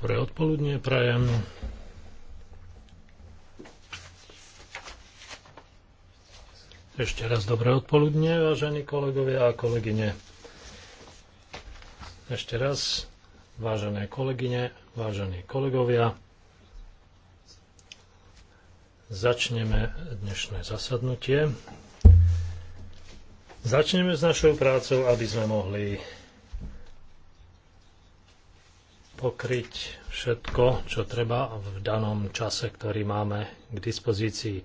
Dobré odpoludne prajem. Ešte raz dobré odpoludne, vážení kolegovia a kolegyne. Ešte raz, vážené kolegyne, vážení kolegovia. Začneme dnešné zasadnutie. Začneme s našou prácou, aby sme mohli pokryť všetko, čo treba v danom čase, ktorý máme k dispozícii.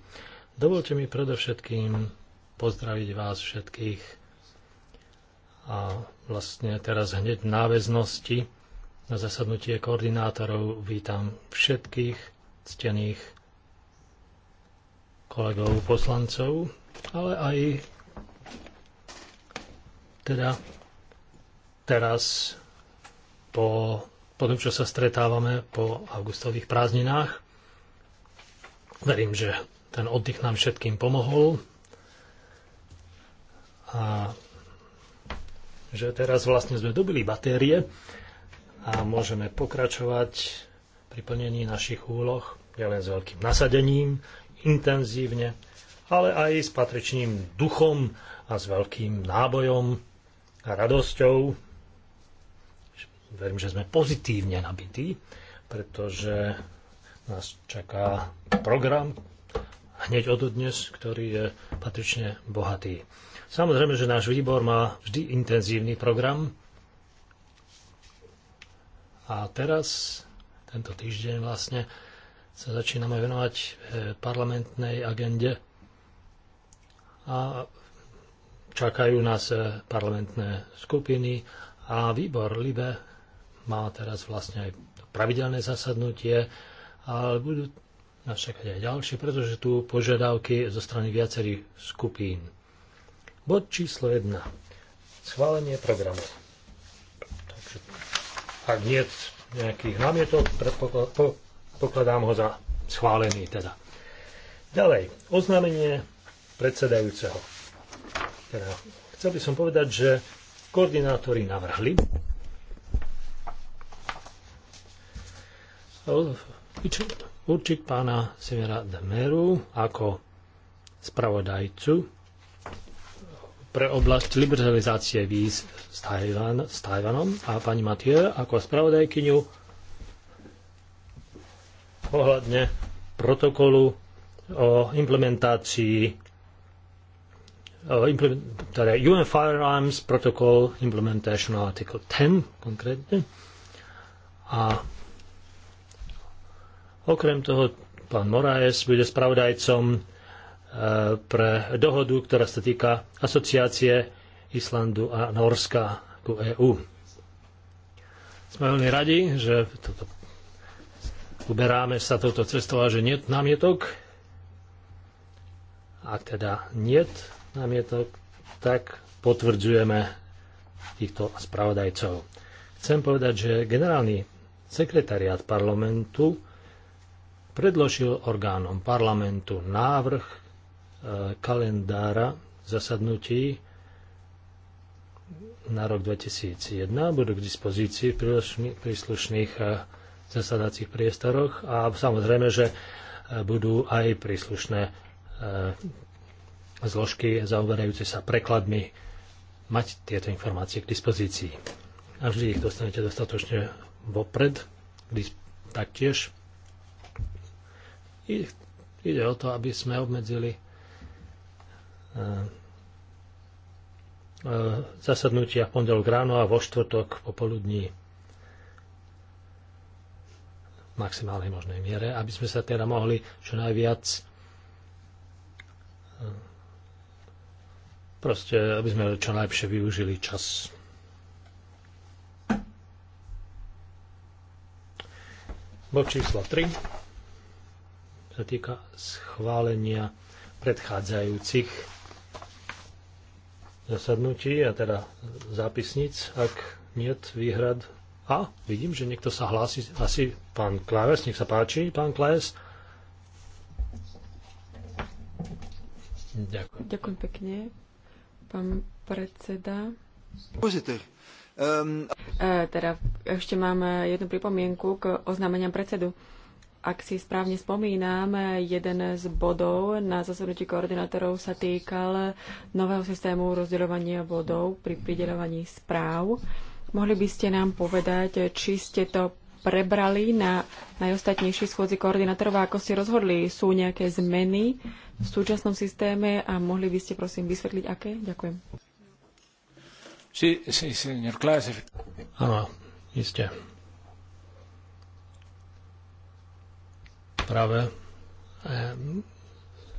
Dovolte mi predovšetkým pozdraviť vás všetkých a vlastne teraz hneď v náväznosti na zasadnutie koordinátorov vítam všetkých ctených kolegov poslancov, ale aj teda teraz po po tom, čo sa stretávame po augustových prázdninách. Verím, že ten oddych nám všetkým pomohol a že teraz vlastne sme dobili batérie a môžeme pokračovať pri plnení našich úloh, nielen s veľkým nasadením, intenzívne, ale aj s patričným duchom a s veľkým nábojom a radosťou verím, že sme pozitívne nabití, pretože nás čaká program hneď od dnes, ktorý je patrične bohatý. Samozrejme, že náš výbor má vždy intenzívny program. A teraz, tento týždeň vlastne, sa začíname venovať eh, parlamentnej agende a čakajú nás eh, parlamentné skupiny a výbor LIBE má teraz vlastne aj to pravidelné zasadnutie, ale budú nás čakať aj ďalšie, pretože tu požiadavky zo strany viacerých skupín. Bod číslo 1. Schválenie programu. Takže, ak nie nejakých námietok, pokladám ho za schválený teda. Ďalej, oznámenie predsedajúceho. Teda, chcel by som povedať, že koordinátori navrhli, určiť pána Severa Demeru ako spravodajcu pre oblasť liberalizácie víz s, Tajvan, s Tajvanom a pani Mathieu ako spravodajkyňu ohľadne protokolu o implementácii o implement, teda UN Firearms Protocol Implementation Article 10 konkrétne a Okrem toho, pán Moraes bude spravodajcom eh, pre dohodu, ktorá sa týka asociácie Islandu a Norska ku EÚ. Sme veľmi radi, že toto, uberáme sa touto cestou a že nie námietok. Ak teda nie námietok, tak potvrdzujeme týchto spravodajcov. Chcem povedať, že generálny sekretariát parlamentu predložil orgánom parlamentu návrh e, kalendára zasadnutí na rok 2001. Budú k dispozícii v príslušných e, zasadacích priestoroch a samozrejme, že e, budú aj príslušné zložky zaoberajúce sa prekladmi mať tieto informácie k dispozícii. A vždy ich dostanete dostatočne vopred, taktiež Ide o to, aby sme obmedzili e, e, zasadnutia v pondelok ráno a vo štvrtok popoludní v maximálnej možnej miere, aby sme sa teda mohli čo najviac e, proste, aby sme čo najlepšie využili čas. Bod číslo 3 sa týka schválenia predchádzajúcich zasadnutí a teda zápisníc, ak nie výhrad. A vidím, že niekto sa hlási, asi pán Kláves, nech sa páči, pán Kláves. Ďakujem. Ďakujem pekne, pán predseda. Um... E, teda ešte mám jednu pripomienku k oznámeniam predsedu. Ak si správne spomínam, jeden z bodov na zasadnutí koordinátorov sa týkal nového systému rozdeľovania bodov pri prideľovaní správ. Mohli by ste nám povedať, či ste to prebrali na najostatnejší schôdzi koordinátorov a ako ste rozhodli? Sú nejaké zmeny v súčasnom systéme a mohli by ste prosím vysvetliť, aké? Ďakujem. Sí, sí, señor Áno, iste. práve eh,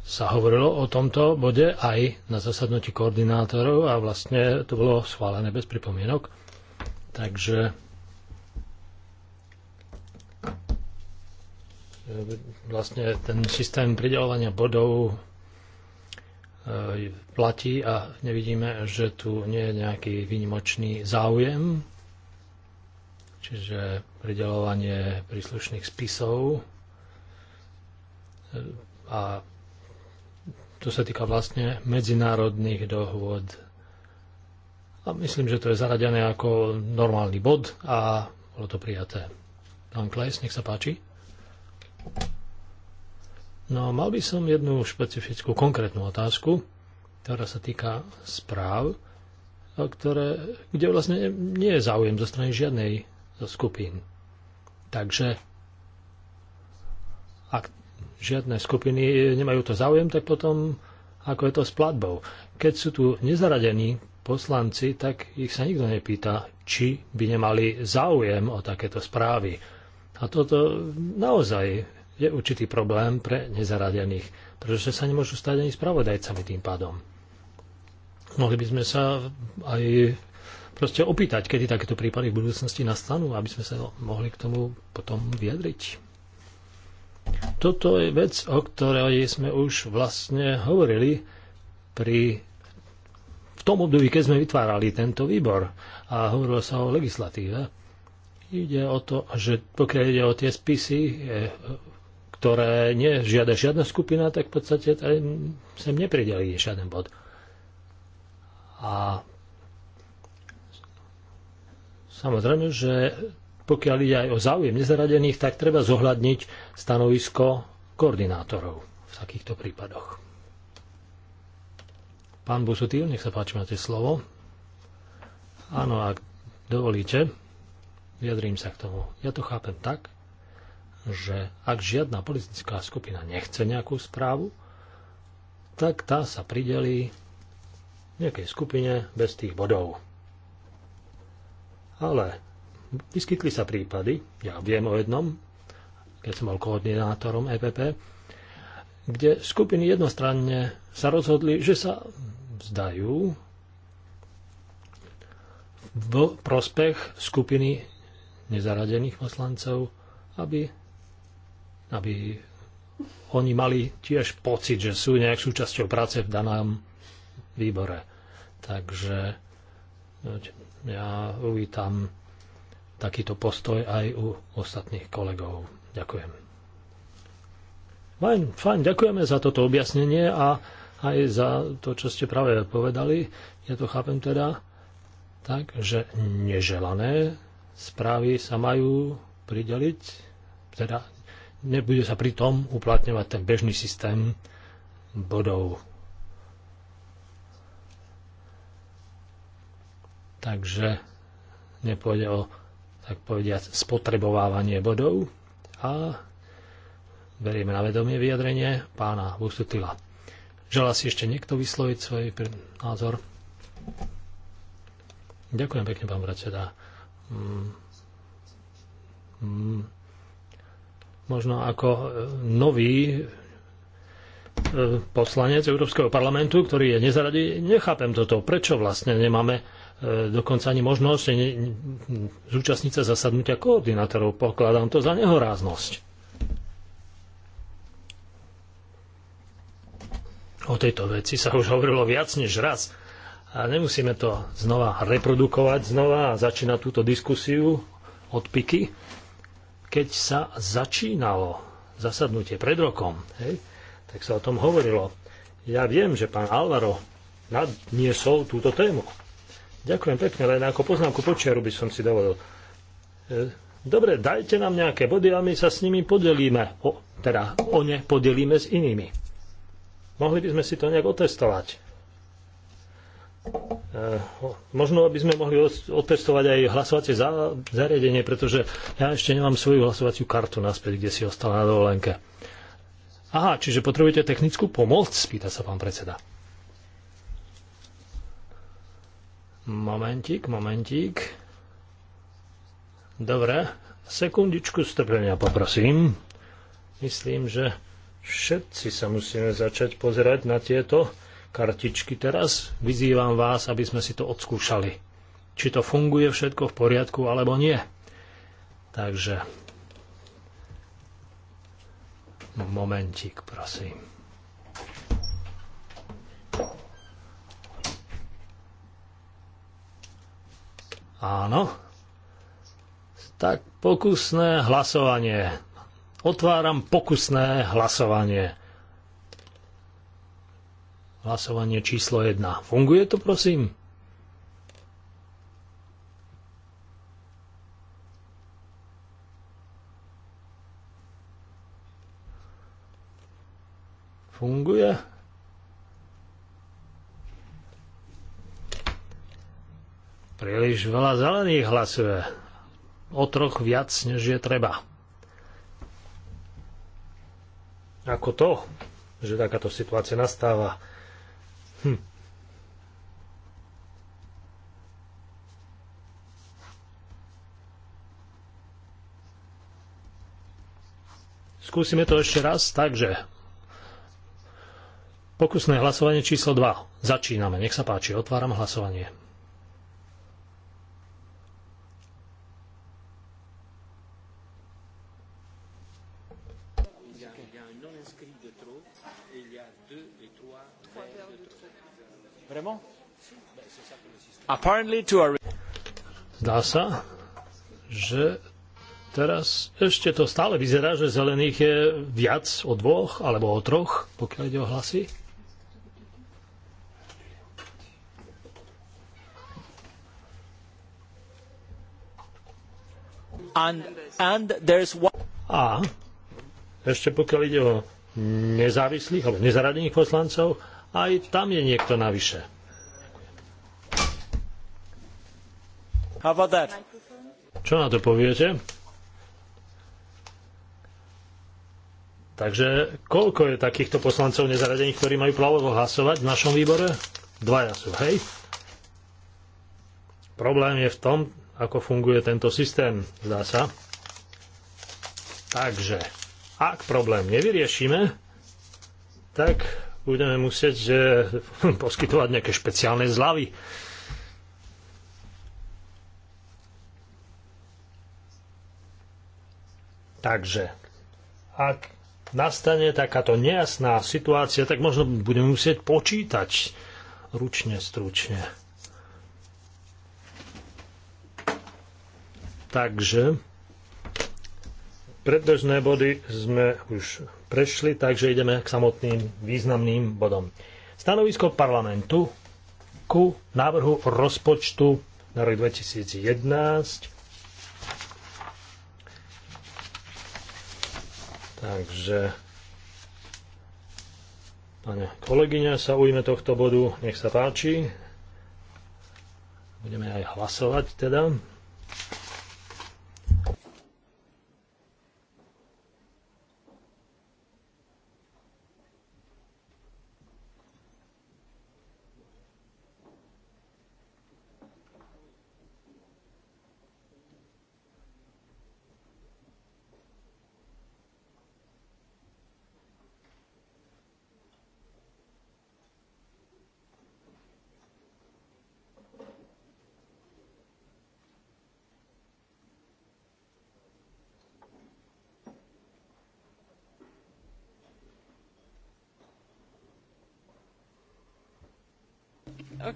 sa hovorilo o tomto bode aj na zasadnutí koordinátorov a vlastne to bolo schválené bez pripomienok. Takže eh, vlastne ten systém pridelovania bodov eh, platí a nevidíme, že tu nie je nejaký výnimočný záujem, čiže pridelovanie príslušných spisov a to sa týka vlastne medzinárodných dohôd. A myslím, že to je zaradené ako normálny bod a bolo to prijaté. Pán Klejs, nech sa páči. No, mal by som jednu špecifickú, konkrétnu otázku, ktorá sa týka správ, ktoré, kde vlastne nie je záujem zo strany žiadnej zo skupín. Takže ak žiadne skupiny e, nemajú to záujem, tak potom ako je to s platbou. Keď sú tu nezaradení poslanci, tak ich sa nikto nepýta, či by nemali záujem o takéto správy. A toto naozaj je určitý problém pre nezaradených, pretože sa nemôžu stať ani spravodajcami tým pádom. Mohli by sme sa aj proste opýtať, kedy takéto prípady v budúcnosti nastanú, aby sme sa mohli k tomu potom vyjadriť. Toto je vec, o ktorej sme už vlastne hovorili pri v tom období, keď sme vytvárali tento výbor a hovorilo sa o legislatíve. Ide o to, že pokiaľ ide o tie spisy, eh, ktoré nie žiada žiadna skupina, tak v podstate eh, sem nepridelí žiaden bod. A samozrejme, že pokiaľ ide aj o záujem nezaradených, tak treba zohľadniť stanovisko koordinátorov v takýchto prípadoch. Pán Busutil, nech sa páči, máte slovo. Áno, ak dovolíte, vyjadrím sa k tomu. Ja to chápem tak, že ak žiadna politická skupina nechce nejakú správu, tak tá sa pridelí nejakej skupine bez tých bodov. Ale Vyskytli sa prípady, ja viem o jednom, keď som bol koordinátorom EPP, kde skupiny jednostranne sa rozhodli, že sa vzdajú v prospech skupiny nezaradených poslancov, aby, aby oni mali tiež pocit, že sú nejak súčasťou práce v danom výbore. Takže ja uvítam takýto postoj aj u ostatných kolegov. Ďakujem. Fajn, fajn, ďakujeme za toto objasnenie a aj za to, čo ste práve povedali. Ja to chápem teda tak, že neželané správy sa majú prideliť, teda nebude sa pri tom uplatňovať ten bežný systém bodov. Takže nepôjde o tak povediať, spotrebovávanie bodov a berieme na vedomie vyjadrenie pána Vusutila. Želá si ešte niekto vysloviť svoj názor? Ďakujem pekne, pán predseda. Mm. Mm. Možno ako e, nový e, poslanec Európskeho parlamentu, ktorý je nezaradí, nechápem toto. Prečo vlastne nemáme E, dokonca ani možnosť zúčastniť sa zasadnutia koordinátorov. Pokladám to za nehoráznosť. O tejto veci sa už hovorilo viac než raz. A nemusíme to znova reprodukovať, znova začína túto diskusiu od piky, keď sa začínalo zasadnutie pred rokom, hej, tak sa o tom hovorilo. Ja viem, že pán Alvaro nadniesol túto tému. Ďakujem pekne, len ako poznámku počiaru by som si dovolil. E, dobre, dajte nám nejaké body a my sa s nimi podelíme. O, teda o ne podelíme s inými. Mohli by sme si to nejak otestovať. E, možno by sme mohli otestovať aj hlasovacie zariadenie, pretože ja ešte nemám svoju hlasovaciu kartu naspäť, kde si ostala na dovolenke. Aha, čiže potrebujete technickú pomoc? Spýta sa pán predseda. Momentík, momentík. Dobre, sekundičku strpenia poprosím. Myslím, že všetci sa musíme začať pozerať na tieto kartičky teraz. Vyzývam vás, aby sme si to odskúšali. Či to funguje všetko v poriadku, alebo nie. Takže momentík, prosím. Áno. Tak pokusné hlasovanie. Otváram pokusné hlasovanie. Hlasovanie číslo 1. Funguje to, prosím? Funguje? Príliš veľa zelených hlasuje. O troch viac, než je treba. Ako to, že takáto situácia nastáva? Hm. Skúsime to ešte raz, takže pokusné hlasovanie číslo 2. Začíname, nech sa páči, otváram hlasovanie. Zdá sa, že teraz ešte to stále vyzerá, že zelených je viac o dvoch alebo o troch, pokiaľ ide o hlasy. And, and one... A ešte pokiaľ ide o nezávislých alebo nezaradených poslancov, aj tam je niekto navyše. Čo na to poviete? Takže koľko je takýchto poslancov nezaradených, ktorí majú právo hlasovať v našom výbore? Dvaja sú, hej? Problém je v tom, ako funguje tento systém, zdá sa. Takže, ak problém nevyriešime, tak budeme musieť že, poskytovať nejaké špeciálne zľavy. Takže, ak nastane takáto nejasná situácia, tak možno budeme musieť počítať ručne, stručne. Takže Predbežné body sme už prešli, takže ideme k samotným významným bodom. Stanovisko parlamentu ku návrhu rozpočtu na rok 2011. Takže Pane kolegyňa sa ujme tohto bodu, nech sa páči. Budeme aj hlasovať teda.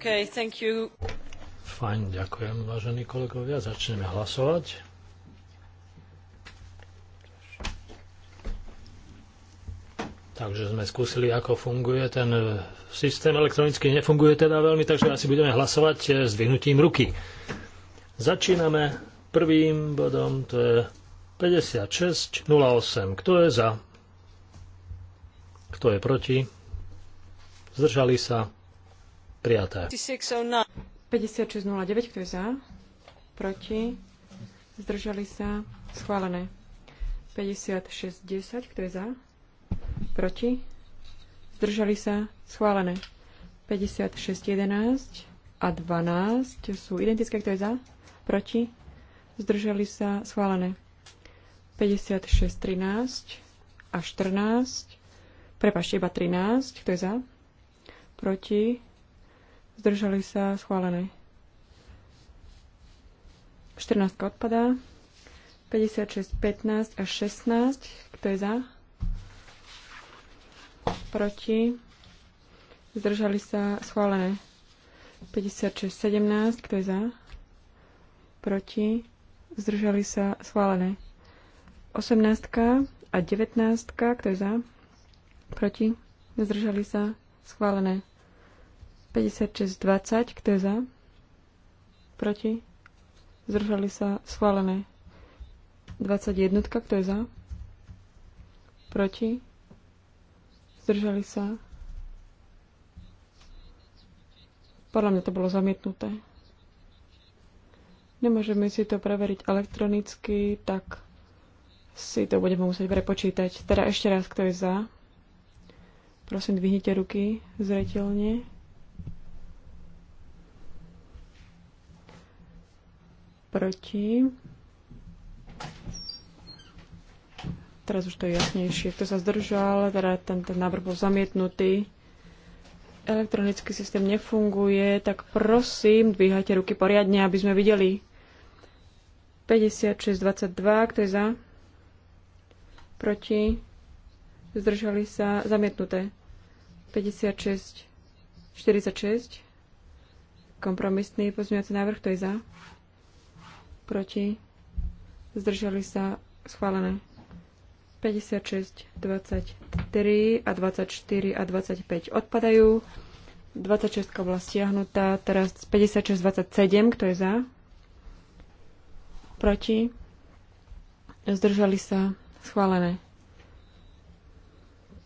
Okay, thank you. Fajn, ďakujem, vážení kolegovia. Začneme hlasovať. Takže sme skúsili, ako funguje ten e, systém elektronicky. Nefunguje teda veľmi, takže asi budeme hlasovať e, s vyhnutím ruky. Začíname prvým bodom, to je 56.08. Kto je za? Kto je proti? Zdržali sa? Prijaté. 5609, kto je za? Proti? Zdržali sa? Schválené. 5610, kto je za? Proti? Zdržali sa? Schválené. 5611 a 12 sú identické, kto je za? Proti? Zdržali sa? Schválené. 5613 a 14. Prepašte, iba 13. Kto je za? Proti? zdržali sa, schválené. 14 odpadá. 56, 15 a 16. Kto je za? Proti. Zdržali sa schválené. 56, 17. Kto je za? Proti. Zdržali sa schválené. 18 a 19. Kto je za? Proti. Zdržali sa schválené. 5620, kto je za? Proti? Zdržali sa schválené. 21, kto je za? Proti? Zdržali sa? Podľa mňa to bolo zamietnuté. Nemôžeme si to preveriť elektronicky, tak si to budeme musieť prepočítať. Teda ešte raz, kto je za? Prosím, dvihnite ruky zretelne. Proti. Teraz už to je jasnejšie. Kto sa zdržal, teda ten, ten návrh bol zamietnutý. Elektronický systém nefunguje, tak prosím, dvíhajte ruky poriadne, aby sme videli. 56-22, kto je za? Proti? Zdržali sa? Zamietnuté. 56-46. Kompromisný pozmeňovací návrh, kto je za? proti, zdržali sa schválené 56, 23 a 24 a 25 odpadajú. 26 bola stiahnutá, teraz 56, 27, kto je za? Proti? Zdržali sa schválené.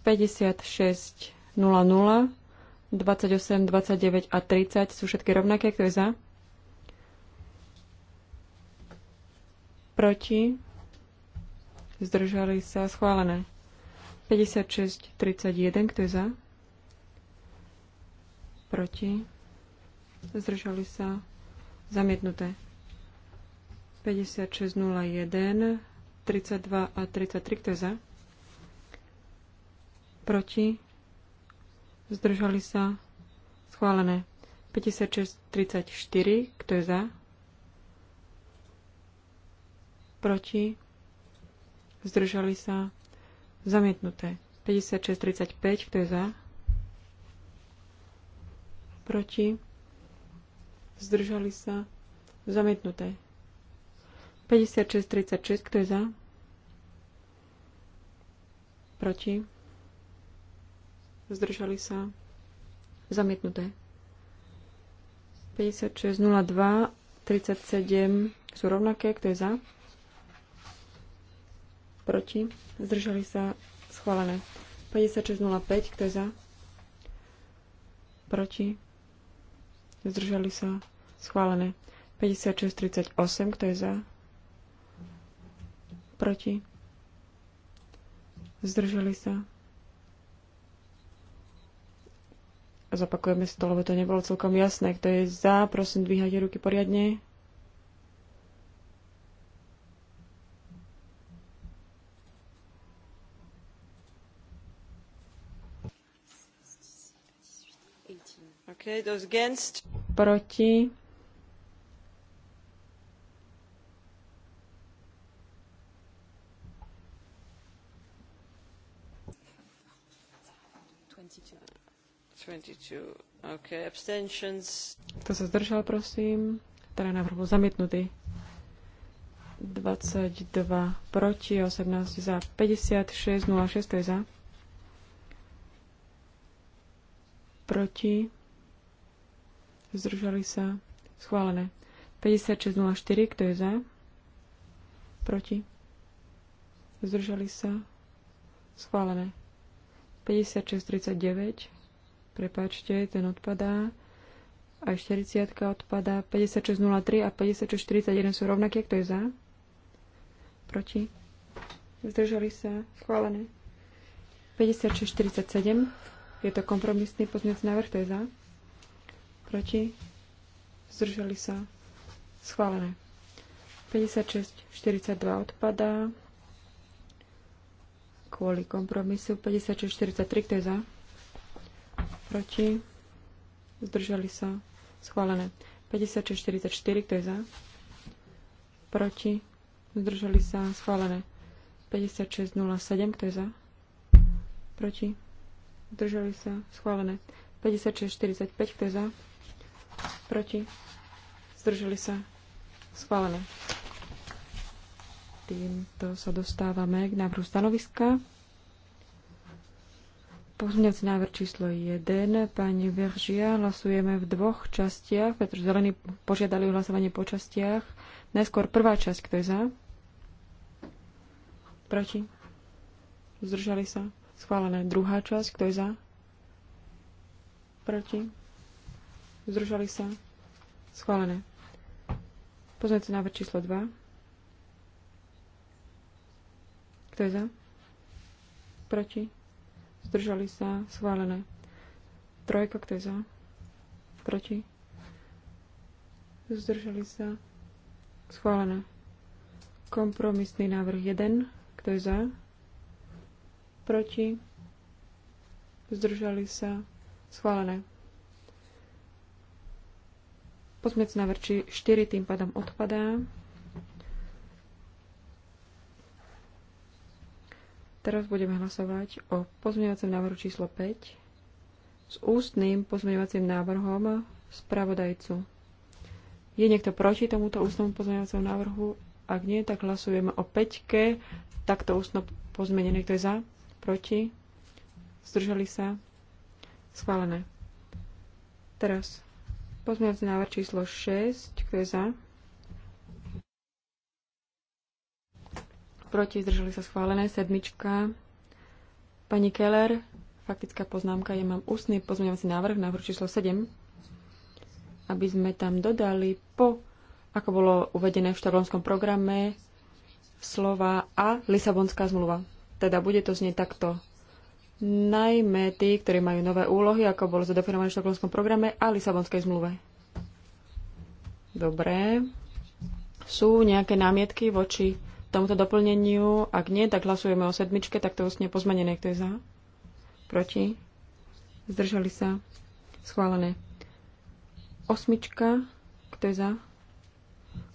56, 00, 28, 29 a 30 sú všetky rovnaké, kto je za? proti, zdržali sa, schválené. 56, 31, kto je za, proti, zdržali sa, zamietnuté. 5601, 32 a 33, kto je za? Proti? Zdržali sa? Schválené. 5634, kto je za? proti, zdržali sa, zamietnuté. 56-35, kto je za, proti, zdržali sa, zamietnuté. 56-36, kto je za, proti, zdržali sa, zamietnuté. 56, 02, 37 sú rovnaké, kto je za? proti, zdržali sa, schválené. 56.05, kto je za, proti, zdržali sa, schválené. 56.38, kto je za, proti, zdržali sa. Zapakujeme si to, lebo to nebolo celkom jasné. Kto je za, prosím, dvíhajte ruky poriadne. Proti. Okay. Kto sa zdržal, prosím? Teda návrh bol zamietnutý. 22 proti, 18 za, 56, 06, to je za. Proti zdržali sa, schválené. 5604, kto je za, proti, zdržali sa, schválené. 5639, prepáčte, ten odpadá. Aj 40 odpadá. 5603 a 5641 sú rovnaké, kto je za, proti, zdržali sa, schválené. 5647, je to kompromisný pozmeňovací návrh, kto je za, proti, zdržali sa, schválené. 56, 42 odpadá kvôli kompromisu. 56, 43, kto je za? Proti, zdržali sa, schválené. 56, 44, kto je za? Proti, zdržali sa, schválené. 56, 07, kto je za? Proti, zdržali sa, schválené. 56, 45, kto je za? proti, zdrželi sa, schválené. Týmto sa dostávame k návrhu stanoviska. Pozmeňovací návrh číslo 1, pani Veržia, hlasujeme v dvoch častiach, pretože zelení požiadali o hlasovanie po častiach. Najskôr prvá časť, kto je za? Proti? Zdržali sa? Schválené. Druhá časť, kto je za? Proti? Zdržali sa? Schválené. Pozmeňujúci návrh číslo 2. Kto je za? Proti? Zdržali sa? Schválené. Trojka, kto je za? Proti? Zdržali sa? Schválené. Kompromisný návrh 1. Kto je za? Proti? Zdržali sa? Schválené. Pozmec na vrči 4 tým pádom odpadá. Teraz budeme hlasovať o pozmeňovacom návrhu číslo 5 s ústnym pozmeňovacím návrhom spravodajcu. Je niekto proti tomuto ústnom pozmeňovacom návrhu? Ak nie, tak hlasujeme o 5 takto ústno pozmenené. Kto je za? Proti? Zdržali sa? Schválené. Teraz Pozmeňujúci návrh číslo 6. Kto je za? Proti zdržali sa schválené. Sedmička. Pani Keller, faktická poznámka. Ja mám ústny pozmeňovací návrh, návrh číslo 7. Aby sme tam dodali po, ako bolo uvedené v štokholmskom programe, slova a Lisabonská zmluva. Teda bude to znieť takto najmä tí, ktorí majú nové úlohy, ako bolo zadefinované v štokholmskom programe a Lisabonskej zmluve. Dobre. Sú nejaké námietky voči tomuto doplneniu? Ak nie, tak hlasujeme o sedmičke, tak to je pozmenené. Kto je za? Proti? Zdržali sa? Schválené. Osmička. Kto je za?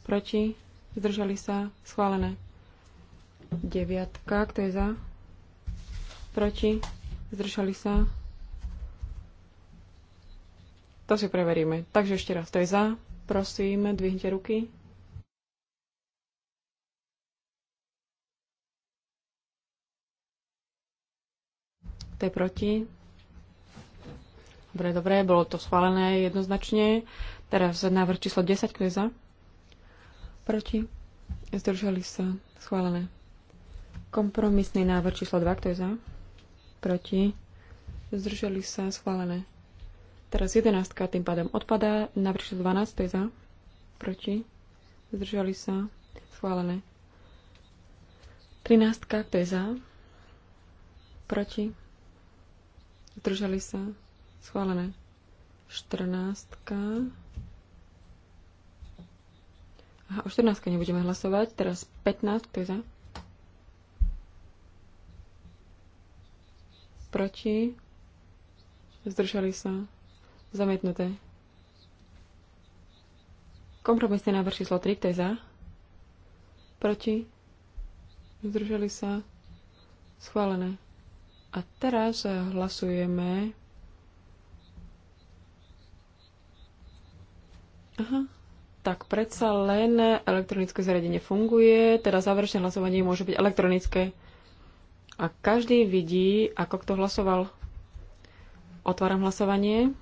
Proti? Zdržali sa? Schválené. Deviatka. Kto je za? Proti? Zdržali sa? To si preveríme. Takže ešte raz, to je za. Prosím, dvihnite ruky. To je proti. Dobre, dobre, bolo to schválené jednoznačne. Teraz návrh číslo 10, kto je za? Proti? Zdržali sa. Schválené. Kompromisný návrh číslo 2, kto je za? proti, zdržali sa, schválené. Teraz 11 tým pádom odpadá, navršil 12, to je za, proti, zdržali sa, schválené. 13, kto je za, proti, zdržali sa, schválené. 14. Aha, o 14 nebudeme hlasovať, teraz 15, kto je za, proti, zdržali sa, zamietnuté. Kompromisný návrh číslo 3, kto je za, proti, zdržali sa, schválené. A teraz eh, hlasujeme. Aha, tak predsa len elektronické zariadenie funguje, teda záverečné hlasovanie môže byť elektronické. A každý vidí, ako kto hlasoval. Otváram hlasovanie.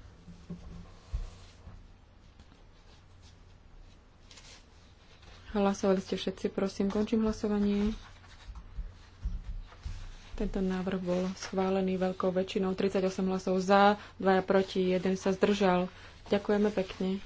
Hlasovali ste všetci, prosím, končím hlasovanie. Tento návrh bol schválený veľkou väčšinou, 38 hlasov za, 2 proti, 1 sa zdržal. Ďakujeme pekne.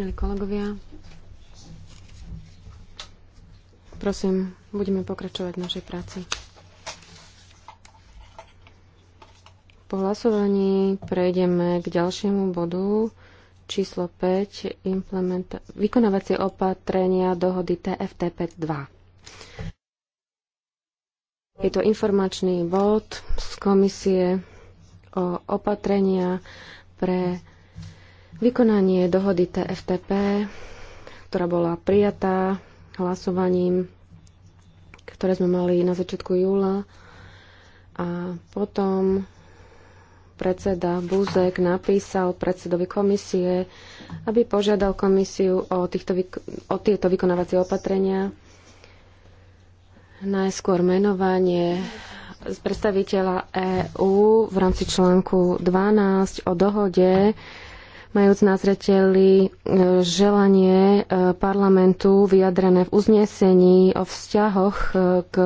Milí kolegovia, prosím, budeme pokračovať v našej práci. Po hlasovaní prejdeme k ďalšiemu bodu číslo 5, implementa- vykonávacie opatrenia dohody TFTP 2. Je to informačný bod z komisie o opatrenia pre vykonanie dohody TFTP, ktorá bola prijatá hlasovaním, ktoré sme mali na začiatku júla. A potom predseda Búzek napísal predsedovi komisie, aby požiadal komisiu o, týchto, o tieto vykonávacie opatrenia. Najskôr menovanie z predstaviteľa EÚ v rámci článku 12 o dohode, majúc na zreteli e, želanie e, parlamentu vyjadrené v uznesení o vzťahoch e, k,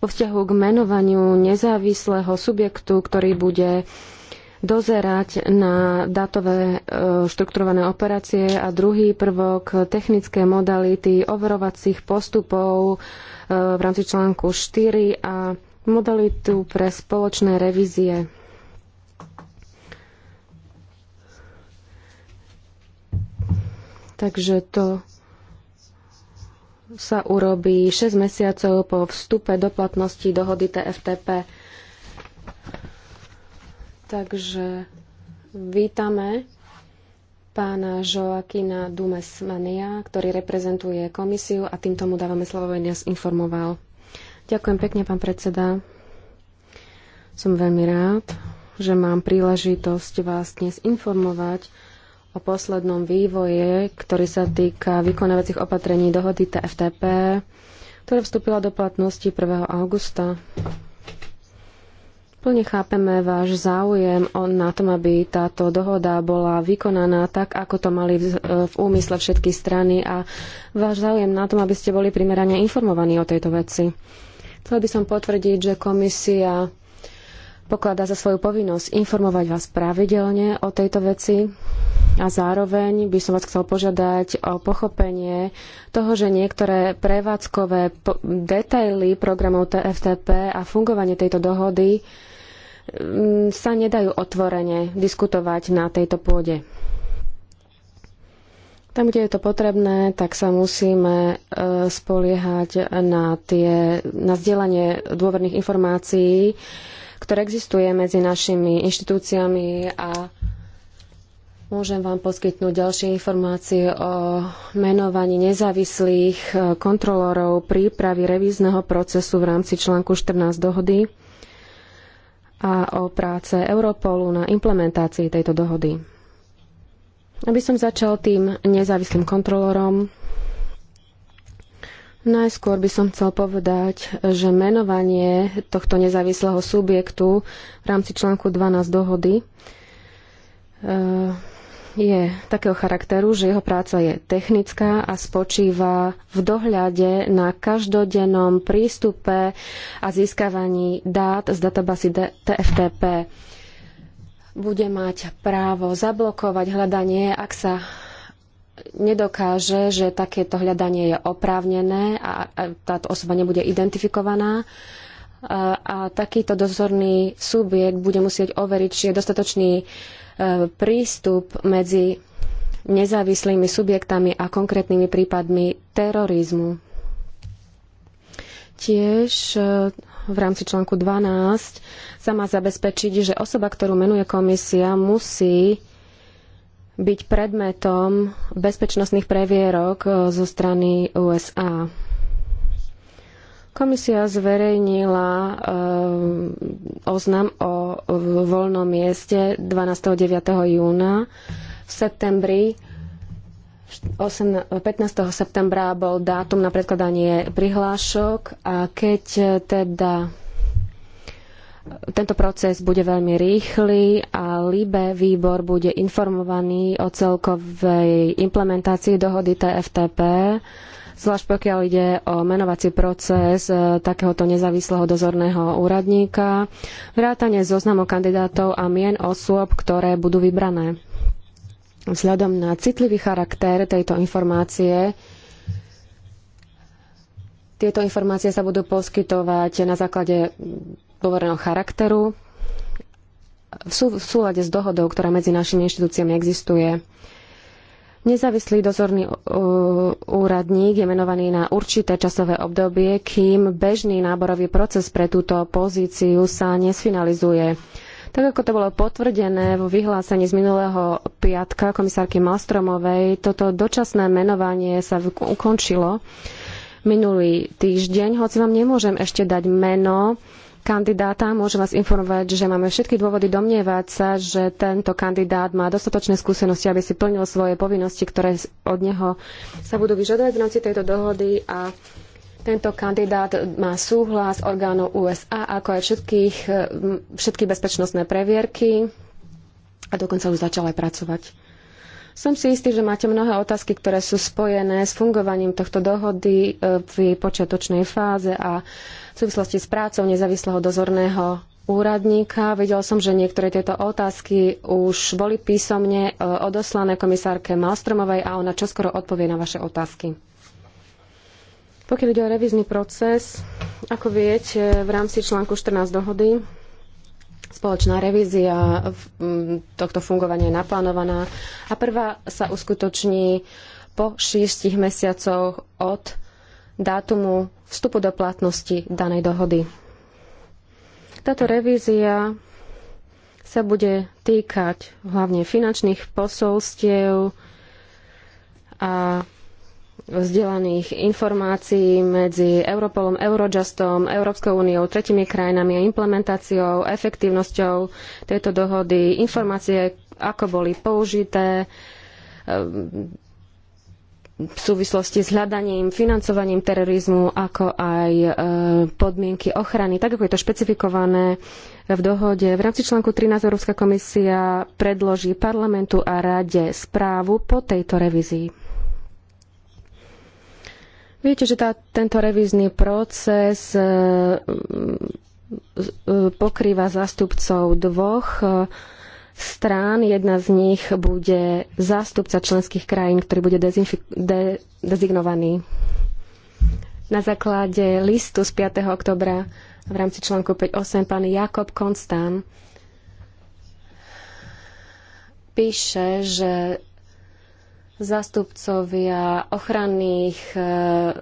vo vzťahu k menovaniu nezávislého subjektu, ktorý bude dozerať na datové štrukturované operácie a druhý prvok technické modality overovacích postupov v rámci článku 4 a modalitu pre spoločné revízie. Takže to sa urobí 6 mesiacov po vstupe do platnosti dohody TFTP. Takže vítame pána Joakina Dumesmania, ktorý reprezentuje komisiu a týmto mu dávame slovo, nás informoval. Ďakujem pekne, pán predseda. Som veľmi rád, že mám príležitosť vás dnes informovať o poslednom vývoje, ktorý sa týka vykonávacích opatrení dohody TFTP, ktorá vstúpila do platnosti 1. augusta. Plne chápeme váš záujem o, na tom, aby táto dohoda bola vykonaná tak, ako to mali v, v úmysle všetky strany a váš záujem na tom, aby ste boli primerane informovaní o tejto veci. Chcel by som potvrdiť, že komisia pokladá za svoju povinnosť informovať vás pravidelne o tejto veci a zároveň by som vás chcel požiadať o pochopenie toho, že niektoré prevádzkové detaily programov TFTP a fungovanie tejto dohody mm, sa nedajú otvorene diskutovať na tejto pôde. Tam, kde je to potrebné, tak sa musíme e, spoliehať na, tie, na zdieľanie dôverných informácií, ktoré existuje medzi našimi inštitúciami a môžem vám poskytnúť ďalšie informácie o menovaní nezávislých e, kontrolorov prípravy revízneho procesu v rámci článku 14 dohody a o práce Europolu na implementácii tejto dohody. Aby som začal tým nezávislým kontrolorom, najskôr by som chcel povedať, že menovanie tohto nezávislého subjektu v rámci článku 12 dohody eh, je takého charakteru, že jeho práca je technická a spočíva v dohľade na každodennom prístupe a získavaní dát z databasy TFTP bude mať právo zablokovať hľadanie, ak sa nedokáže, že takéto hľadanie je oprávnené a táto osoba nebude identifikovaná. A, a takýto dozorný subjekt bude musieť overiť, či je dostatočný e, prístup medzi nezávislými subjektami a konkrétnymi prípadmi terorizmu. Tiež e, v rámci článku 12 sa má zabezpečiť, že osoba, ktorú menuje komisia, musí byť predmetom bezpečnostných previerok e, zo strany USA. Komisia zverejnila e, oznam o voľnom mieste 12.9. júna. V septembri 8, 15. septembra bol dátum na predkladanie prihlášok a keď e, teda tento proces bude veľmi rýchly a LIBE výbor bude informovaný o celkovej implementácii dohody TFTP, zvlášť pokiaľ ide o menovací proces e, takéhoto nezávislého dozorného úradníka, vrátane zoznamu kandidátov a mien osôb, ktoré budú vybrané. Vzhľadom na citlivý charakter tejto informácie, tieto informácie sa budú poskytovať na základe dôverného charakteru v, sú, v súlade s dohodou, ktorá medzi našimi inštitúciami existuje. Nezávislý dozorný uh, úradník je menovaný na určité časové obdobie, kým bežný náborový proces pre túto pozíciu sa nesfinalizuje. Tak ako to bolo potvrdené vo vyhlásení z minulého piatka komisárky Malstromovej, toto dočasné menovanie sa ukončilo minulý týždeň, hoci vám nemôžem ešte dať meno kandidáta. Môžem vás informovať, že máme všetky dôvody domnievať sa, že tento kandidát má dostatočné skúsenosti, aby si plnil svoje povinnosti, ktoré od neho sa budú vyžadovať v rámci tejto dohody a tento kandidát má súhlas orgánov USA, ako aj všetkých, eh, všetky bezpečnostné previerky a dokonca už začal aj pracovať. Som si istý, že máte mnohé otázky, ktoré sú spojené s fungovaním tohto dohody eh, v jej počiatočnej fáze a v súvislosti s prácou nezávislého dozorného úradníka. Videl som, že niektoré tieto otázky už boli písomne eh, odoslané komisárke Malstromovej a ona čoskoro odpovie na vaše otázky. Pokiaľ ide o revizný proces, ako viete, v rámci článku 14 dohody spoločná revízia tohto fungovania je naplánovaná a prvá sa uskutoční po šiestich mesiacoch od dátumu vstupu do platnosti danej dohody. Táto revízia sa bude týkať hlavne finančných posolstiev a vzdelaných informácií medzi Europolom, Eurojustom, Európskou úniou, tretimi krajinami a implementáciou, efektívnosťou tejto dohody, informácie, ako boli použité ehm, v súvislosti s hľadaním, financovaním terorizmu, ako aj ehm, podmienky ochrany, tak ako je to špecifikované v dohode. V rámci článku 13 Európska komisia predloží parlamentu a rade správu po tejto revízii. Viete, že tá, tento revízny proces e, e, pokrýva zástupcov dvoch e, strán. Jedna z nich bude zástupca členských krajín, ktorý bude de, dezignovaný na základe listu z 5. oktobra v rámci článku 5.8 pán Jakob Konstán píše, že Zástupcovia ochranných eh,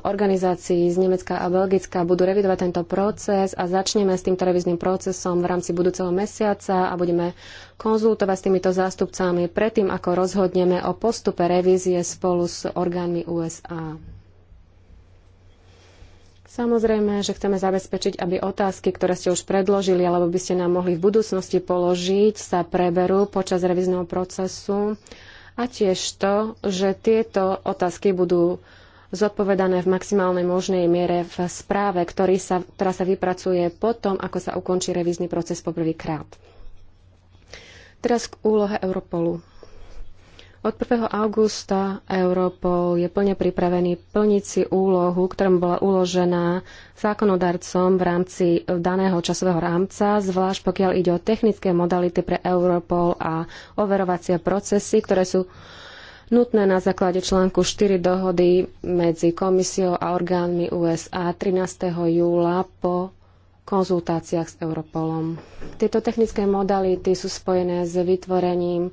organizácií z Nemecka a Belgická budú revidovať tento proces a začneme s týmto revizným procesom v rámci budúceho mesiaca a budeme konzultovať s týmito zástupcami predtým, ako rozhodneme o postupe revízie spolu s orgánmi USA. Samozrejme, že chceme zabezpečiť, aby otázky, ktoré ste už predložili alebo by ste nám mohli v budúcnosti položiť, sa preberú počas revízneho procesu a tiež to, že tieto otázky budú zodpovedané v maximálnej možnej miere v správe, ktorý sa, ktorá sa vypracuje potom, ako sa ukončí revízny proces poprvýkrát. Teraz k úlohe Europolu. Od 1. augusta Europol je plne pripravený plniť si úlohu, ktorá bola uložená zákonodarcom v rámci daného časového rámca, zvlášť pokiaľ ide o technické modality pre Europol a overovacie procesy, ktoré sú nutné na základe článku 4 dohody medzi komisiou a orgánmi USA 13. júla po konzultáciách s Europolom. Tieto technické modality sú spojené s vytvorením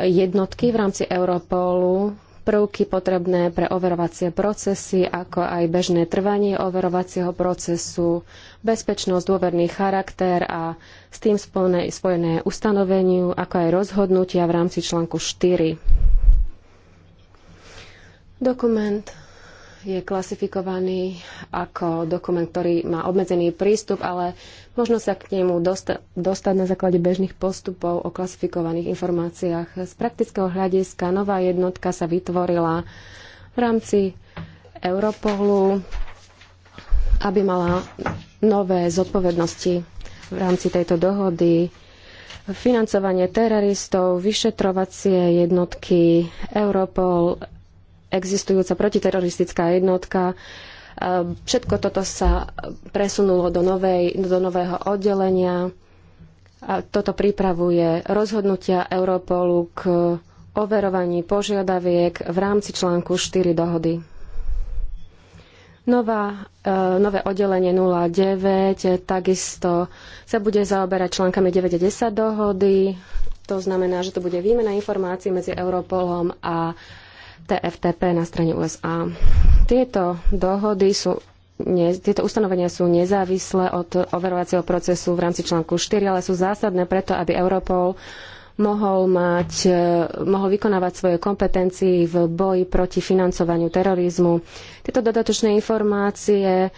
jednotky v rámci Europolu, prvky potrebné pre overovacie procesy, ako aj bežné trvanie overovacieho procesu, bezpečnosť, dôverný charakter a s tým spojené, spojené ustanoveniu, ako aj rozhodnutia v rámci článku 4. Dokument je klasifikovaný ako dokument, ktorý má obmedzený prístup, ale možno sa k nemu dosta- dostať na základe bežných postupov o klasifikovaných informáciách. Z praktického hľadiska nová jednotka sa vytvorila v rámci Europolu, aby mala nové zodpovednosti v rámci tejto dohody financovanie teroristov, vyšetrovacie jednotky, Europol, existujúca protiteroristická jednotka. E, všetko toto sa presunulo do, novej, do nového oddelenia. A toto pripravuje rozhodnutia Europolu k overovaní požiadaviek v rámci článku 4 dohody. Nová, e, nové oddelenie 09 takisto sa bude zaoberať článkami 9 a 10 dohody. To znamená, že to bude výmena informácií medzi Europolom a TFTP na strane USA. Tieto dohody sú tieto ustanovenia sú nezávislé od overovacieho procesu v rámci článku 4, ale sú zásadné preto, aby Europol mohol, mať, e, mohol vykonávať svoje kompetencie v boji proti financovaniu terorizmu. Tieto dodatočné informácie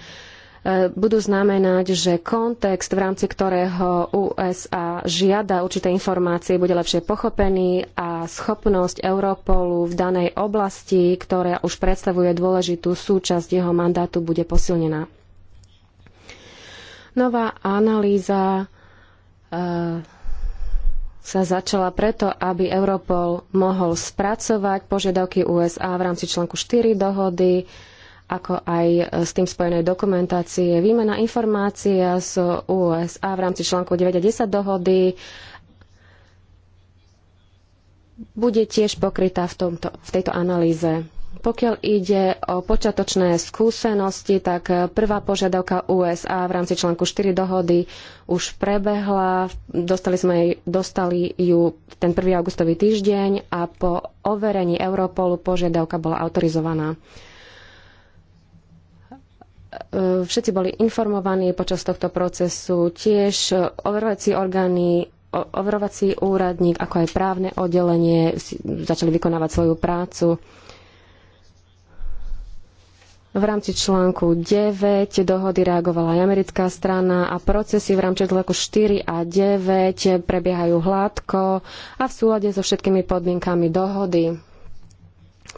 budú znamenať, že kontext, v rámci ktorého USA žiada určité informácie, bude lepšie pochopený a schopnosť Europolu v danej oblasti, ktorá už predstavuje dôležitú súčasť jeho mandátu, bude posilnená. Nová analýza e, sa začala preto, aby Europol mohol spracovať požiadavky USA v rámci článku 4 dohody, ako aj e, s tým spojenej dokumentácie, výmena informácia z USA v rámci článku 9 a 10 dohody bude tiež pokrytá v, tomto, v tejto analýze. Pokiaľ ide o počiatočné skúsenosti, tak e, prvá požiadavka USA v rámci článku 4 dohody už prebehla. Dostali, sme jej, dostali ju ten 1. augustový týždeň a po overení Europolu požiadavka bola autorizovaná. E, všetci boli informovaní počas tohto procesu, tiež overovací orgány, overovací úradník, ako aj právne oddelenie začali vykonávať svoju prácu. V rámci článku 9 dohody reagovala aj americká strana a procesy v rámci článku 4 a 9 prebiehajú hladko a v súlade so všetkými podmienkami dohody.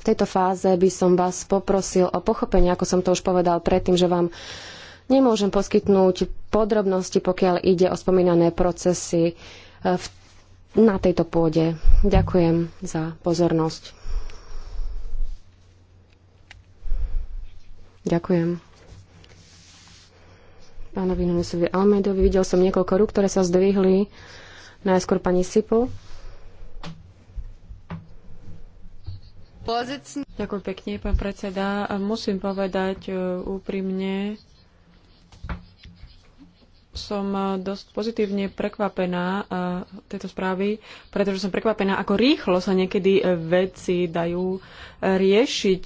V tejto fáze by som vás poprosil o pochopenie, ako som to už povedal predtým, že vám nemôžem poskytnúť podrobnosti, pokiaľ ide o spomínané procesy eh, v, na tejto pôde. Ďakujem za pozornosť. Ďakujem. Pánovi Nunesovi Almedovi videl som niekoľko rúk, ktoré sa zdvihli. Najskôr pani Sipu. Ďakujem pekne, pán predseda. Musím povedať e, úprimne, som e, dosť pozitívne prekvapená e, tejto správy, pretože som prekvapená, ako rýchlo sa niekedy veci dajú riešiť.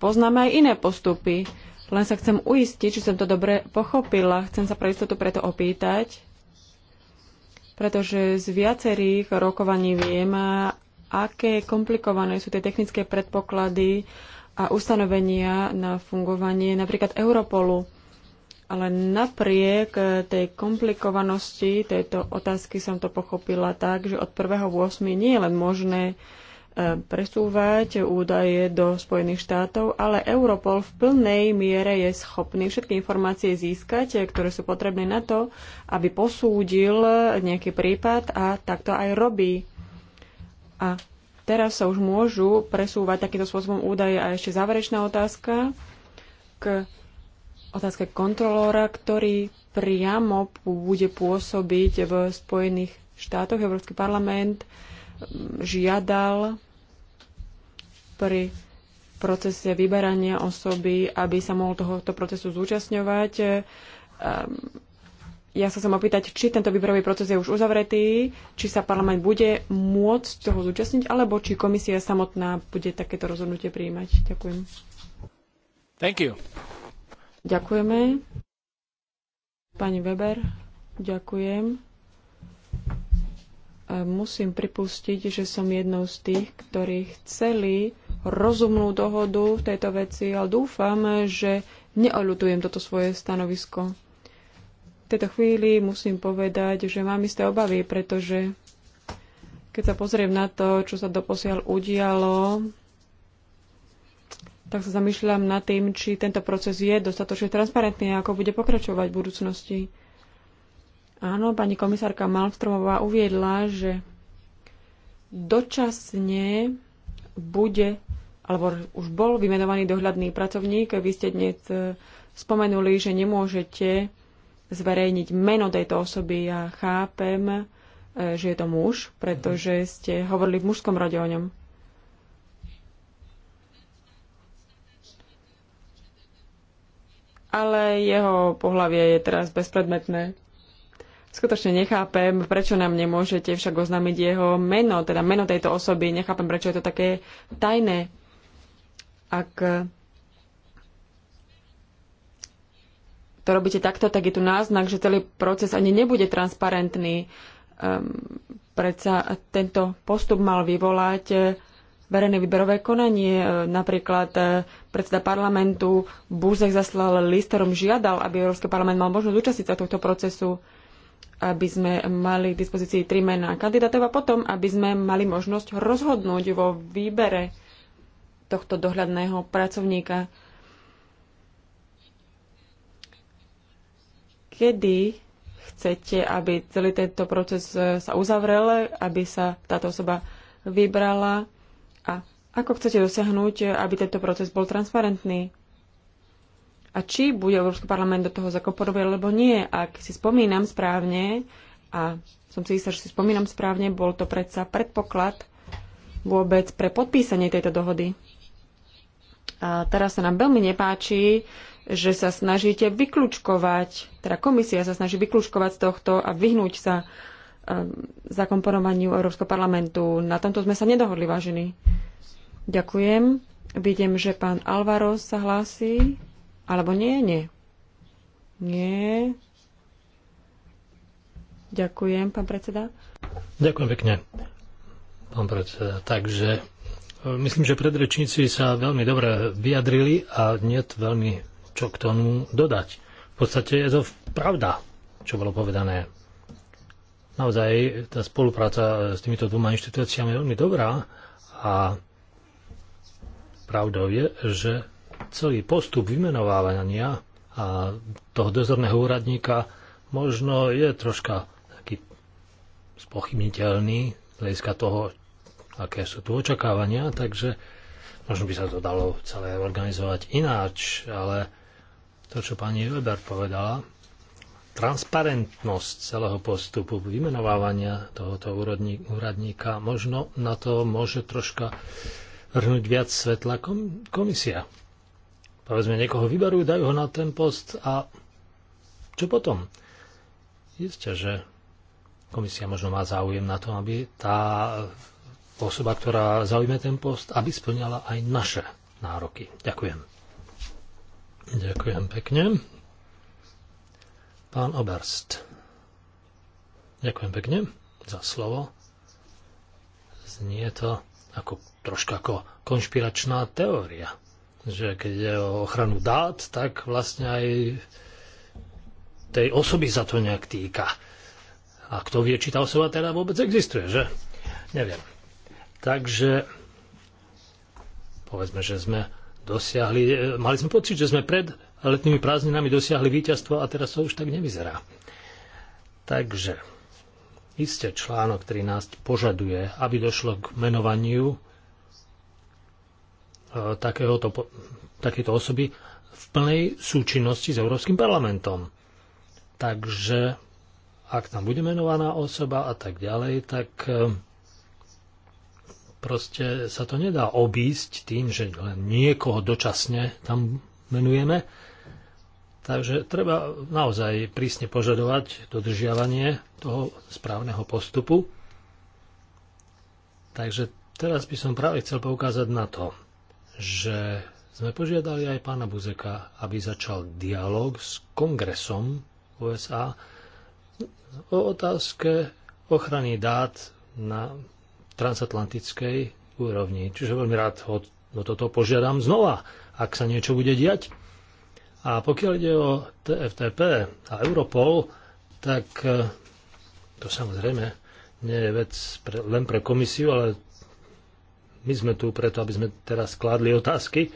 Poznáme aj iné postupy. Len sa chcem uistiť, či som to dobre pochopila. Chcem sa pre istotu preto opýtať, pretože z viacerých rokovaní viem, aké komplikované sú tie technické predpoklady a ustanovenia na fungovanie napríklad Europolu. Ale napriek e, tej komplikovanosti tejto otázky som to pochopila tak, že od 1.8. nie je len možné e, presúvať údaje do Spojených štátov, ale Europol v plnej miere je schopný všetky informácie získať, e, ktoré sú potrebné na to, aby posúdil nejaký prípad a takto aj robí. A teraz sa už môžu presúvať takýmto spôsobom údaje. A ešte záverečná otázka k otázke kontrolóra, ktorý priamo bude pôsobiť v Spojených štátoch. Európsky parlament mm, žiadal pri procese vyberania osoby, aby sa mohol tohoto procesu zúčastňovať. Ehm, ja sa chcem opýtať, či tento výberový proces je už uzavretý, či sa parlament bude môcť toho zúčastniť, alebo či komisia samotná bude takéto rozhodnutie prijímať. Ďakujem. Thank you. Ďakujeme. Pani Weber, ďakujem. E, musím pripustiť, že som jednou z tých, ktorí chceli rozumnú dohodu v tejto veci, ale dúfam, že neolutujem toto svoje stanovisko. V tejto chvíli musím povedať, že mám isté obavy, pretože keď sa pozriem na to, čo sa doposiaľ udialo, tak sa zamýšľam nad tým, či tento proces je dostatočne transparentný a ako bude pokračovať v budúcnosti. Áno, pani komisárka Malmstromová uviedla, že dočasne bude, alebo už bol vymenovaný dohľadný pracovník. Vy ste dnes eh, spomenuli, že nemôžete zverejniť meno tejto osoby. Ja chápem, e, že je to muž, pretože mhm. ste hovorili v mužskom rode o ňom. Ale jeho pohlavie je teraz bezpredmetné. Skutočne nechápem, prečo nám nemôžete však oznámiť jeho meno, teda meno tejto osoby. Nechápem, prečo je to také tajné. Ak to robíte takto, tak je tu náznak, že celý proces ani nebude transparentný. Um, predsa tento postup mal vyvolať e, verejné výberové konanie. E, napríklad e, predseda parlamentu Búzek zaslal list, ktorom žiadal, aby Európsky parlament mal možnosť zúčastniť sa tohto procesu aby sme mali k dispozícii tri mená kandidátov a potom, aby sme mali možnosť rozhodnúť vo výbere tohto dohľadného pracovníka. kedy chcete, aby celý tento proces e, sa uzavrel, aby sa táto osoba vybrala a ako chcete dosiahnuť, e, aby tento proces bol transparentný. A či bude Európsky parlament do toho zakoporovať, alebo nie. Ak si spomínam správne, a som si istá, že si spomínam správne, bol to predsa predpoklad vôbec pre podpísanie tejto dohody. A teraz sa nám veľmi nepáči, že sa snažíte vyklúčkovať, teda komisia sa snaží vyklúčkovať z tohto a vyhnúť sa ehm, zakomponovaniu Európskeho parlamentu. Na tomto sme sa nedohodli, vážení. Ďakujem. Vidím, že pán Alvaro sa hlási. Alebo nie? Nie. Nie. Ďakujem, pán predseda. Ďakujem pekne, pán predseda. Takže e, myslím, že predrečníci sa veľmi dobre vyjadrili a nie veľmi čo k tomu dodať. V podstate je to pravda, čo bolo povedané. Naozaj tá spolupráca s týmito dvoma inštitúciami je veľmi dobrá a pravdou je, že celý postup vymenovávania a toho dozorného úradníka možno je troška taký spochybniteľný z hľadiska toho, aké sú tu očakávania, takže možno by sa to dalo celé organizovať ináč, ale to, čo pani Weber povedala, transparentnosť celého postupu vymenovávania tohoto úradníka, možno na to môže troška vrhnúť viac svetla komisia. Povedzme, niekoho vyberú, dajú ho na ten post a čo potom? Isté, že komisia možno má záujem na tom, aby tá osoba, ktorá zaujme ten post, aby splňala aj naše nároky. Ďakujem. Ďakujem pekne. Pán Oberst. Ďakujem pekne za slovo. Znie to ako, troška ako konšpiračná teória, že keď je o ochranu dát, tak vlastne aj tej osoby sa to nejak týka. A kto vie, či tá osoba teda vôbec existuje, že? Neviem. Takže povedzme, že sme dosiahli, e, mali sme pocit, že sme pred letnými prázdninami dosiahli víťazstvo a teraz to už tak nevyzerá. Takže, iste článok 13 požaduje, aby došlo k menovaniu e, takéhoto, takéto osoby v plnej súčinnosti s Európskym parlamentom. Takže, ak tam bude menovaná osoba a tak ďalej, tak e, proste sa to nedá obísť tým, že len niekoho dočasne tam menujeme. Takže treba naozaj prísne požadovať dodržiavanie toho správneho postupu. Takže teraz by som práve chcel poukázať na to, že sme požiadali aj pána Buzeka, aby začal dialog s kongresom USA o otázke ochrany dát na transatlantickej úrovni. Čiže veľmi rád ho o toto požiadam znova, ak sa niečo bude diať. A pokiaľ ide o TFTP a Europol, tak e, to samozrejme nie je vec pre, len pre komisiu, ale my sme tu preto, aby sme teraz kládli otázky.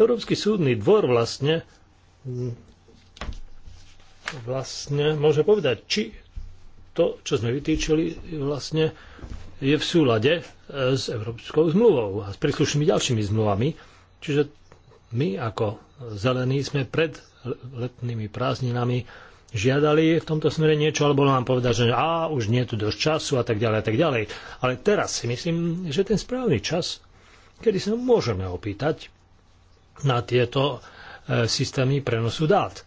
Európsky súdny dvor vlastne vlastne môže povedať, či to, čo sme vytýčili, vlastne je v súlade e, s Európskou zmluvou a s príslušnými ďalšími zmluvami. Čiže my ako zelení sme pred letnými prázdninami žiadali v tomto smere niečo, alebo nám povedať, že á, už nie je tu dosť času a tak ďalej a tak ďalej. Ale teraz si myslím, že ten správny čas, kedy sa môžeme opýtať na tieto e, systémy prenosu dát.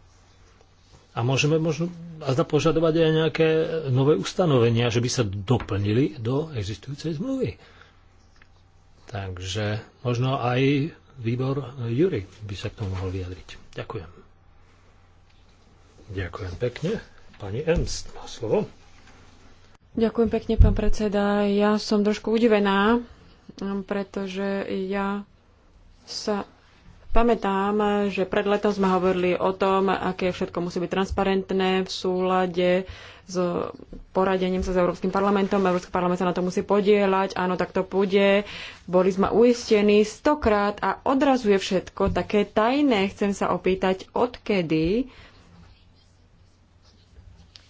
A môžeme možno a zda požadovať aj nejaké nové ustanovenia, že by sa doplnili do existujúcej zmluvy. Takže možno aj výbor Jury by sa k tomu mohol vyjadriť. Ďakujem. Ďakujem pekne. Pani Ernst má slovo. Ďakujem pekne, pán predseda. Ja som trošku udivená, pretože ja sa Pamätám, že pred letom sme hovorili o tom, aké všetko musí byť transparentné v súlade s poradením sa s Európskym parlamentom. Európsky parlament sa na to musí podielať. Áno, tak to bude. Boli sme uistení stokrát a odrazuje všetko také tajné. Chcem sa opýtať, odkedy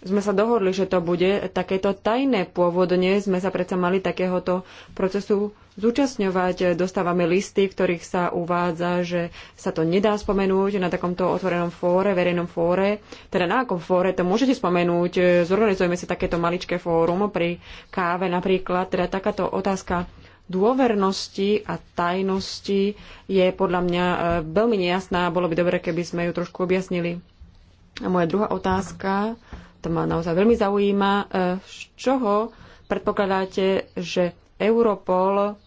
sme sa dohodli, že to bude takéto tajné. Pôvodne sme sa predsa mali takéhoto procesu zúčastňovať. Dostávame listy, v ktorých sa uvádza, že sa to nedá spomenúť na takomto otvorenom fóre, verejnom fóre. Teda na akom fóre to môžete spomenúť? Zorganizujeme si takéto maličké fórum pri káve napríklad. Teda takáto otázka dôvernosti a tajnosti je podľa mňa e, veľmi nejasná. Bolo by dobre, keby sme ju trošku objasnili. A moja druhá otázka to ma naozaj veľmi zaujíma. E, z čoho predpokladáte, že Europol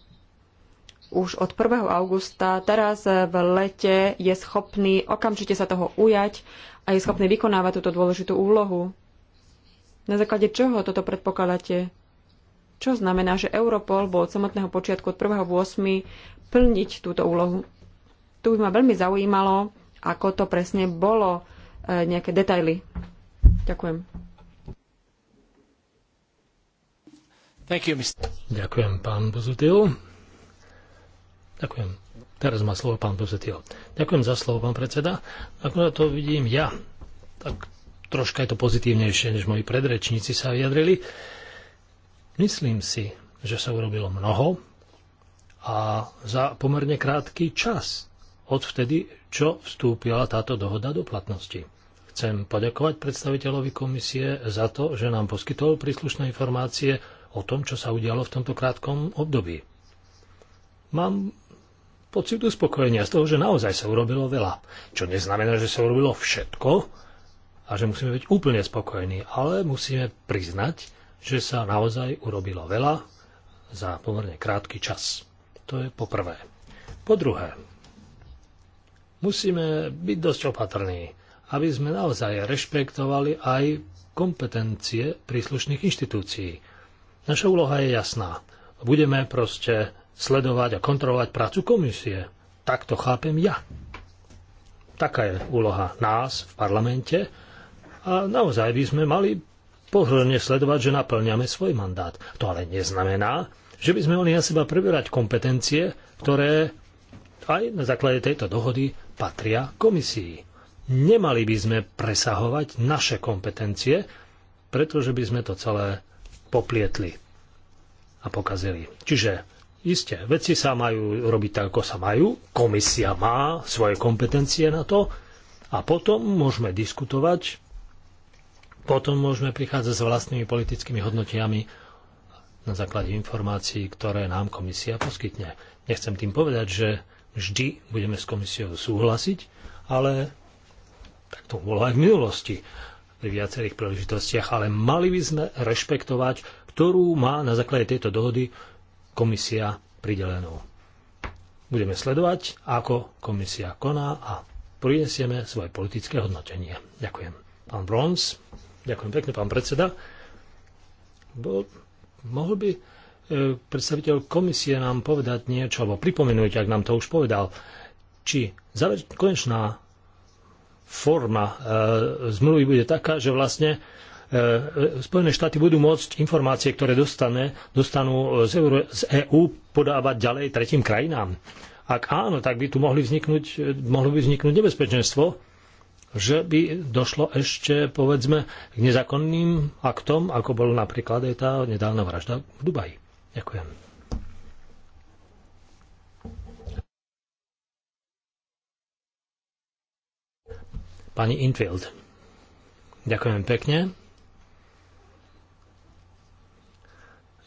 už od 1. augusta, teraz v lete, je schopný okamžite sa toho ujať a je schopný vykonávať túto dôležitú úlohu. Na základe čoho toto predpokladáte? Čo znamená, že Europol bol od samotného počiatku od 1.8. plniť túto úlohu? Tu by ma veľmi zaujímalo, ako to presne bolo, e, nejaké detaily. Ďakujem. Ďakujem, pán Buzutil. Ďakujem. Teraz má slovo pán Buzutil. Ďakujem za slovo, pán predseda. Ako to vidím ja, tak troška je to pozitívnejšie, než moji predrečníci sa vyjadrili. Myslím si, že sa urobilo mnoho a za pomerne krátky čas od vtedy, čo vstúpila táto dohoda do platnosti. Chcem poďakovať predstaviteľovi komisie za to, že nám poskytol príslušné informácie o tom, čo sa udialo v tomto krátkom období. Mám pocit uspokojenia z toho, že naozaj sa urobilo veľa. Čo neznamená, že sa urobilo všetko a že musíme byť úplne spokojní, ale musíme priznať, že sa naozaj urobilo veľa za pomerne krátky čas. To je poprvé. Po druhé, musíme byť dosť opatrní aby sme naozaj rešpektovali aj kompetencie príslušných inštitúcií. Naša úloha je jasná. Budeme proste sledovať a kontrolovať prácu komisie. Tak to chápem ja. Taká je úloha nás v parlamente a naozaj by sme mali pozorne sledovať, že naplňame svoj mandát. To ale neznamená, že by sme mali na seba preberať kompetencie, ktoré aj na základe tejto dohody patria komisii nemali by sme presahovať naše kompetencie, pretože by sme to celé poplietli a pokazili. Čiže isté, veci sa majú robiť tak, ako sa majú, komisia má svoje kompetencie na to a potom môžeme diskutovať, potom môžeme prichádzať s vlastnými politickými hodnotiami na základe informácií, ktoré nám komisia poskytne. Nechcem tým povedať, že vždy budeme s komisiou súhlasiť, ale tak to bolo aj v minulosti pri viacerých príležitostiach, ale mali by sme rešpektovať, ktorú má na základe tejto dohody komisia pridelenú. Budeme sledovať, ako komisia koná a prinesieme svoje politické hodnotenie. Ďakujem. Pán Brons, ďakujem pekne, pán predseda. Bol, mohol by e, predstaviteľ komisie nám povedať niečo, alebo pripomenúť, ak nám to už povedal, či záver, konečná forma e, zmluvy bude taká, že vlastne e, Spojené štáty budú môcť informácie, ktoré dostane, dostanú z, Euro, z EU podávať ďalej tretím krajinám. Ak áno, tak by tu mohli vzniknúť, mohlo by vzniknúť nebezpečenstvo, že by došlo ešte, povedzme, k nezákonným aktom, ako bol napríklad aj tá nedávna vražda v Dubaji. Ďakujem. Pani Infield. Ďakujem pekne.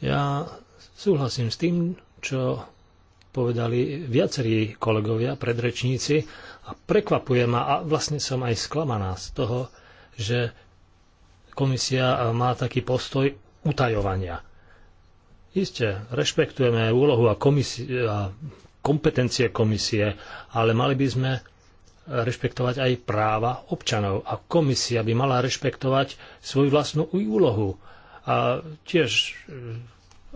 Ja súhlasím s tým, čo povedali viacerí kolegovia, predrečníci a prekvapuje ma a vlastne som aj sklamaná z toho, že komisia má taký postoj utajovania. Isté, rešpektujeme úlohu a, komisi- a kompetencie komisie, ale mali by sme rešpektovať aj práva občanov a komisia by mala rešpektovať svoju vlastnú úlohu a tiež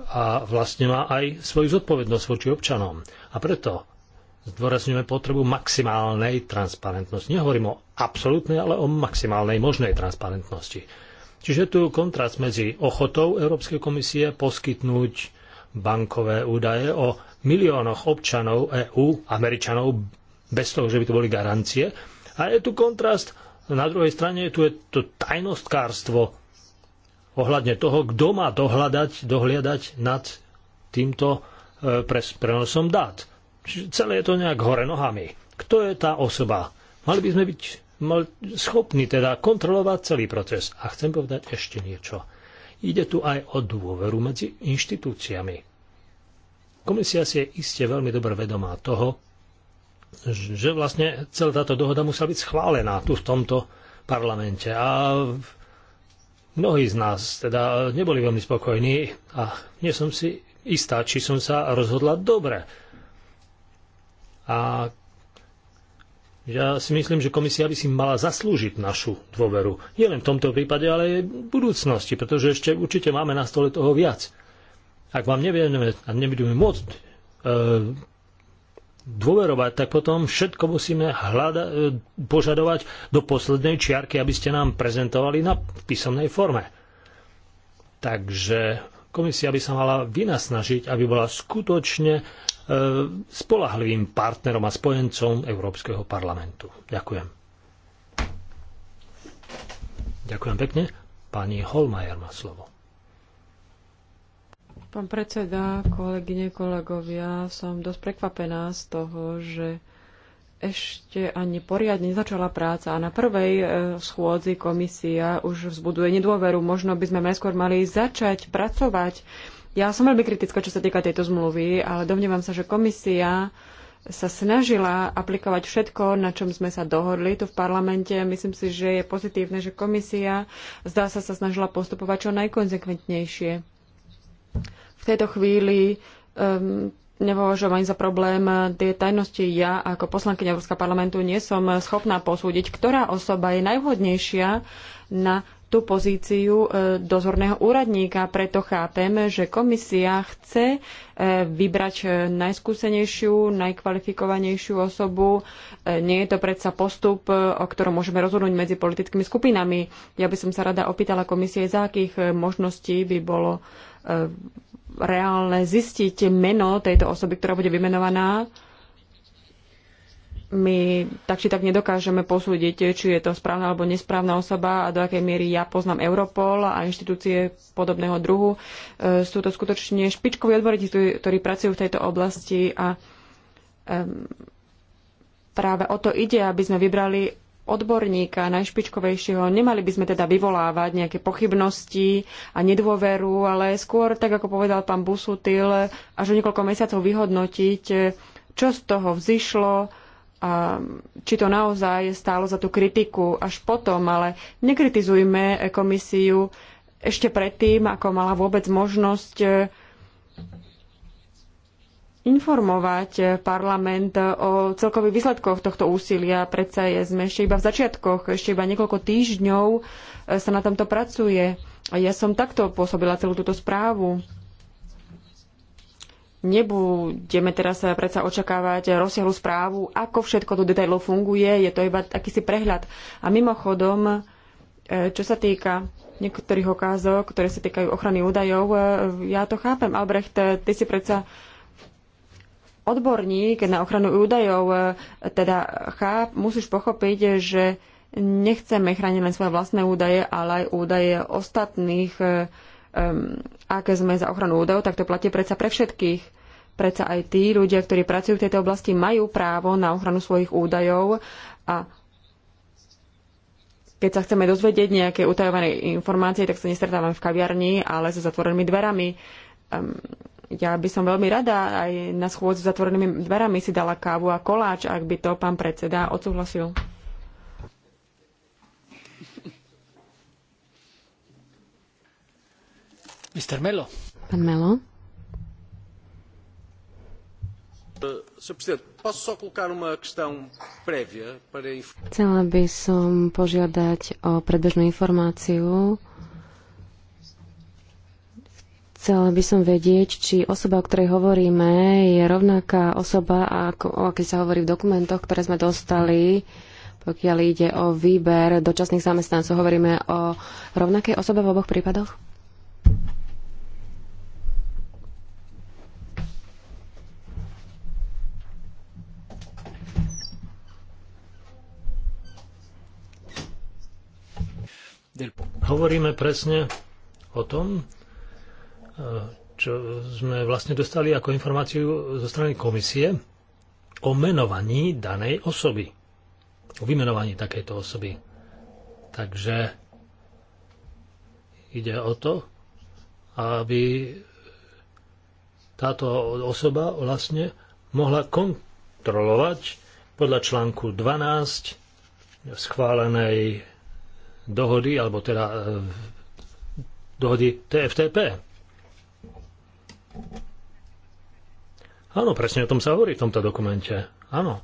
a vlastne má aj svoju zodpovednosť voči občanom. A preto zdôrazňujeme potrebu maximálnej transparentnosti. Nehovorím o absolútnej, ale o maximálnej možnej transparentnosti. Čiže tu kontrast medzi ochotou Európskej komisie poskytnúť bankové údaje o miliónoch občanov EÚ, Američanov, bez toho, že by to boli garancie. A je tu kontrast, na druhej strane tu je to tajnostkárstvo ohľadne toho, kto má dohľadať, dohliadať nad týmto e, prenosom dát. Čiže celé je to nejak hore nohami. Kto je tá osoba? Mali by sme byť mal, schopní teda kontrolovať celý proces. A chcem povedať ešte niečo. Ide tu aj o dôveru medzi inštitúciami. Komisia si je iste veľmi dobre vedomá toho, že vlastne celá táto dohoda musela byť schválená tu v tomto parlamente. A mnohí z nás teda neboli veľmi spokojní a nie som si istá, či som sa rozhodla dobre. A ja si myslím, že komisia by si mala zaslúžiť našu dôveru. Nie len v tomto prípade, ale aj v budúcnosti, pretože ešte určite máme na stole toho viac. Ak vám nevieme a nebudeme môcť e, dôverovať, tak potom všetko musíme hľada, e, požadovať do poslednej čiarky, aby ste nám prezentovali na písomnej forme. Takže komisia by sa mala vynasnažiť, aby bola skutočne e, spolahlivým partnerom a spojencom Európskeho parlamentu. Ďakujem. Ďakujem pekne. Pani Holmajer má slovo. Pán predseda, kolegyne, kolegovia, som dosť prekvapená z toho, že ešte ani poriadne začala práca a na prvej e, schôdzi komisia už vzbuduje nedôveru. Možno by sme najskôr mali začať pracovať. Ja som veľmi kritická, čo sa týka tejto zmluvy, ale domnievam sa, že komisia sa snažila aplikovať všetko, na čom sme sa dohodli tu v parlamente. Myslím si, že je pozitívne, že komisia zdá sa sa snažila postupovať čo najkonzekventnejšie. V tejto chvíli um, ehm, nepovažovaný za problém tie tajnosti. Ja ako poslankyňa Európskeho parlamentu nie som schopná posúdiť, ktorá osoba je najvhodnejšia na tú pozíciu e, dozorného úradníka. Preto chápem, že komisia chce e, vybrať najskúsenejšiu, najkvalifikovanejšiu osobu. E, nie je to predsa postup, o ktorom môžeme rozhodnúť medzi politickými skupinami. Ja by som sa rada opýtala komisie, za akých možností by bolo E, reálne zistiť meno tejto osoby, ktorá bude vymenovaná. My tak či tak nedokážeme posúdiť, či je to správna alebo nesprávna osoba a do akej miery ja poznám Europol a inštitúcie podobného druhu. E, sú to skutočne špičkoví odborníci, ktorí pracujú v tejto oblasti a práve o to ide, aby sme vybrali odborníka, najšpičkovejšieho. Nemali by sme teda vyvolávať nejaké pochybnosti a nedôveru, ale skôr, tak ako povedal pán Busutil, až o niekoľko mesiacov vyhodnotiť, čo z toho vzýšlo, a či to naozaj stálo za tú kritiku až potom, ale nekritizujme komisiu ešte predtým, ako mala vôbec možnosť informovať parlament o celkových výsledkoch tohto úsilia. Predsa je, sme ešte iba v začiatkoch, ešte iba niekoľko týždňov e, sa na tomto pracuje. A ja som takto pôsobila celú túto správu. Nebudeme teraz predsa očakávať rozsiahlu správu, ako všetko do detailov funguje, je to iba akýsi prehľad. A mimochodom, e, čo sa týka niektorých okázok, ktoré sa týkajú ochrany údajov, e, ja to chápem, Albrecht, ty si predsa odborník na ochranu údajov, e, teda cháp, musíš pochopiť, že nechceme chrániť len svoje vlastné údaje, ale aj údaje ostatných. E, aké sme za ochranu údajov, tak to platí predsa pre všetkých. Predsa aj tí ľudia, ktorí pracujú v tejto oblasti, majú právo na ochranu svojich údajov a keď sa chceme dozvedieť nejaké utajované informácie, tak sa nestretávame v kaviarni, ale so zatvorenými dverami. Ja by som veľmi rada aj na schôdzi s zatvorenými dverami si dala kávu a koláč, ak by to pán predseda odsúhlasil. Mr. Melo. Pán Melo. Chcela by som požiadať o predbežnú informáciu Chcela by som vedieť, či osoba, o ktorej hovoríme, je rovnaká osoba, ako, o akej sa hovorí v dokumentoch, ktoré sme dostali, pokiaľ ide o výber dočasných zamestnancov. Hovoríme o rovnakej osobe v oboch prípadoch? Hovoríme presne o tom, E, čo sme vlastne dostali ako informáciu zo strany komisie o menovaní danej osoby. O vymenovaní takejto osoby. Takže ide o to, aby táto osoba vlastne mohla kontrolovať podľa článku 12 schválenej dohody, alebo teda e, dohody TFTP. Áno, presne o tom sa hovorí v tomto dokumente. Áno.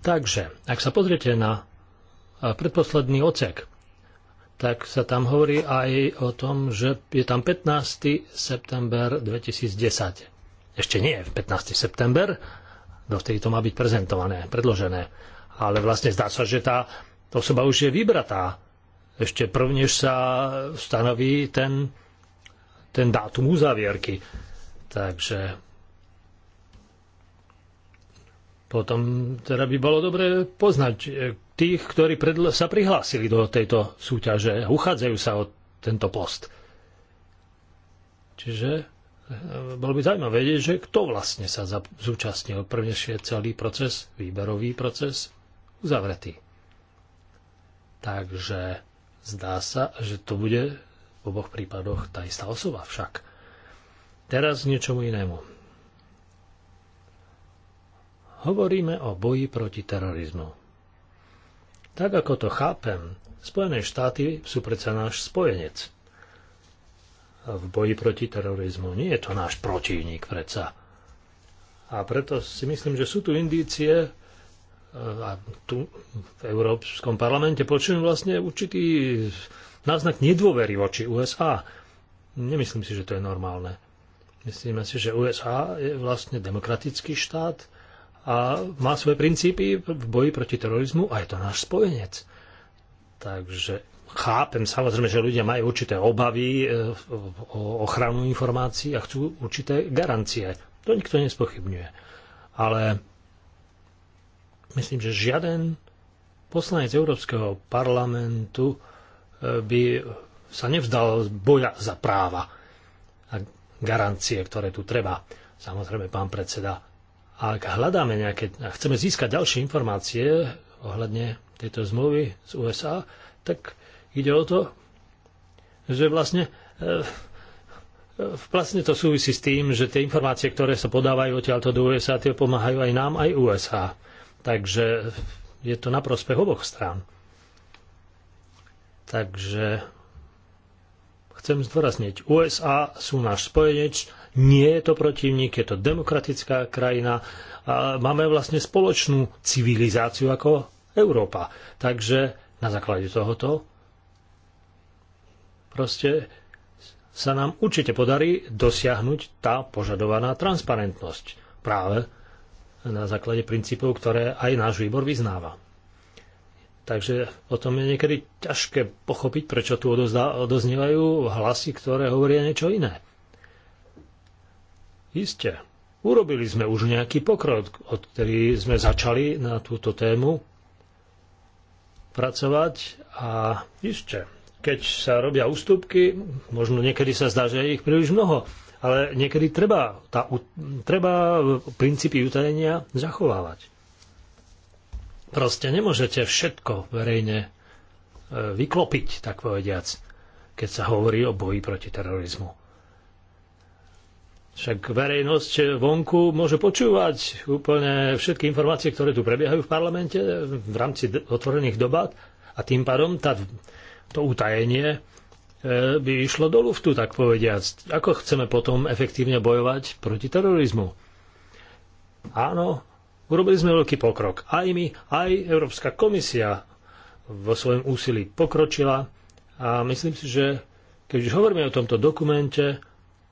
Takže, ak sa pozriete na predposledný ocek, tak sa tam hovorí aj o tom, že je tam 15. september 2010. Ešte nie je 15. september, no vtedy to má byť prezentované, predložené. Ale vlastne zdá sa, že tá tá osoba už je vybratá. Ešte prvnež sa stanoví ten, ten dátum uzavierky. Takže potom teda by bolo dobre poznať e, tých, ktorí sa prihlásili do tejto súťaže a uchádzajú sa o tento post. Čiže e, bolo by zaujímavé vedieť, že kto vlastne sa zúčastnil. Prvnež je celý proces, výberový proces, uzavretý. Takže zdá sa, že to bude v oboch prípadoch tá istá osoba však. Teraz niečomu inému. Hovoríme o boji proti terorizmu. Tak ako to chápem, Spojené štáty sú predsa náš spojenec. V boji proti terorizmu nie je to náš protivník predsa. A preto si myslím, že sú tu indície, a tu v Európskom parlamente počujem vlastne určitý náznak nedôvery voči USA. Nemyslím si, že to je normálne. Myslíme si, že USA je vlastne demokratický štát a má svoje princípy v boji proti terorizmu a je to náš spojenec. Takže chápem samozrejme, že ľudia majú určité obavy e, o ochranu informácií a chcú určité garancie. To nikto nespochybňuje. Ale Myslím, že žiaden poslanec Európskeho parlamentu e, by sa nevzdal boja za práva a garancie, ktoré tu treba. Samozrejme, pán predseda, a ak hľadáme nejaké, a chceme získať ďalšie informácie ohľadne tejto zmluvy z USA, tak ide o to, že vlastne, e, e, vlastne to súvisí s tým, že tie informácie, ktoré sa podávajú odtiaľto do USA, tie pomáhajú aj nám, aj USA. Takže je to na prospech oboch strán. Takže chcem zdôrazniť, USA sú náš spojenec, nie je to protivník, je to demokratická krajina a máme vlastne spoločnú civilizáciu ako Európa. Takže na základe tohoto proste sa nám určite podarí dosiahnuť tá požadovaná transparentnosť práve na základe princípov, ktoré aj náš výbor vyznáva. Takže o tom je niekedy ťažké pochopiť, prečo tu odoznievajú hlasy, ktoré hovoria niečo iné. Isté, urobili sme už nejaký pokrok, od ktorý sme začali na túto tému pracovať a isté, keď sa robia ústupky, možno niekedy sa zdá, že je ich príliš mnoho, ale niekedy treba, tá, treba princípy utajenia zachovávať. Proste nemôžete všetko verejne e, vyklopiť, tak povediac, keď sa hovorí o boji proti terorizmu. Však verejnosť vonku môže počúvať úplne všetky informácie, ktoré tu prebiehajú v parlamente v rámci otvorených dobát a tým pádom tá, to utajenie E, by išlo do luftu, tak povediať. Ako chceme potom efektívne bojovať proti terorizmu? Áno, urobili sme veľký pokrok. Aj my, aj Európska komisia vo svojom úsilí pokročila a myslím si, že keď už hovoríme o tomto dokumente,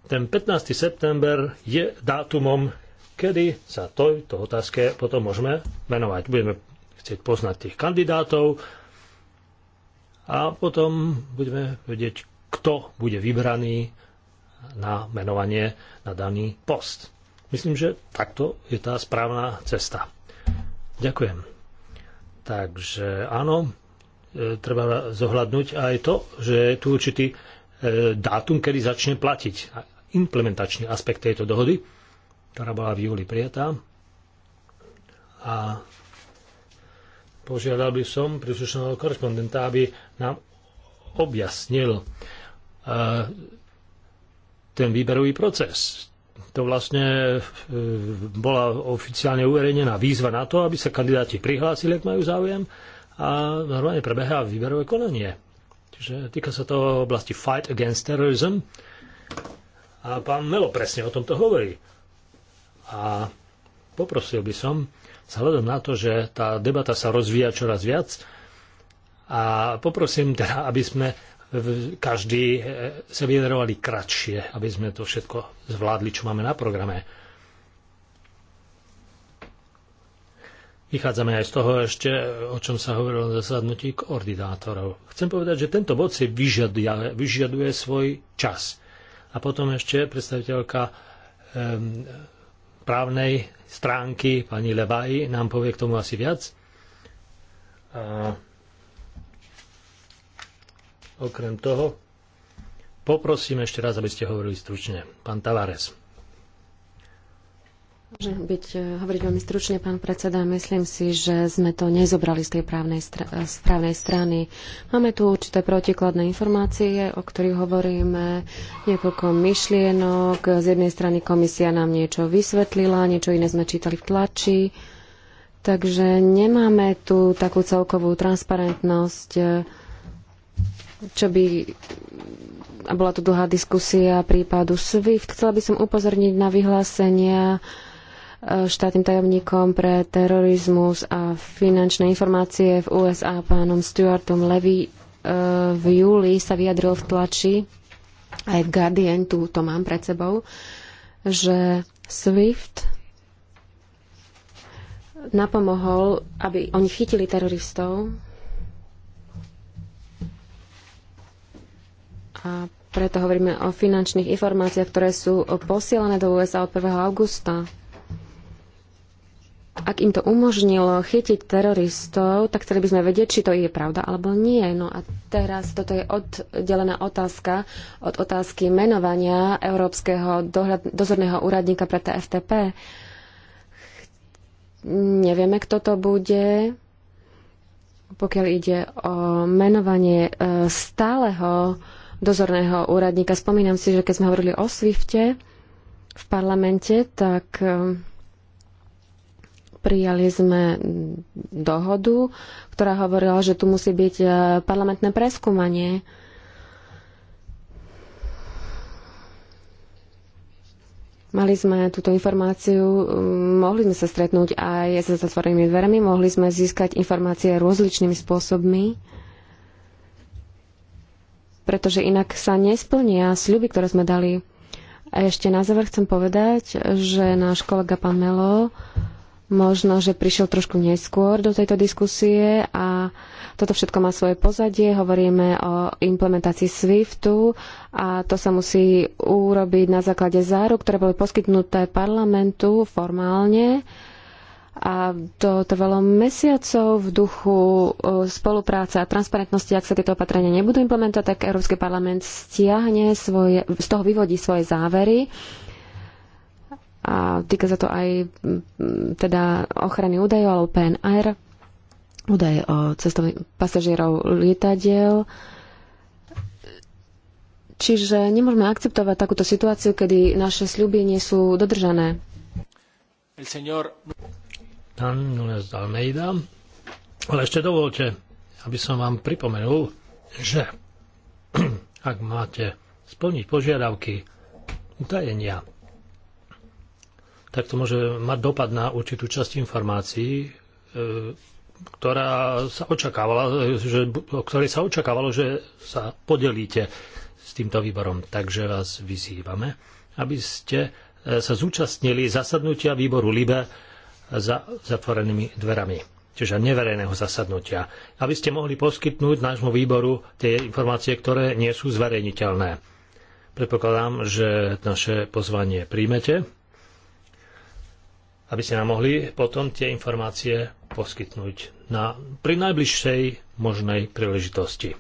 ten 15. september je dátumom, kedy sa tejto otázke potom môžeme venovať. Budeme chcieť poznať tých kandidátov, a potom budeme vedieť, kto bude vybraný na menovanie na daný post. Myslím, že takto je tá správna cesta. Ďakujem. Takže áno, e, treba zohľadnúť aj to, že je tu určitý e, dátum, kedy začne platiť implementačný aspekt tejto dohody, ktorá bola v júli prijatá. A Požiadal by som príslušného korespondenta, aby nám objasnil e, ten výberový proces. To vlastne e, bola oficiálne uverejnená výzva na to, aby sa kandidáti prihlásili, ak majú záujem, a normálne prebehá výberové konanie. Čiže týka sa to oblasti Fight Against Terrorism. A pán Melo presne o tomto hovorí. A poprosil by som, vzhľadom na to, že tá debata sa rozvíja čoraz viac a poprosím teda, aby sme každý e, sa vyjadrovali kratšie, aby sme to všetko zvládli, čo máme na programe. Vychádzame aj z toho ešte, o čom sa hovorilo na zasadnutí koordinátorov. Chcem povedať, že tento bod si vyžaduje, vyžaduje svoj čas. A potom ešte predstaviteľka um, právnej stránky, pani Levaj nám povie k tomu asi viac. A okrem toho poprosím ešte raz, aby ste hovorili stručne. Pán Tavares. Môžem byť, e, hovoriť veľmi stručne, pán predseda. Myslím si, že sme to nezobrali z tej právnej str- správnej e, strany. Máme tu určité protikladné informácie, o ktorých hovoríme, niekoľko myšlienok. Z jednej strany komisia nám niečo vysvetlila, niečo iné sme čítali v tlači. Takže nemáme tu takú celkovú transparentnosť, e, čo by a bola tu dlhá diskusia prípadu SWIFT. Chcela by som upozorniť na vyhlásenia E, štátnym tajomníkom pre terorizmus a finančné informácie v USA pánom Stuartom Levy e, v júli sa vyjadril v tlači, aj v Guardian, tu to mám pred sebou, že SWIFT napomohol, aby oni chytili teroristov a preto hovoríme o finančných informáciách, ktoré sú posielané do USA od 1. augusta ak im to umožnilo chytiť teroristov, tak chceli by sme vedieť, či to je pravda alebo nie. No a teraz toto je oddelená otázka od otázky menovania Európskeho dohľad, dozorného úradníka pre TFTP. Nevieme, kto to bude, pokiaľ ide o menovanie e, stáleho dozorného úradníka. Spomínam si, že keď sme hovorili o Swifte v parlamente, tak e, Prijali sme dohodu, ktorá hovorila, že tu musí byť e, parlamentné preskúmanie. Mali sme túto informáciu, mohli sme sa stretnúť aj sa zatvorenými dverami, mohli sme získať informácie rozličnými spôsobmi, pretože inak sa nesplnia sľuby, ktoré sme dali. A ešte na záver chcem povedať, že náš kolega pán Melo Možno, že prišiel trošku neskôr do tejto diskusie a toto všetko má svoje pozadie. Hovoríme o implementácii SWIFTu a to sa musí urobiť na základe záruk, ktoré boli poskytnuté parlamentu formálne. A to trvalo mesiacov v duchu e, spolupráce a transparentnosti. Ak sa tieto opatrenia nebudú implementovať, tak Európsky parlament stiahne svoje, z toho vyvodí svoje závery a týka sa to aj mm, teda ochrany údajov alebo PNR, údaje o cestovných pasažierov lietadiel. Čiže nemôžeme akceptovať takúto situáciu, kedy naše sľuby nie sú dodržané. El señor... Dan Nunes Almeida, ale ešte dovolte, aby som vám pripomenul, že ak máte splniť požiadavky utajenia tak to môže mať dopad na určitú časť informácií, e, ktorá sa očakávala, že, o ktorej sa očakávalo, že sa podelíte s týmto výborom. Takže vás vyzývame, aby ste e, sa zúčastnili zasadnutia výboru LIBE za zatvorenými dverami čiže neverejného zasadnutia, aby ste mohli poskytnúť nášmu výboru tie informácie, ktoré nie sú zverejniteľné. Predpokladám, že naše pozvanie príjmete aby ste nám mohli potom tie informácie poskytnúť na, pri najbližšej možnej príležitosti.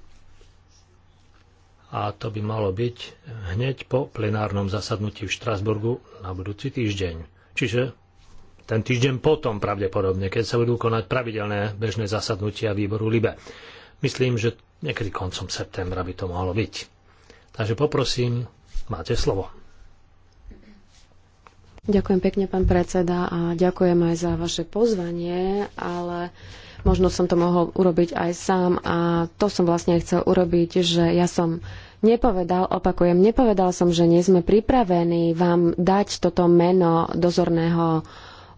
A to by malo byť hneď po plenárnom zasadnutí v Štrasburgu na budúci týždeň. Čiže ten týždeň potom pravdepodobne, keď sa budú konať pravidelné bežné zasadnutia výboru LIBE. Myslím, že niekedy koncom septembra by to mohlo byť. Takže poprosím, máte slovo. Ďakujem pekne, pán predseda, a ďakujem aj za vaše pozvanie, ale možno som to mohol urobiť aj sám a to som vlastne chcel urobiť, že ja som nepovedal, opakujem, nepovedal som, že nie sme pripravení vám dať toto meno dozorného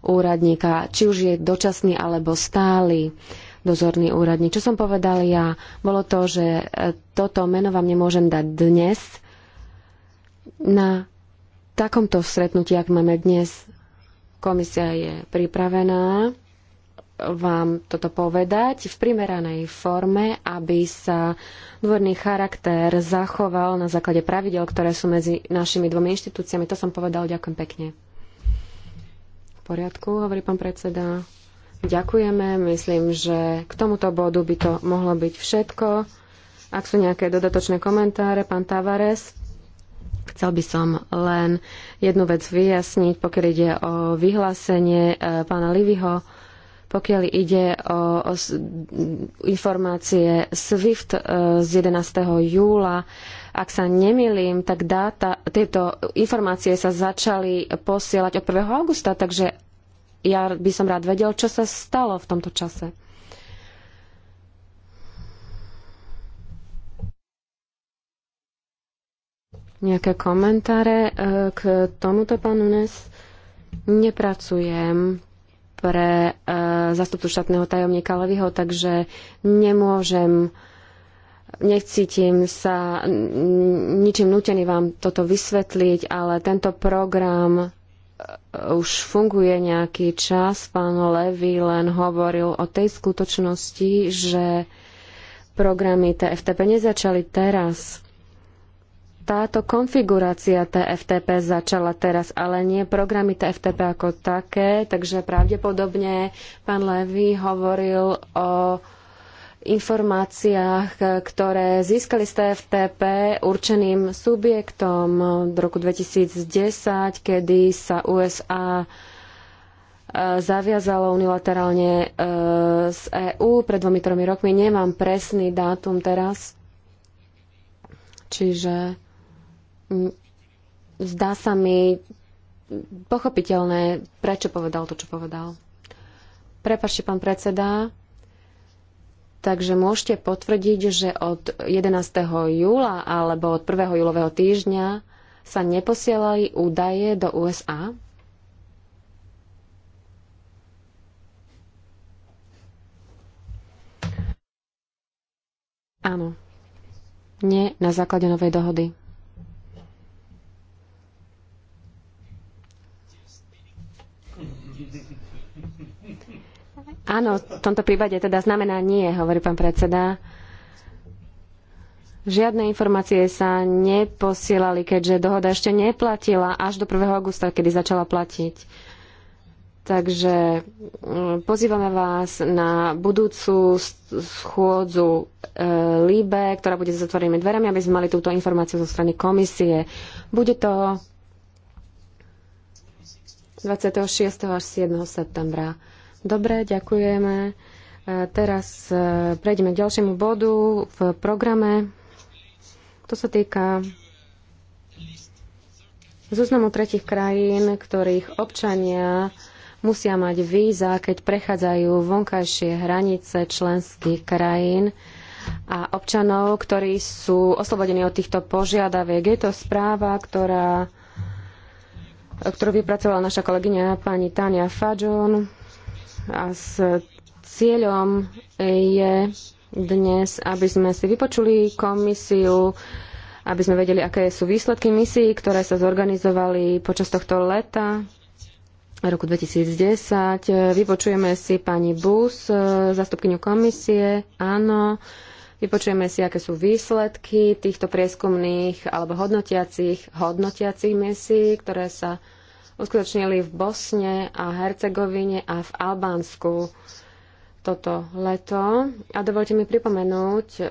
úradníka, či už je dočasný alebo stály dozorný úradník. Čo som povedal ja, bolo to, že e, toto meno vám nemôžem dať dnes na takomto stretnutí, ak máme dnes, komisia je pripravená vám toto povedať v primeranej forme, aby sa dvorný charakter zachoval na základe pravidel, ktoré sú medzi našimi dvomi inštitúciami. To som povedal. Ďakujem pekne. V poriadku, hovorí pán predseda. Ďakujeme. Myslím, že k tomuto bodu by to mohlo byť všetko. Ak sú nejaké dodatočné komentáre, pán Tavares. Chcel by som len jednu vec vyjasniť, pokiaľ ide o vyhlásenie e, pána Livyho, pokiaľ ide o, o informácie SWIFT e, z 11. júla. Ak sa nemýlim, tak dáta, tieto informácie sa začali posielať od 1. augusta, takže ja by som rád vedel, čo sa stalo v tomto čase. Nejaké komentáre e, k tomuto, pán Nunes? Nepracujem pre e, zastupcu štátneho tajomníka Levyho, takže nemôžem nechcítim sa ničím nutený vám toto vysvetliť, ale tento program e, už funguje nejaký čas. Pán Levy len hovoril o tej skutočnosti, že programy TFTP nezačali teraz táto konfigurácia TFTP začala teraz, ale nie programy TFTP ako také, takže pravdepodobne pán Levy hovoril o informáciách, ktoré získali z TFTP určeným subjektom v roku 2010, kedy sa USA e, zaviazalo unilaterálne e, z EÚ pred dvomi, tromi rokmi. Nemám presný dátum teraz. Čiže zdá sa mi pochopiteľné, prečo povedal to, čo povedal. Prepašte, pán predseda, takže môžete potvrdiť, že od 11. júla alebo od 1. júlového týždňa sa neposielali údaje do USA? Áno. Nie na základe novej dohody. Áno, v tomto prípade teda znamená nie, hovorí pán predseda. Žiadne informácie sa neposielali, keďže dohoda ešte neplatila až do 1. augusta, kedy začala platiť. Takže mm, pozývame vás na budúcu schôdzu e, LIBE, ktorá bude s zatvorenými dverami, aby sme mali túto informáciu zo strany komisie. Bude to 26. až 7. septembra. Dobre, ďakujeme. E, teraz e, prejdeme k ďalšiemu bodu v programe. To sa týka zoznamu tretich krajín, ktorých občania musia mať víza, keď prechádzajú vonkajšie hranice členských krajín a občanov, ktorí sú oslobodení od týchto požiadaviek. Je to správa, ktorá, ktorú vypracovala naša kolegyňa pani Tania Fadžon a s cieľom je dnes, aby sme si vypočuli komisiu, aby sme vedeli, aké sú výsledky misií, ktoré sa zorganizovali počas tohto leta roku 2010. Vypočujeme si pani Bus, zastupkyňu komisie, áno. Vypočujeme si, aké sú výsledky týchto prieskumných alebo hodnotiacich, hodnotiacich misií, ktoré sa uskutočnili v Bosne a Hercegovine a v Albánsku toto leto. A dovolte mi pripomenúť, e,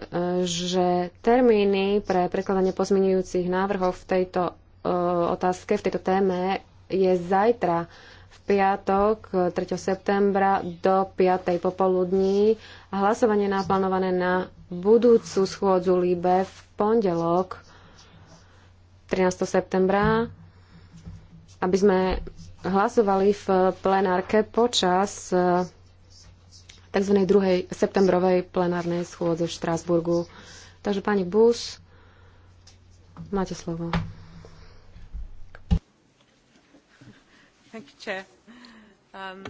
že termíny pre prekladanie pozmenujúcich návrhov v tejto e, otázke, v tejto téme je zajtra v piatok 3. septembra do 5. popoludní a hlasovanie naplánované na budúcu schôdzu Líbe v pondelok 13. septembra aby sme hlasovali v plenárke počas eh, tzv. 2. septembrovej plenárnej schôdze v Štrásburgu. Takže pani Bus, máte slovo. Um,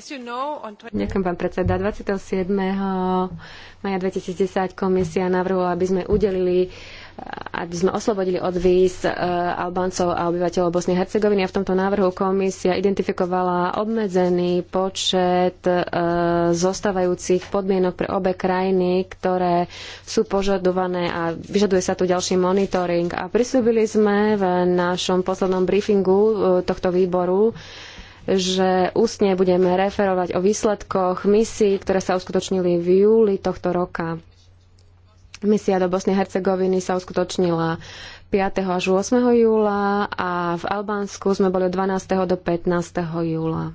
uh, Ďakujem, pán predseda. 27. maja 2010 komisia navrhla, aby sme udelili aby sme oslobodili od víz e, Albáncov a obyvateľov Bosny a Hercegoviny. A v tomto návrhu komisia identifikovala obmedzený počet e, zostávajúcich podmienok pre obe krajiny, ktoré sú požadované a vyžaduje sa tu ďalší monitoring. A prislúbili sme v našom poslednom briefingu e, tohto výboru, že ústne budeme referovať o výsledkoch misií, ktoré sa uskutočnili v júli tohto roka. Misia do Bosny a Hercegoviny sa uskutočnila 5. až 8. júla a v Albánsku sme boli od 12. do 15. júla.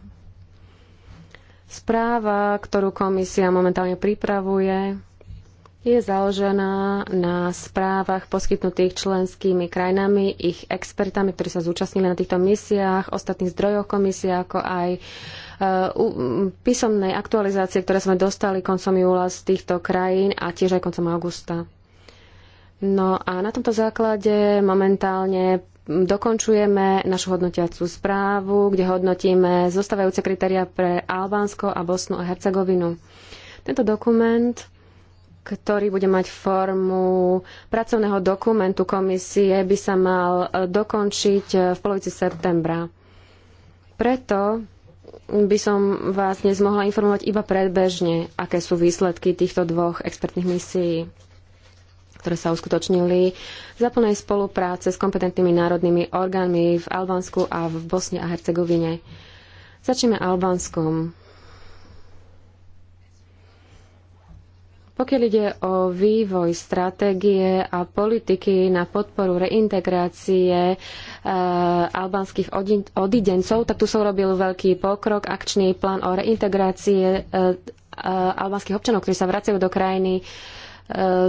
Správa, ktorú komisia momentálne pripravuje, je založená na správach poskytnutých členskými krajinami, ich expertami, ktorí sa zúčastnili na týchto misiách, ostatných zdrojov komisia, ako aj uh, písomnej aktualizácie, ktoré sme dostali koncom júla z týchto krajín a tiež aj koncom augusta. No a na tomto základe momentálne dokončujeme našu hodnotiacu správu, kde hodnotíme zostávajúce kritéria pre Albánsko a Bosnu a Hercegovinu. Tento dokument ktorý bude mať formu pracovného dokumentu komisie, by sa mal dokončiť v polovici septembra. Preto by som vás dnes mohla informovať iba predbežne, aké sú výsledky týchto dvoch expertných misií ktoré sa uskutočnili za plnej spolupráce s kompetentnými národnými orgánmi v Albánsku a v Bosne a Hercegovine. Začneme Albánskom. Pokiaľ ide o vývoj stratégie a politiky na podporu reintegrácie e, albánskych odidencov, tak tu sa urobil veľký pokrok, akčný plán o reintegrácie e, e, albánskych občanov, ktorí sa vracajú do krajiny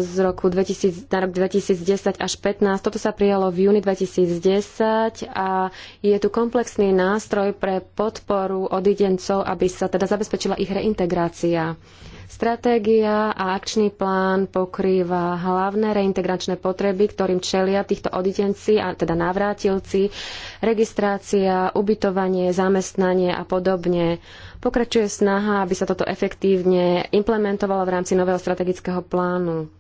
z roku 2000, na rok 2010 až 2015. Toto sa prijalo v júni 2010 a je tu komplexný nástroj pre podporu odidencov, aby sa teda zabezpečila ich reintegrácia. Stratégia a akčný plán pokrýva hlavné reintegračné potreby, ktorým čelia týchto oditenci, a teda navrátilci, registrácia, ubytovanie, zamestnanie a podobne. Pokračuje snaha, aby sa toto efektívne implementovalo v rámci nového strategického plánu.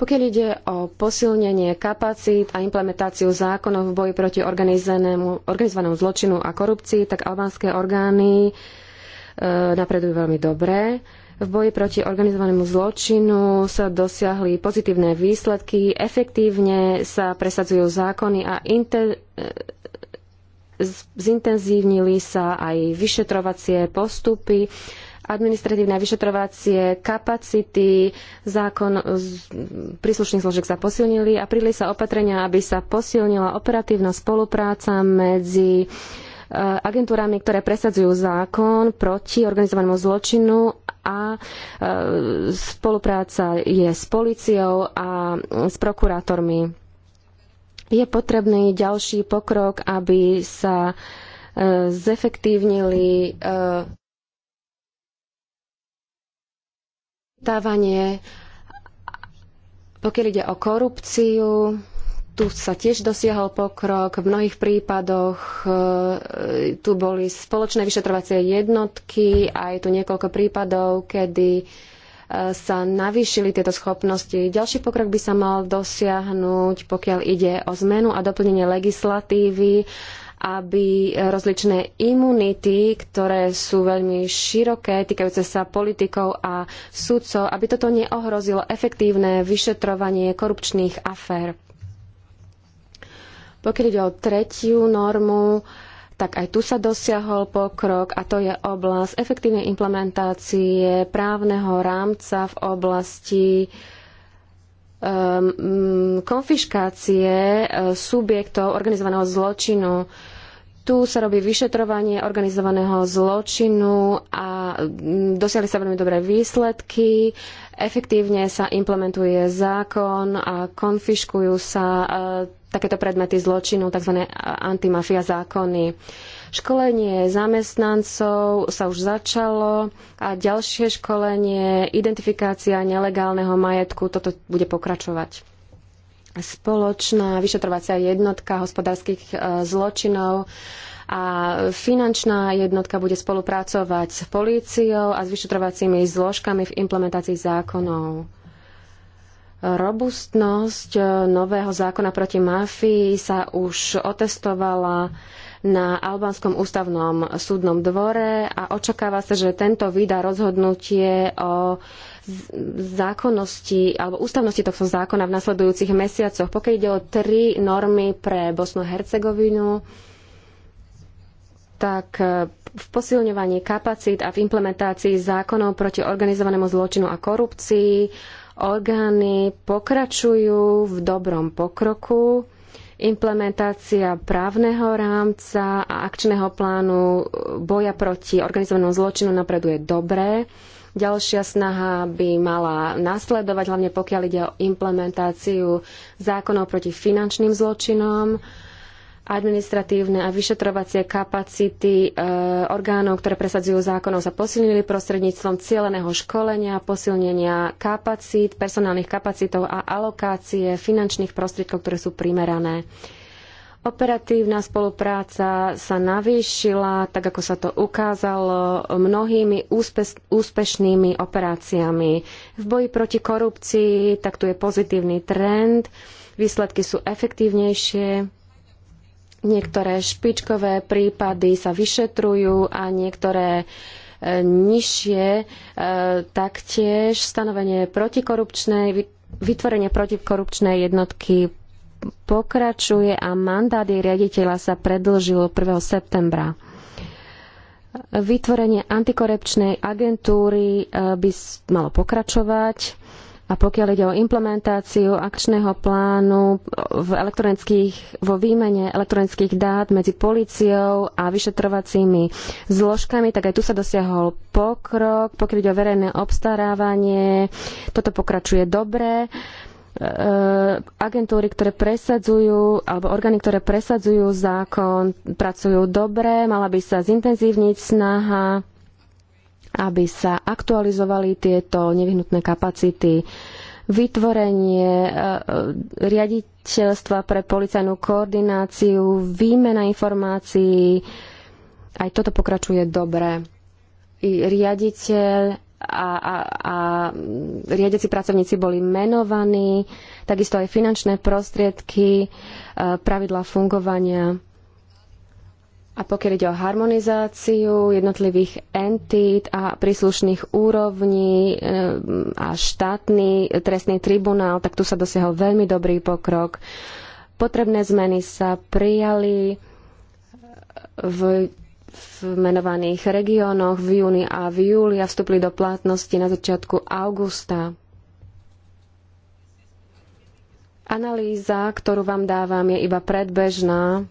Pokiaľ ide o posilnenie kapacít a implementáciu zákonov v boji proti organizovanému zločinu a korupcii, tak albánske orgány E, napredujú veľmi dobre. V boji proti organizovanému zločinu sa dosiahli pozitívne výsledky, efektívne sa presadzujú zákony a inter... E, zintenzívnili sa aj vyšetrovacie postupy administratívne vyšetrovacie kapacity zákon príslušných zložiek sa posilnili a prili sa opatrenia, aby sa posilnila operatívna spolupráca medzi Eh, agentúrami, ktoré presadzujú zákon proti organizovanému zločinu a eh, spolupráca je s políciou a mm, s prokurátormi. Je potrebný ďalší pokrok, aby sa eh, zefektívnili dávanie, pokiaľ ide o korupciu, tu sa tiež dosiahol pokrok. V mnohých prípadoch e, tu boli spoločné vyšetrovacie jednotky a je tu niekoľko prípadov, kedy e, sa navýšili tieto schopnosti. Ďalší pokrok by sa mal dosiahnuť, pokiaľ ide o zmenu a doplnenie legislatívy, aby rozličné imunity, ktoré sú veľmi široké, týkajúce sa politikov a sudcov, aby toto neohrozilo efektívne vyšetrovanie korupčných afér. Pokiaľ ide o tretiu normu, tak aj tu sa dosiahol pokrok a to je oblasť efektívnej implementácie právneho rámca v oblasti um, konfiškácie e, subjektov organizovaného zločinu. Tu sa robí vyšetrovanie organizovaného zločinu a dosiahli sa veľmi dobré výsledky. Efektívne sa implementuje zákon a konfiškujú sa uh, takéto predmety zločinu, tzv. antimafia zákony. Školenie zamestnancov sa už začalo a ďalšie školenie, identifikácia nelegálneho majetku, toto bude pokračovať. Spoločná vyšetrovacia jednotka hospodárskych e, zločinov a finančná jednotka bude spolupracovať s políciou a s vyšetrovacími zložkami v implementácii zákonov. Robustnosť eh, nového zákona proti mafii sa už otestovala na Albánskom ústavnom súdnom dvore a očakáva sa, že tento vydá rozhodnutie o zákonnosti alebo ústavnosti tohto zákona v nasledujúcich mesiacoch. Pokiaľ ide o tri normy pre Bosnu a Hercegovinu, tak eh, v posilňovaní kapacít a v implementácii zákonov proti organizovanému zločinu a korupcii orgány pokračujú v dobrom pokroku. Implementácia právneho rámca a akčného plánu boja proti organizovanému zločinu napreduje dobre. Ďalšia snaha by mala nasledovať, hlavne pokiaľ ide o implementáciu zákonov proti finančným zločinom. Uh, administratívne a vyšetrovacie kapacity e, orgánov, ktoré presadzujú zákonov, sa posilnili prostredníctvom cieleného školenia, posilnenia kapacít, personálnych kapacitov a alokácie finančných prostriedkov, ktoré sú primerané. Operatívna spolupráca sa navýšila, tak ako sa to ukázalo, mnohými úspeš úspešnými operáciami. V boji proti korupcii tak tu je pozitívny trend, výsledky sú efektívnejšie, Niektoré špičkové prípady sa vyšetrujú a niektoré e, nižšie e, taktiež stanovenie protikorupčnej, vytvorenie protikorupčnej jednotky pokračuje a mandát jej riaditeľa sa predlžil 1. septembra. Vytvorenie antikorupčnej agentúry e, by malo pokračovať a pokiaľ ide o implementáciu akčného plánu v elektronických, vo výmene elektronických dát medzi políciou a vyšetrovacími zložkami, tak aj tu sa dosiahol pokrok. Pokiaľ ide o verejné obstarávanie, toto pokračuje dobre e, e, agentúry, ktoré presadzujú, alebo orgány, ktoré presadzujú zákon, pracujú dobre, mala by sa zintenzívniť snaha aby sa aktualizovali tieto nevyhnutné kapacity vytvorenie e, e, riaditeľstva pre policajnú koordináciu, výmena informácií. Aj toto pokračuje dobre. I riaditeľ a, a, a riadeci pracovníci boli menovaní, takisto aj finančné prostriedky, e, pravidlá fungovania a pokiaľ ide o harmonizáciu jednotlivých entít a príslušných úrovní a štátny trestný tribunál, tak tu sa dosiahol veľmi dobrý pokrok. Potrebné zmeny sa prijali v, v menovaných regiónoch v júni a v júli a vstúpli do platnosti na začiatku augusta. Analýza, ktorú vám dávam, je iba predbežná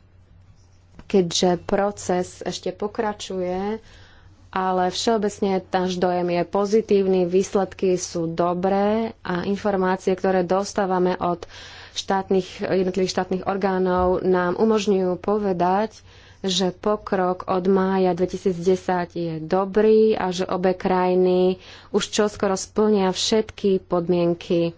keďže proces ešte pokračuje, ale všeobecne náš dojem je pozitívny, výsledky sú dobré a informácie, ktoré dostávame od štátnych, jednotlivých štátnych orgánov, nám umožňujú povedať, že pokrok od mája 2010 je dobrý a že obe krajiny už čoskoro splnia všetky podmienky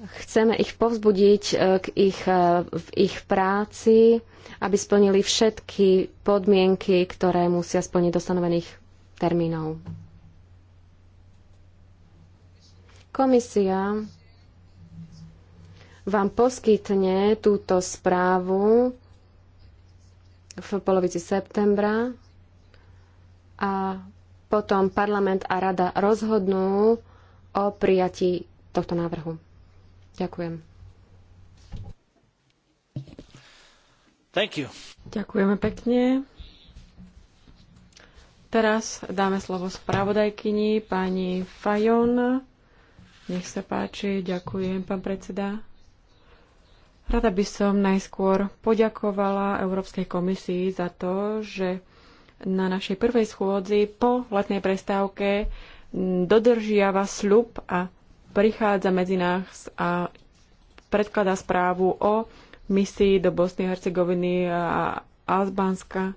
Chceme ich povzbudiť e, k ich, e, v ich práci, aby splnili všetky podmienky, ktoré musia splniť do stanovených termínov. Komisia vám poskytne túto správu v polovici septembra a potom parlament a rada rozhodnú o prijatí tohto návrhu. Ďakujem. Thank you. Ďakujeme pekne. Teraz dáme slovo spravodajkyni pani Fajon. Nech sa páči, ďakujem, pán predseda. Rada by som najskôr poďakovala Európskej komisii za to, že na našej prvej schôdzi po letnej prestávke dodržiava sľub a prichádza medzi nás a predkladá správu o misii do Bosny, Hercegoviny a Albánska.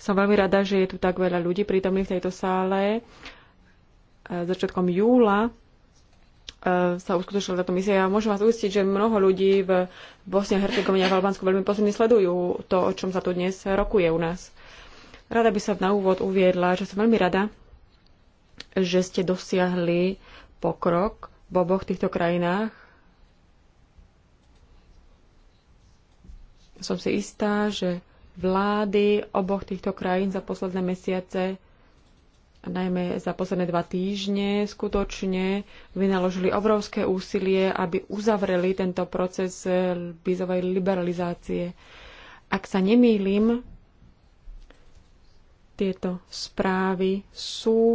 Som veľmi rada, že je tu tak veľa ľudí prítomných v tejto sále. E, začiatkom júla e, sa uskutočila táto misia. Ja môžem vás uistiť, že mnoho ľudí v Bosne a Hercegovine a v Albánsku veľmi pozorne sledujú to, o čom sa tu dnes rokuje u nás. Rada by sa na úvod uviedla, že som veľmi rada, že ste dosiahli pokrok v oboch týchto krajinách. Som si istá, že vlády oboch týchto krajín za posledné mesiace a najmä za posledné dva týždne skutočne vynaložili obrovské úsilie, aby uzavreli tento proces vízovej liberalizácie. Ak sa nemýlim, tieto správy sú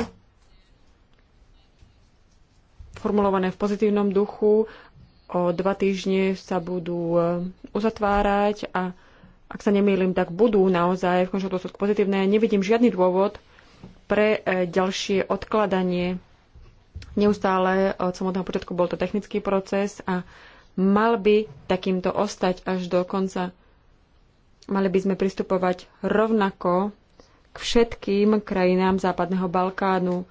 formulované v pozitívnom duchu. O dva týždne sa budú e, uzatvárať a ak sa nemýlim, tak budú naozaj v končnom dôsledku pozitívne. Nevidím žiadny dôvod pre e, ďalšie odkladanie. Neustále od samotného počiatku bol to technický proces a mal by takýmto ostať až do konca. Mali by sme pristupovať rovnako k všetkým krajinám Západného Balkánu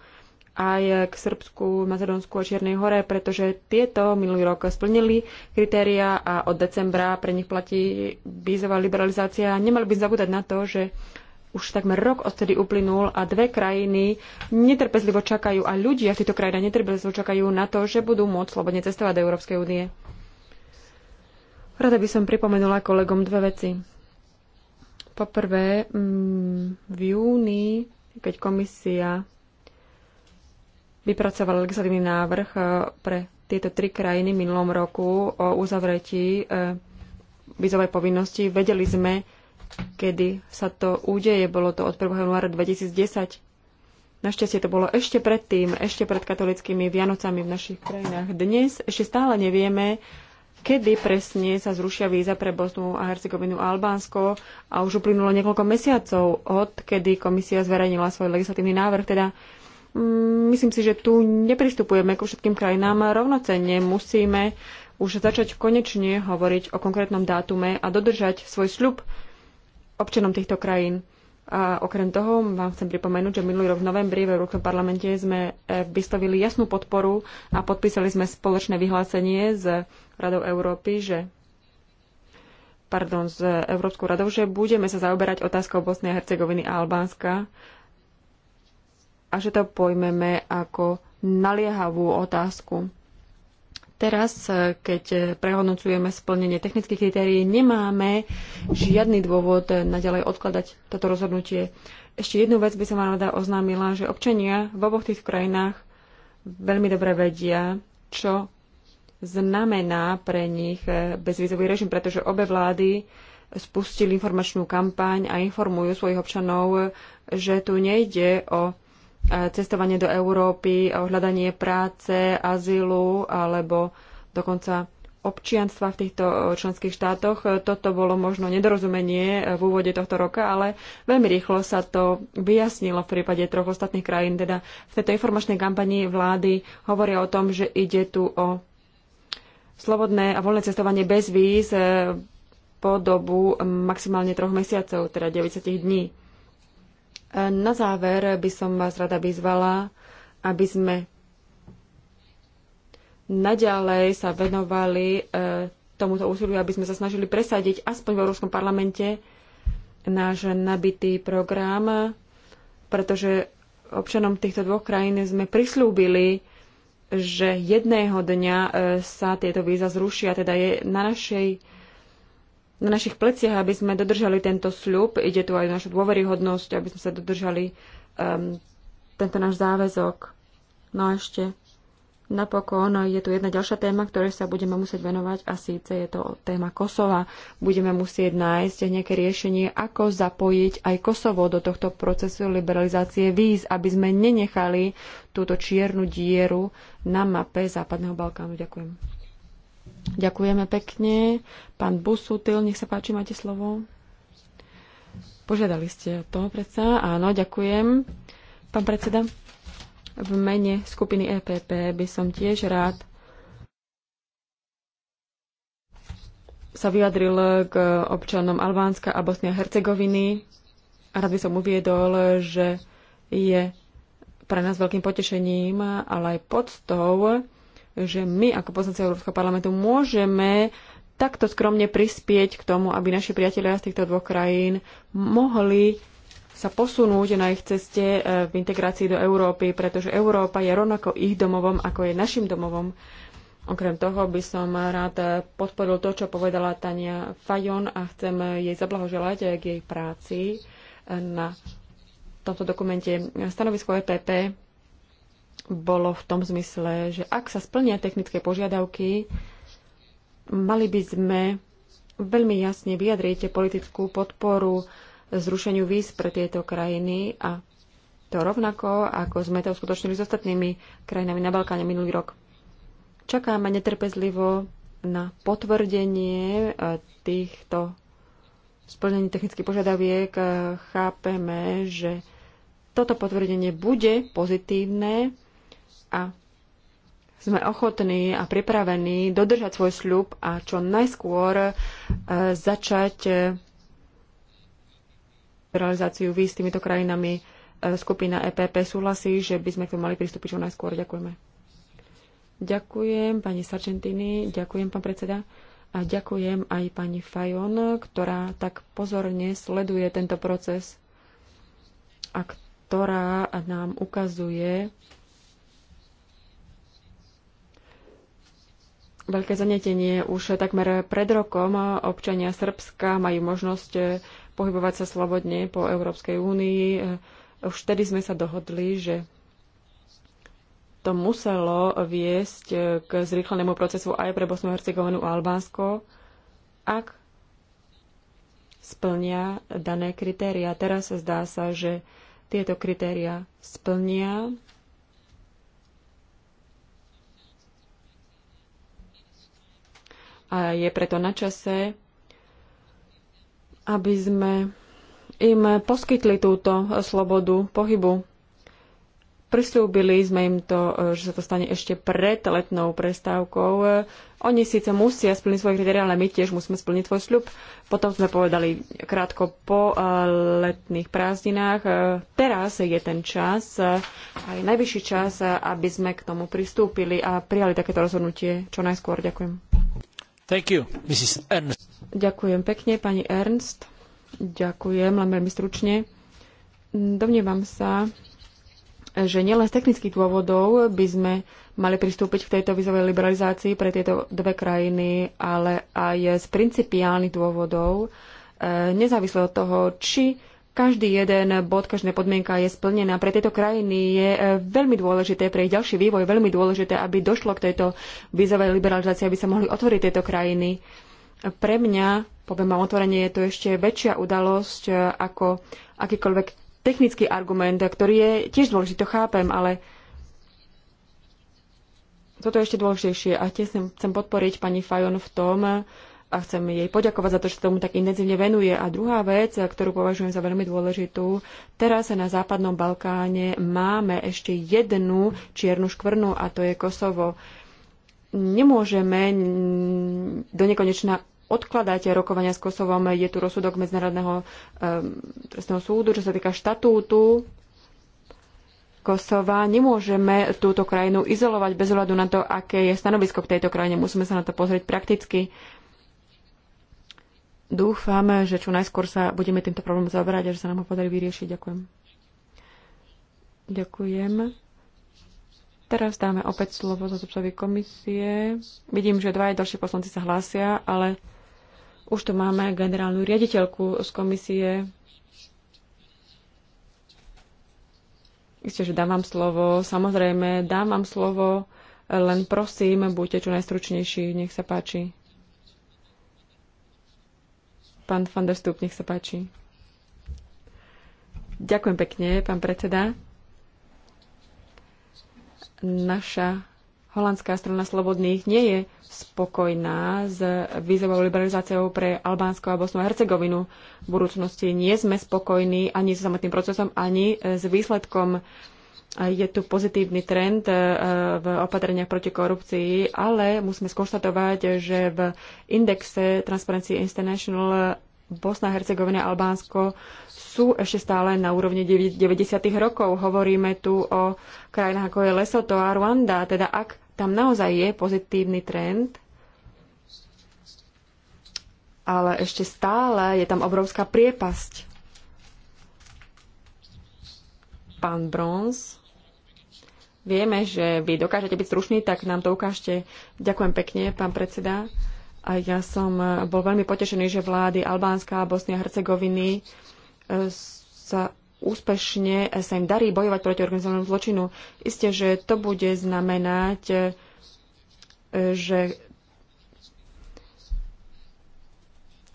aj k Srbsku, Macedónsku a Čiernej hore, pretože tieto minulý rok splnili kritéria a od decembra pre nich platí vízová liberalizácia. Nemali by zabúdať na to, že už takmer rok odtedy uplynul a dve krajiny netrpezlivo čakajú a ľudia v týchto krajinách netrpezlivo čakajú na to, že budú môcť slobodne cestovať do Európskej únie. Rada by som pripomenula kolegom dve veci. Poprvé, mm, v júni, keď komisia vypracoval legislatívny návrh e, pre tieto tri krajiny minulom roku o uzavretí e, vizovej povinnosti. Vedeli sme, kedy sa to udeje. Bolo to od 1. januára 2010. Našťastie to bolo ešte predtým, ešte pred katolickými Vianocami v našich krajinách. Dnes ešte stále nevieme, kedy presne sa zrušia víza pre Bosnu a Hercegovinu a Albánsko a už uplynulo niekoľko mesiacov od kedy komisia zverejnila svoj legislatívny návrh. Teda Mm, myslím si, že tu nepristupujeme ku všetkým krajinám rovnocenne. Musíme už začať konečne hovoriť o konkrétnom dátume a dodržať svoj sľub občanom týchto krajín. A okrem toho vám chcem pripomenúť, že minulý rok v novembri v Európskom parlamente sme eh, vyslovili jasnú podporu a podpísali sme spoločné vyhlásenie s Radou Európy, že pardon, s Európskou radou, že budeme sa zaoberať otázkou Bosny a Hercegoviny a Albánska a že to pojmeme ako naliehavú otázku. Teraz, keď prehodnocujeme splnenie technických kritérií, nemáme žiadny dôvod naďalej odkladať toto rozhodnutie. Ešte jednu vec by som vám rada oznámila, že občania v oboch tých krajinách veľmi dobre vedia, čo znamená pre nich bezvízový režim, pretože obe vlády spustili informačnú kampaň a informujú svojich občanov, že tu nejde o E, cestovanie do Európy, e, hľadanie práce, azylu alebo dokonca občianstva v týchto e, členských štátoch. Toto bolo možno nedorozumenie v úvode tohto roka, ale veľmi rýchlo sa to vyjasnilo v prípade troch ostatných krajín. Teda v tejto informačnej kampanii vlády hovoria o tom, že ide tu o slobodné a voľné cestovanie bez víz po dobu maximálne troch mesiacov, teda 90 dní. Na záver by som vás rada vyzvala, aby sme naďalej sa venovali e, tomuto úsiliu, aby sme sa snažili presadiť aspoň v Európskom parlamente náš nabitý program, pretože občanom týchto dvoch krajín sme prislúbili, že jedného dňa e, sa tieto víza zrušia. Teda je na našej na našich pleciach, aby sme dodržali tento sľub. Ide tu aj o našu dôveryhodnosť, aby sme sa dodržali um, tento náš záväzok. No a ešte napokon je tu jedna ďalšia téma, ktorej sa budeme musieť venovať a síce je to téma Kosova. Budeme musieť nájsť nejaké riešenie, ako zapojiť aj Kosovo do tohto procesu liberalizácie víz, aby sme nenechali túto čiernu dieru na mape Západného Balkánu. Ďakujem. Ďakujeme pekne. Pán Busutil, nech sa páči, máte slovo. Požiadali ste o to, predsa? Áno, ďakujem. Pán predseda, v mene skupiny EPP by som tiež rád sa vyjadril k občanom Albánska a Bosnia a Hercegoviny. Rád by som uviedol, že je pre nás veľkým potešením, ale aj podstou, že my ako poslanci Európskeho parlamentu môžeme takto skromne prispieť k tomu, aby naši priatelia z týchto dvoch krajín mohli sa posunúť na ich ceste eh, v integrácii do Európy, pretože Európa je rovnako ich domovom, ako je našim domovom. Okrem toho by som rád eh, podporil to, čo povedala Tania Fajon a chcem eh, jej zablahoželať k jej práci na tomto dokumente. Stanovisko EPP bolo v tom zmysle, že ak sa splnia technické požiadavky, mali by sme veľmi jasne vyjadriť politickú podporu zrušeniu víz pre tieto krajiny a to rovnako, ako sme to uskutočnili s ostatnými krajinami na Balkáne minulý rok. Čakáme netrpezlivo na potvrdenie eh, týchto splnení technických požiadaviek. Eh, chápeme, že toto potvrdenie bude pozitívne a sme ochotní a pripravení dodržať svoj sľub a čo najskôr e, začať e, realizáciu víz s týmito krajinami. E, skupina EPP súhlasí, že by sme k tomu mali pristúpiť čo najskôr. Ďakujeme. Ďakujem pani Sargentini, ďakujem pán predseda a ďakujem aj pani Fajon, ktorá tak pozorne sleduje tento proces a ktorá nám ukazuje, veľké zanetenie. Už takmer pred rokom občania Srbska majú možnosť eh, pohybovať sa slobodne po Európskej únii. Eh, už vtedy sme sa dohodli, že to muselo viesť eh, k zrýchlenému procesu aj pre Bosnu, Hercegovinu a Albánsko, ak splnia dané kritéria. Teraz sa zdá sa, že tieto kritéria splnia a je preto na čase, aby sme im poskytli túto slobodu pohybu. Prislúbili sme im to, že sa to stane ešte pred letnou prestávkou. Oni síce musia splniť svoje kritéria, ale my tiež musíme splniť svoj sľub. Potom sme povedali krátko po eh, letných prázdninách. Teraz je ten čas, eh, aj najvyšší čas, eh, aby sme k tomu pristúpili a prijali takéto rozhodnutie čo najskôr. Ďakujem. You, Ďakujem pekne, pani Ernst. Ďakujem, len veľmi stručne. Domnievam sa, že nielen z technických dôvodov by sme mali pristúpiť k tejto vizovej liberalizácii pre tieto dve krajiny, ale aj z principiálnych dôvodov, eh, nezávisle od toho, či každý jeden bod, každá podmienka je splnená. Pre tieto krajiny je e, veľmi dôležité, pre ich ďalší vývoj veľmi dôležité, aby došlo k tejto vízovej liberalizácii, aby sa mohli otvoriť tieto krajiny. Pre mňa, poviem vám otvorenie, je to ešte väčšia udalosť e, ako akýkoľvek technický argument, ktorý je tiež dôležitý, to chápem, ale toto je ešte dôležitejšie a tiež chcem podporiť pani Fajon v tom, a chcem jej poďakovať za to, že tomu tak intenzívne venuje. A druhá vec, ktorú považujem za veľmi dôležitú, teraz na Západnom Balkáne máme ešte jednu čiernu škvrnu a to je Kosovo. Nemôžeme do nekonečna odkladať rokovania s Kosovom. Je tu rozsudok Medzinárodného trestného súdu, čo sa týka štatútu Kosova. Nemôžeme túto krajinu izolovať bez hľadu na to, aké je stanovisko k tejto krajine. Musíme sa na to pozrieť prakticky. Dúfam, že čo najskôr sa budeme týmto problémom zaoberať a že sa nám ho podarí vyriešiť. Ďakujem. Ďakujem. Teraz dáme opäť slovo zastupcovi komisie. Vidím, že dva aj ďalší poslanci sa hlásia, ale už tu máme generálnu riaditeľku z komisie. Isté, že dám vám slovo. Samozrejme, dám vám slovo, len prosím, buďte čo najstručnejší. Nech sa páči. Pán van der Stup, nech sa páči. Ďakujem pekne, pán predseda. Naša holandská strana slobodných nie je spokojná s vízovou liberalizáciou pre Albánsko a Bosnu a Hercegovinu. V budúcnosti nie sme spokojní ani s samotným procesom, ani s výsledkom uh, je tu pozitívny trend e, e, v opatreniach proti korupcii, ale musíme skonštatovať, že v indexe Transparency International Bosna, Hercegovina, a Albánsko sú ešte stále na úrovni 90. rokov. Hovoríme tu o krajinách ako je Lesoto a Rwanda. Teda ak tam naozaj je pozitívny trend, ale ešte stále je tam obrovská priepasť Pán Bronz. vieme, že vy dokážete byť stručný, tak nám to ukážte. Ďakujem pekne, pán predseda. A ja som eh, bol veľmi potešený, že vlády Albánska a Bosnia a Hercegoviny eh, sa úspešne eh, sa im darí bojovať proti organizovanému zločinu. Isté, že to bude znamenať, že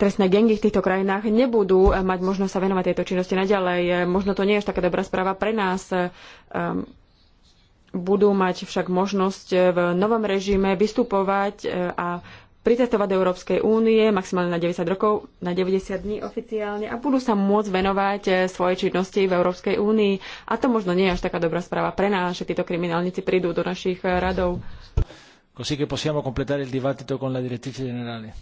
trestné gengy v týchto krajinách nebudú eh, mať možnosť sa venovať tejto činnosti naďalej. Eh, možno to nie je až taká dobrá správa pre nás. Eh, ehm, budú mať však možnosť v novom režime vystupovať a pritestovať do Európskej únie maximálne na 90 rokov, na 90 dní oficiálne a budú sa môcť venovať svojej činnosti v Európskej únii. A to možno nie je až taká dobrá správa pre nás, že títo kriminálnici prídu do našich radov. Così che possiamo completare il dibattito con la direttrice generale.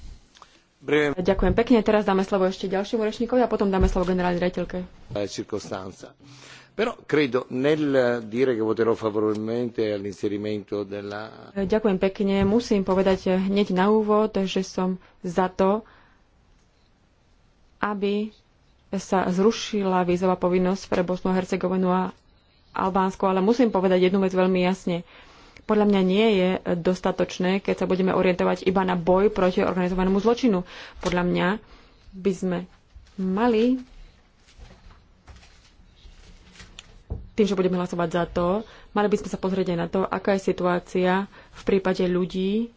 Ďakujem pekne. Teraz dáme slovo ešte ďalšiemu rečníkovi a potom dáme slovo generálnej rejiteľke. Eh, eh, ďakujem pekne. Musím povedať hneď na úvod, že som za to, aby sa zrušila vízová povinnosť pre Bosnu a Hercegovinu a Albánsko, ale musím povedať jednu vec veľmi jasne podľa mňa nie je dostatočné, keď sa budeme orientovať iba na boj proti organizovanému zločinu. Podľa mňa by sme mali tým, že budeme hlasovať za to, mali by sme sa pozrieť aj na to, aká je situácia v prípade ľudí,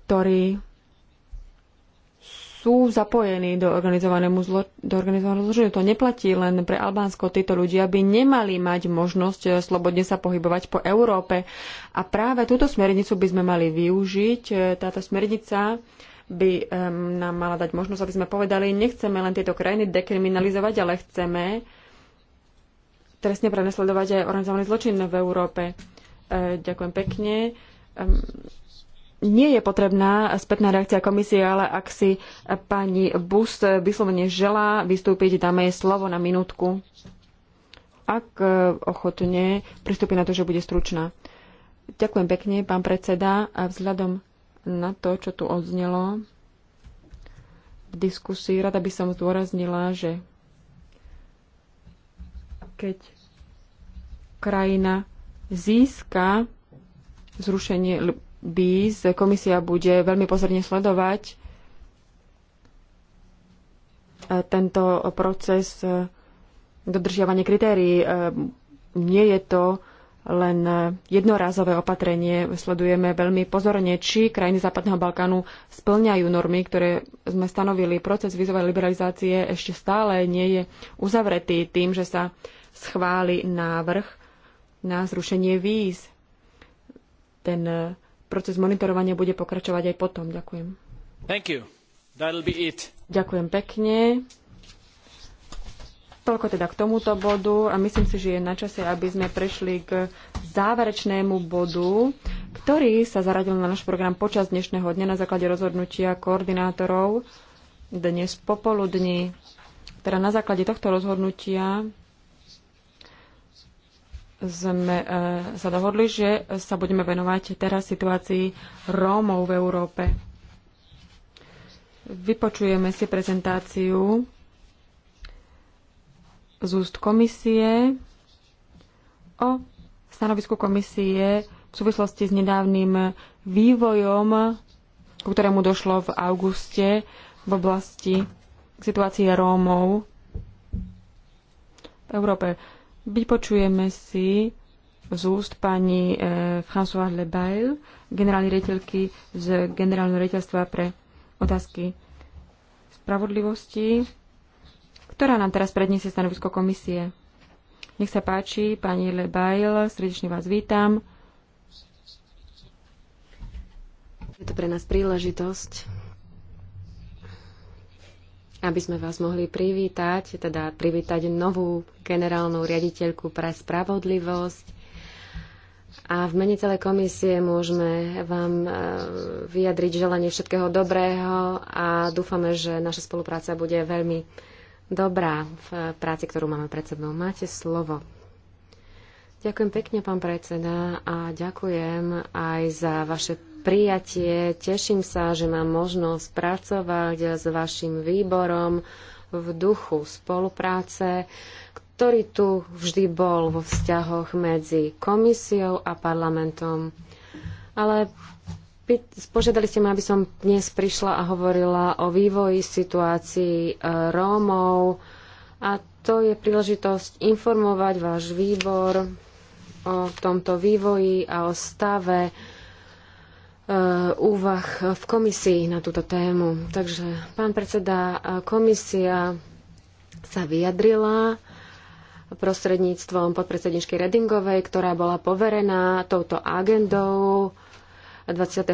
ktorí sú zapojení do, organizovaného zlo, do organizovaného zločinu. To neplatí len pre Albánsko. Títo ľudia by nemali mať možnosť eh, slobodne sa pohybovať po Európe. A práve túto smernicu by sme mali využiť. Eh, táto smernica by um, nám mala dať možnosť, aby sme povedali, nechceme len tieto krajiny dekriminalizovať, ale chceme trestne prenasledovať aj organizovaný zločin v Európe. E, ďakujem pekne. Ehm, nie je potrebná spätná reakcia komisie, ale ak si pani Bus vyslovene želá vystúpiť, dáme jej slovo na minútku. Ak e, ochotne, pristúpi na to, že bude stručná. Ďakujem pekne, pán predseda. A vzhľadom na to, čo tu odznelo v diskusii, rada by som zdôraznila, že keď krajina získa zrušenie BIS. Komisia bude veľmi pozorne sledovať e, tento proces e, dodržiavania kritérií. E, nie je to len jednorázové opatrenie. Sledujeme veľmi pozorne, či krajiny Západného Balkánu splňajú normy, ktoré sme stanovili. Proces vizovej liberalizácie ešte stále nie je uzavretý tým, že sa schváli návrh na zrušenie víz. Ten proces monitorovania bude pokračovať aj potom. Ďakujem. Thank you. That'll be it. Ďakujem pekne. Toľko teda k tomuto bodu a myslím si, že je na čase, aby sme prešli k záverečnému bodu, ktorý sa zaradil na náš program počas dnešného dňa na základe rozhodnutia koordinátorov dnes popoludní. Teda na základe tohto rozhodnutia sme e, sa dohodli, že sa budeme venovať teraz situácii Rómov v Európe. Vypočujeme si prezentáciu z úst komisie o stanovisku komisie v súvislosti s nedávnym vývojom, ku ktorému došlo v auguste v oblasti situácie Rómov v Európe Vypočujeme si z úst pani eh, François Lebail, generálnej rejiteľky z generálneho rejiteľstva pre otázky spravodlivosti, ktorá nám teraz predniesie stanovisko komisie. Nech sa páči, pani Lebail, srdečne vás vítam. Je to pre nás príležitosť aby sme vás mohli privítať, teda privítať novú generálnu riaditeľku pre spravodlivosť. A v mene celej komisie môžeme vám e, vyjadriť želanie všetkého dobrého a dúfame, že naša spolupráca bude veľmi dobrá v práci, ktorú máme pred sebou. Máte slovo. Ďakujem pekne, pán predseda, a ďakujem aj za vaše prijatie. Teším sa, že mám možnosť pracovať s vašim výborom v duchu spolupráce, ktorý tu vždy bol vo vzťahoch medzi komisiou a parlamentom. Ale Požiadali ste ma, aby som dnes prišla a hovorila o vývoji situácií e, Rómov a to je príležitosť informovať váš výbor o tomto vývoji a o stave Eh, úvah v komisii na túto tému. Takže pán predseda, komisia sa vyjadrila prostredníctvom podpredsedničky Redingovej, ktorá bola poverená touto agendou 25.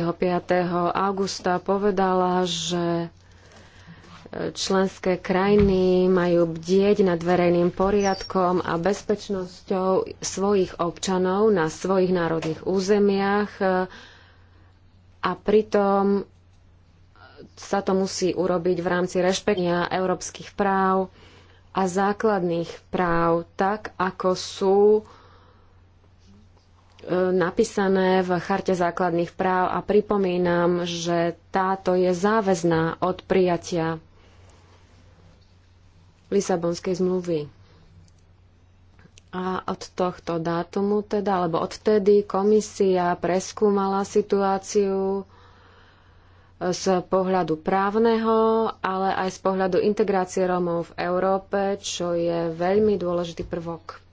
augusta povedala, že eh, členské krajiny majú bdieť nad verejným poriadkom a bezpečnosťou svojich občanov na svojich národných územiach eh, a pritom sa to musí urobiť v rámci rešpektia európskych práv a základných práv, tak ako sú e, napísané v Charte základných práv a pripomínam, že táto je záväzná od prijatia Lisabonskej zmluvy. A od tohto dátumu teda, alebo odtedy komisia preskúmala situáciu e, z pohľadu právneho, ale aj z pohľadu integrácie Rómov v Európe, čo je veľmi dôležitý prvok.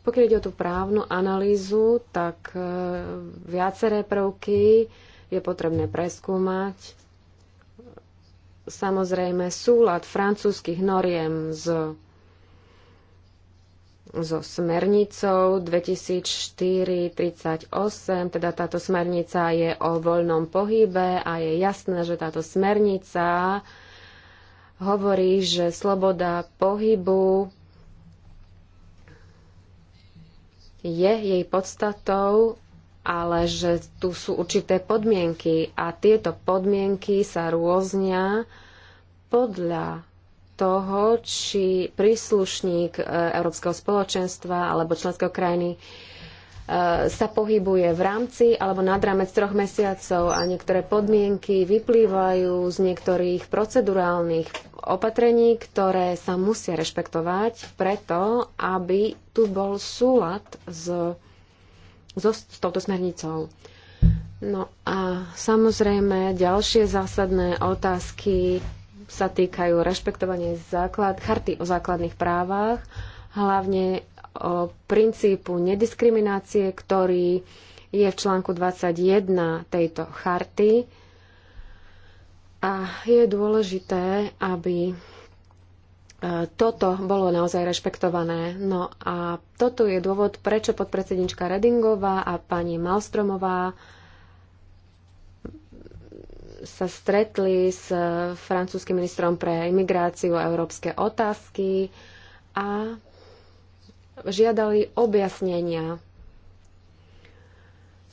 Pokiaľ ide o tú právnu analýzu, tak e, viaceré prvky je potrebné preskúmať samozrejme súlad francúzskych noriem s so smernicou 2004-38, teda táto smernica je o voľnom pohybe a je jasné, že táto smernica hovorí, že sloboda pohybu je jej podstatou ale že tu sú určité podmienky a tieto podmienky sa rôznia podľa toho, či príslušník e, Európskeho spoločenstva alebo členského krajiny e, sa pohybuje v rámci alebo nad rámec troch mesiacov a niektoré podmienky vyplývajú z niektorých procedurálnych opatrení, ktoré sa musia rešpektovať preto, aby tu bol súlad s so, s touto smernicou. No a samozrejme ďalšie zásadné otázky sa týkajú rešpektovanie základ, charty o základných právach, hlavne o princípu nediskriminácie, ktorý je v článku 21 tejto charty. A je dôležité, aby toto bolo naozaj rešpektované. No a toto je dôvod, prečo podpredsednička Redingová a pani Malstromová sa stretli s francúzským ministrom pre imigráciu a európske otázky a žiadali objasnenia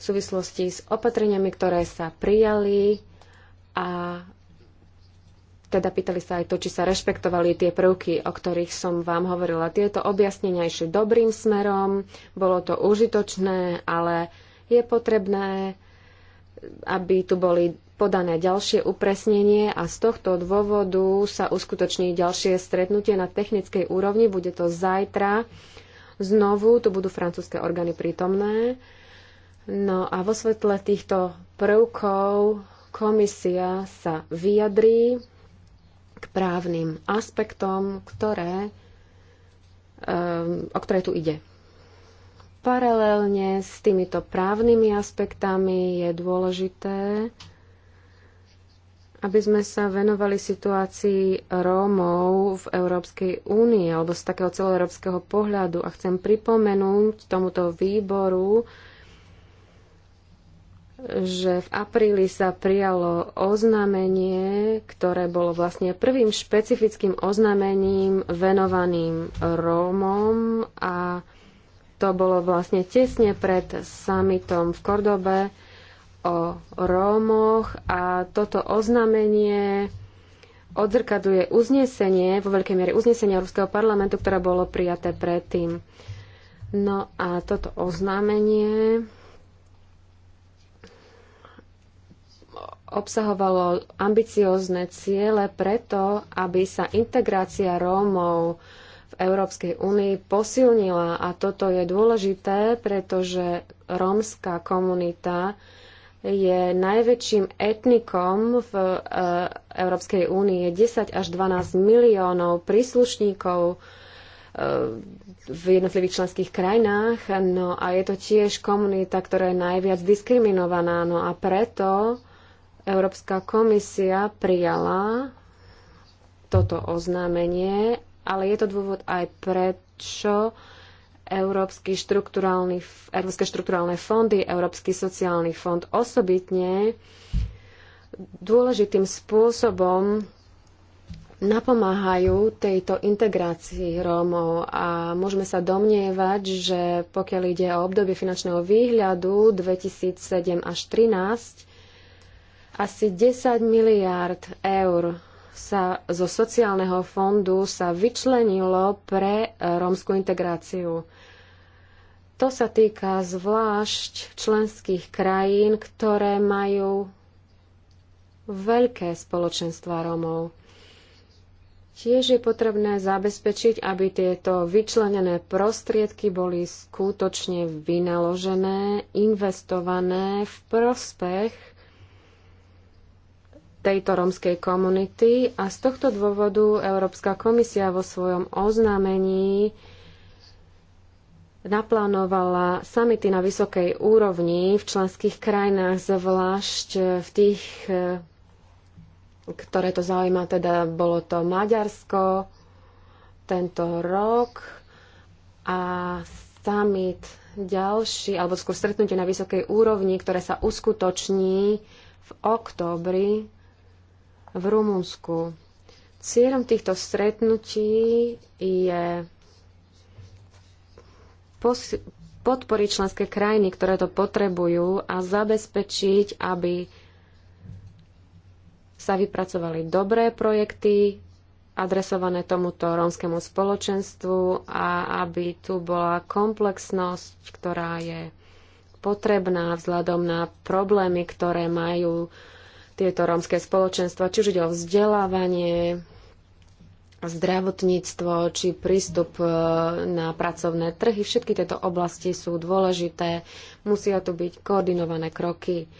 v súvislosti s opatreniami, ktoré sa prijali a teda pýtali sa aj to, či sa rešpektovali tie prvky, o ktorých som vám hovorila. Tieto objasnenia išli dobrým smerom, bolo to užitočné, ale je potrebné, aby tu boli podané ďalšie upresnenie a z tohto dôvodu sa uskutoční ďalšie stretnutie na technickej úrovni. Bude to zajtra. Znovu tu budú francúzske orgány prítomné. No a vo svetle týchto prvkov komisia sa vyjadrí k právnym aspektom, ktoré, ehm, o ktoré tu ide. Paralelne s týmito právnymi aspektami je dôležité, aby sme sa venovali situácii Rómov v Európskej únii alebo z takého celoeurópskeho pohľadu. A chcem pripomenúť tomuto výboru, že v apríli sa prijalo oznámenie, ktoré bolo vlastne prvým špecifickým oznámením venovaným Rómom a to bolo vlastne tesne pred summitom v Kordobe o Rómoch a toto oznámenie odzrkaduje uznesenie, vo veľkej miere uznesenie Európskeho parlamentu, ktoré bolo prijaté predtým. No a toto oznámenie obsahovalo ambiciózne ciele preto, aby sa integrácia Rómov v Európskej únii posilnila a toto je dôležité, pretože rómska komunita je najväčším etnikom v e, Európskej únii. Je 10 až 12 miliónov príslušníkov e, v jednotlivých členských krajinách. No a je to tiež komunita, ktorá je najviac diskriminovaná. No a preto Európska komisia prijala toto oznámenie, ale je to dôvod aj prečo Európsky Európske štrukturálne fondy, Európsky sociálny fond osobitne dôležitým spôsobom napomáhajú tejto integrácii Rómov a môžeme sa domnievať, že pokiaľ ide o obdobie finančného výhľadu 2007 až 2013, asi 10 miliárd eur sa zo sociálneho fondu sa vyčlenilo pre e, rómsku integráciu. To sa týka zvlášť členských krajín, ktoré majú veľké spoločenstva Rómov. Tiež je potrebné zabezpečiť, aby tieto vyčlenené prostriedky boli skutočne vynaložené, investované v prospech tejto rómskej komunity a z tohto dôvodu Európska komisia vo svojom oznámení naplánovala samity na vysokej úrovni v členských krajinách, zvlášť v tých, ktoré to zaujíma, teda bolo to Maďarsko tento rok a summit ďalší, alebo skôr stretnutie na vysokej úrovni, ktoré sa uskutoční v októbri v Rumunsku. Cieľom týchto stretnutí je podporiť členské krajiny, ktoré to potrebujú a zabezpečiť, aby sa vypracovali dobré projekty adresované tomuto rómskemu spoločenstvu a aby tu bola komplexnosť, ktorá je potrebná vzhľadom na problémy, ktoré majú tieto rómske spoločenstva, či už ide o vzdelávanie, zdravotníctvo či prístup e, na pracovné trhy. Všetky tieto oblasti sú dôležité. Musia tu byť koordinované kroky.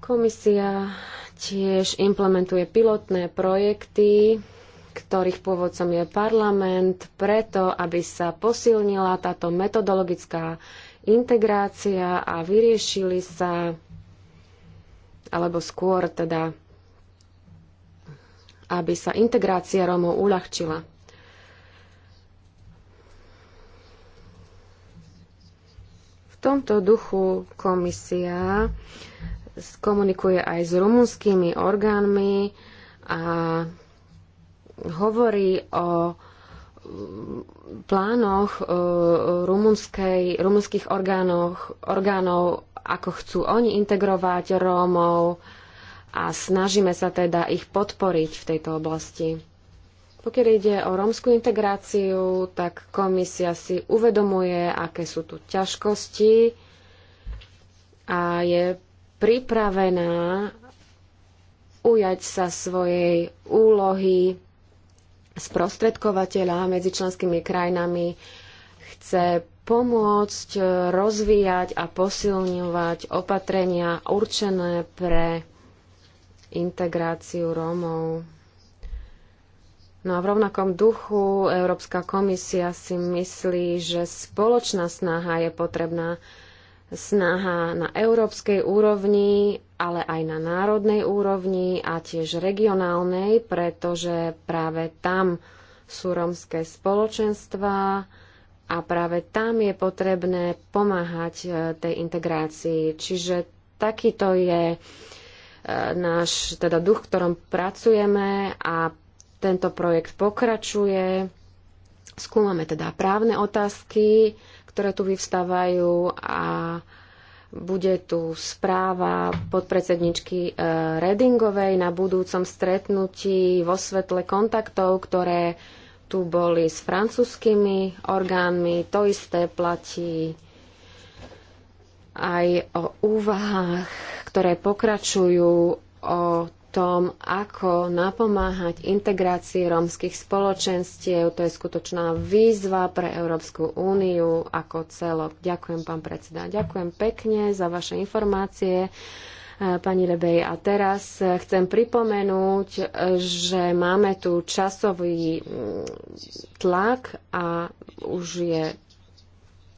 Komisia tiež implementuje pilotné projekty, ktorých pôvodcom je parlament, preto, aby sa posilnila táto metodologická integrácia a vyriešili sa alebo skôr teda, aby sa integrácia Rómov uľahčila. V tomto duchu komisia komunikuje aj s rumunskými orgánmi a hovorí o plánoch e, rumunských orgánov ako chcú oni integrovať Rómov a snažíme sa teda ich podporiť v tejto oblasti. Pokiaľ ide o rómskú integráciu, tak komisia si uvedomuje, aké sú tu ťažkosti a je pripravená ujať sa svojej úlohy sprostredkovateľa medzi členskými krajinami, chce pomôcť e, rozvíjať a posilňovať opatrenia určené pre integráciu Rómov. No a v rovnakom duchu Európska komisia si myslí, že spoločná snaha je potrebná snaha na európskej úrovni, ale aj na národnej úrovni a tiež regionálnej, pretože práve tam sú rómske spoločenstvá, a práve tam je potrebné pomáhať e, tej integrácii. Čiže takýto je e, náš teda duch, v ktorom pracujeme a tento projekt pokračuje. Skúmame teda právne otázky, ktoré tu vyvstávajú a bude tu správa podpredsedničky e, Redingovej na budúcom stretnutí vo svetle kontaktov, ktoré tu boli s francúzskými orgánmi. To isté platí aj o úvahách, ktoré pokračujú o tom, ako napomáhať integrácii rómskych spoločenstiev. To je skutočná výzva pre Európsku úniu ako celok. Ďakujem, pán predseda. Ďakujem pekne za vaše informácie pani Rebej. A teraz chcem pripomenúť, že máme tu časový mm, tlak a už je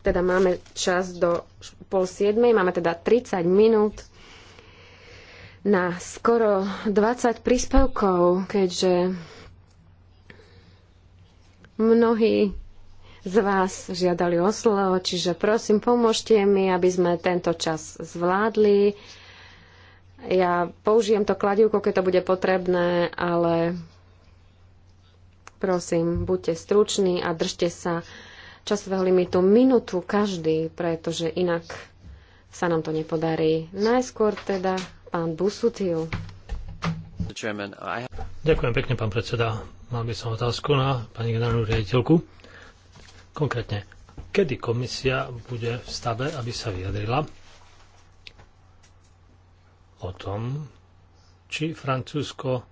teda máme čas do pol siedmej, máme teda 30 minút na skoro 20 príspevkov, keďže mnohí z vás žiadali o slovo, čiže prosím, pomôžte mi, aby sme tento čas zvládli. Ja použijem to kladivko, keď to bude potrebné, ale prosím, buďte struční a držte sa časového limitu minútu každý, pretože inak sa nám to nepodarí. Najskôr teda pán Busutil. Ďakujem pekne, pán predseda. Mal by som otázku na pani generálnu riaditeľku. Konkrétne, kedy komisia bude v stave, aby sa vyjadrila o tom, či Francúzsko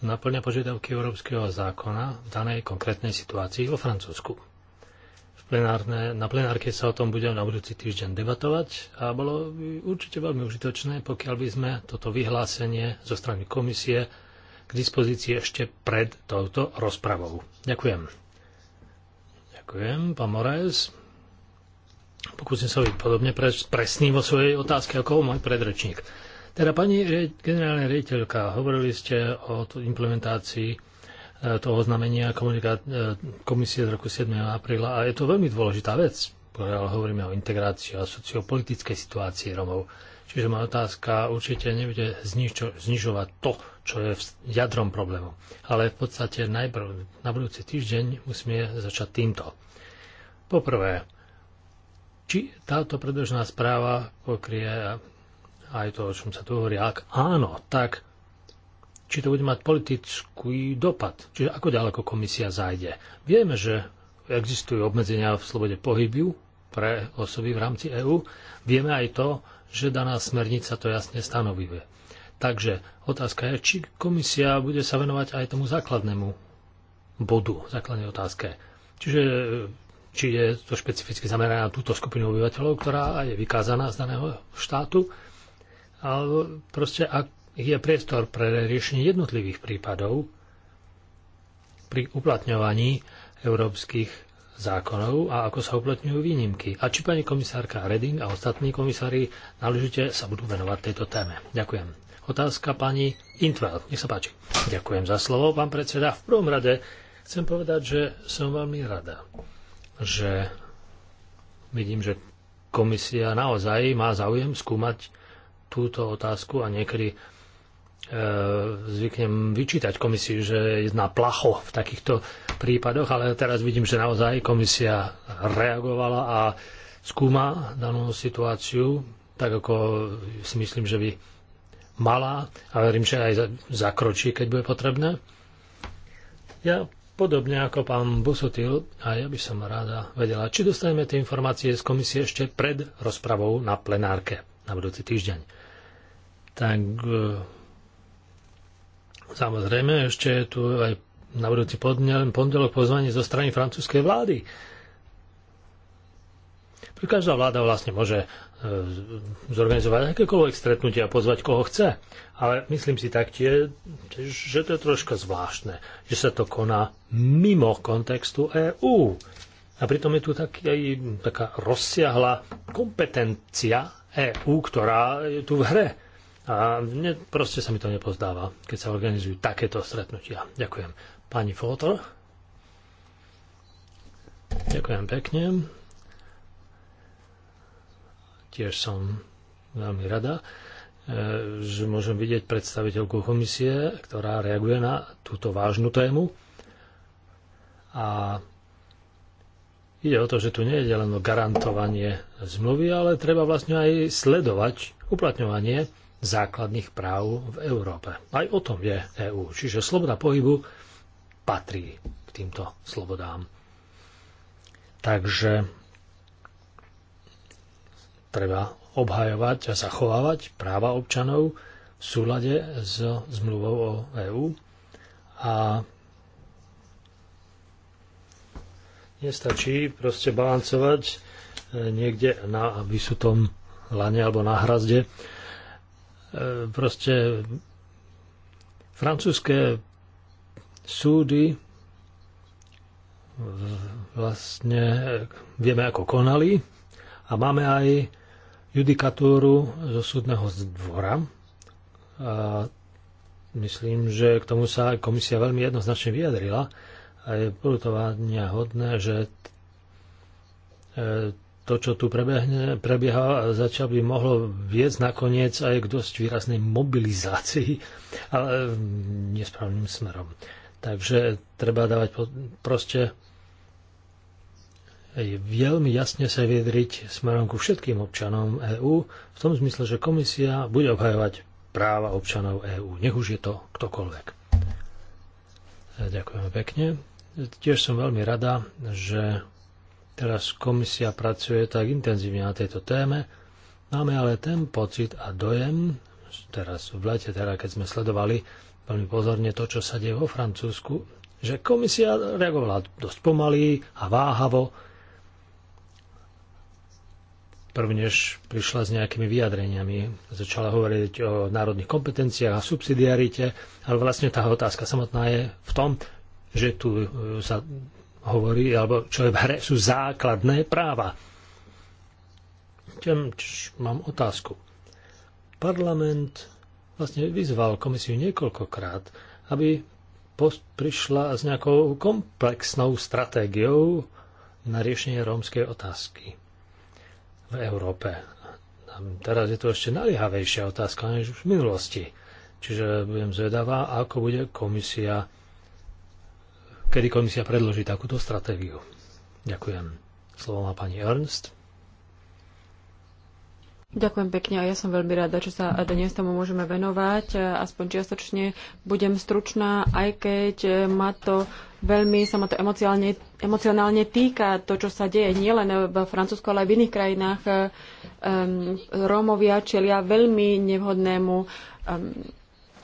naplňa požiadavky európskeho zákona v danej konkrétnej situácii vo Francúzsku. V plenárne, na plenárke sa o tom budeme na budúci týždeň debatovať a bolo by určite veľmi užitočné, pokiaľ by sme toto vyhlásenie zo strany komisie k dispozícii ešte pred touto rozpravou. Ďakujem. Ďakujem, pán Moraes. Pokúsim sa byť podobne presný vo svojej otázke ako môj predrečník. Teda pani generálna rejiteľka, hovorili ste o implementácii e, toho znamenia e, komisie z roku 7. apríla a je to veľmi dôležitá vec, pokiaľ hovoríme o integrácii a sociopolitickej situácii Romov. Čiže moja otázka určite nebude znižo, znižovať to, čo je v jadrom problému. Ale v podstate najprv, na budúci týždeň musíme začať týmto. Poprvé, či táto predložená správa pokrie aj to, o čom sa tu hovorí, ak áno, tak či to bude mať politický dopad, čiže ako ďaleko komisia zájde. Vieme, že existujú obmedzenia v slobode pohybu pre osoby v rámci EÚ. Vieme aj to, že daná smernica to jasne stanovuje. Takže otázka je, či komisia bude sa venovať aj tomu základnému bodu, základnej otázke. Čiže či je to špecificky zamerané na túto skupinu obyvateľov, ktorá je vykázaná z daného štátu, alebo proste ak je priestor pre riešenie jednotlivých prípadov pri uplatňovaní európskych zákonov a ako sa uplatňujú výnimky. A či pani komisárka Reding a ostatní komisári náležite sa budú venovať tejto téme. Ďakujem. Otázka pani Intvel. Nech sa páči. Ďakujem za slovo, pán predseda. V prvom rade chcem povedať, že som veľmi rada, že vidím, že komisia naozaj má záujem skúmať túto otázku a niekedy e, zvyknem vyčítať komisiu, že je na placho v takýchto prípadoch, ale teraz vidím, že naozaj komisia reagovala a skúma danú situáciu, tak ako si myslím, že by malá a verím, že aj zakročí, keď bude potrebné. Ja podobne ako pán Busotil, a ja by som rada vedela, či dostaneme tie informácie z komisie ešte pred rozpravou na plenárke na budúci týždeň tak e, samozrejme ešte je tu aj na budúci pondelok pozvanie zo strany francúzskej vlády. každá vláda vlastne môže e, zorganizovať akékoľvek stretnutie a pozvať koho chce. Ale myslím si taktie, že to je troška zvláštne, že sa to koná mimo kontextu EÚ. A pritom je tu tak, aj, taká rozsiahla kompetencia EÚ, ktorá je tu v hre. A mne, proste sa mi to nepozdáva, keď sa organizujú takéto stretnutia. Ďakujem. Pani Fotor? Ďakujem pekne. Tiež som veľmi rada, e, že môžem vidieť predstaviteľku komisie, ktorá reaguje na túto vážnu tému. A ide o to, že tu nie je len o garantovanie zmluvy, ale treba vlastne aj sledovať uplatňovanie základných práv v Európe. Aj o tom je EÚ. Čiže sloboda pohybu patrí k týmto slobodám. Takže treba obhajovať a zachovávať práva občanov v súlade s zmluvou o EÚ a nestačí proste balancovať e, niekde na vysutom lane alebo na hrazde E, proste francúzské súdy vlastne vieme, ako konali a máme aj judikatúru zo súdneho dvora. A myslím, že k tomu sa aj komisia veľmi jednoznačne vyjadrila a je polutovania hodné, že e, to, čo tu prebieha, zatiaľ by mohlo viesť nakoniec aj k dosť výraznej mobilizácii, ale nesprávnym smerom. Takže treba dávať proste veľmi jasne sa vyjadriť smerom ku všetkým občanom EÚ v tom zmysle, že komisia bude obhajovať práva občanov EÚ. Nech už je to ktokoľvek. E, ďakujem pekne. Tiež som veľmi rada, že Teraz komisia pracuje tak intenzívne na tejto téme. Máme ale ten pocit a dojem, teraz v lete, teda keď sme sledovali veľmi pozorne to, čo sa deje vo Francúzsku, že komisia reagovala dosť pomaly a váhavo, prvnež prišla s nejakými vyjadreniami. Začala hovoriť o národných kompetenciách a subsidiarite, ale vlastne tá otázka samotná je v tom, že tu sa hovorí, alebo čo je v hre, sú základné práva. Tým, mám otázku. Parlament vlastne vyzval komisiu niekoľkokrát, aby prišla s nejakou komplexnou stratégiou na riešenie rómskej otázky v Európe. A teraz je to ešte naliehavejšia otázka než v minulosti. Čiže budem zvedavá, ako bude komisia kedy komisia predloží takúto stratégiu. Ďakujem. Slovo má pani Ernst. Ďakujem pekne a ja som veľmi rada, že sa dnes tomu môžeme venovať. Aspoň čiastočne budem stručná, aj keď ma to veľmi sa ma to emocionálne, emocionálne týka, to, čo sa deje nielen v Francúzsku, ale aj v iných krajinách. Um, Rómovia čelia veľmi nevhodnému um,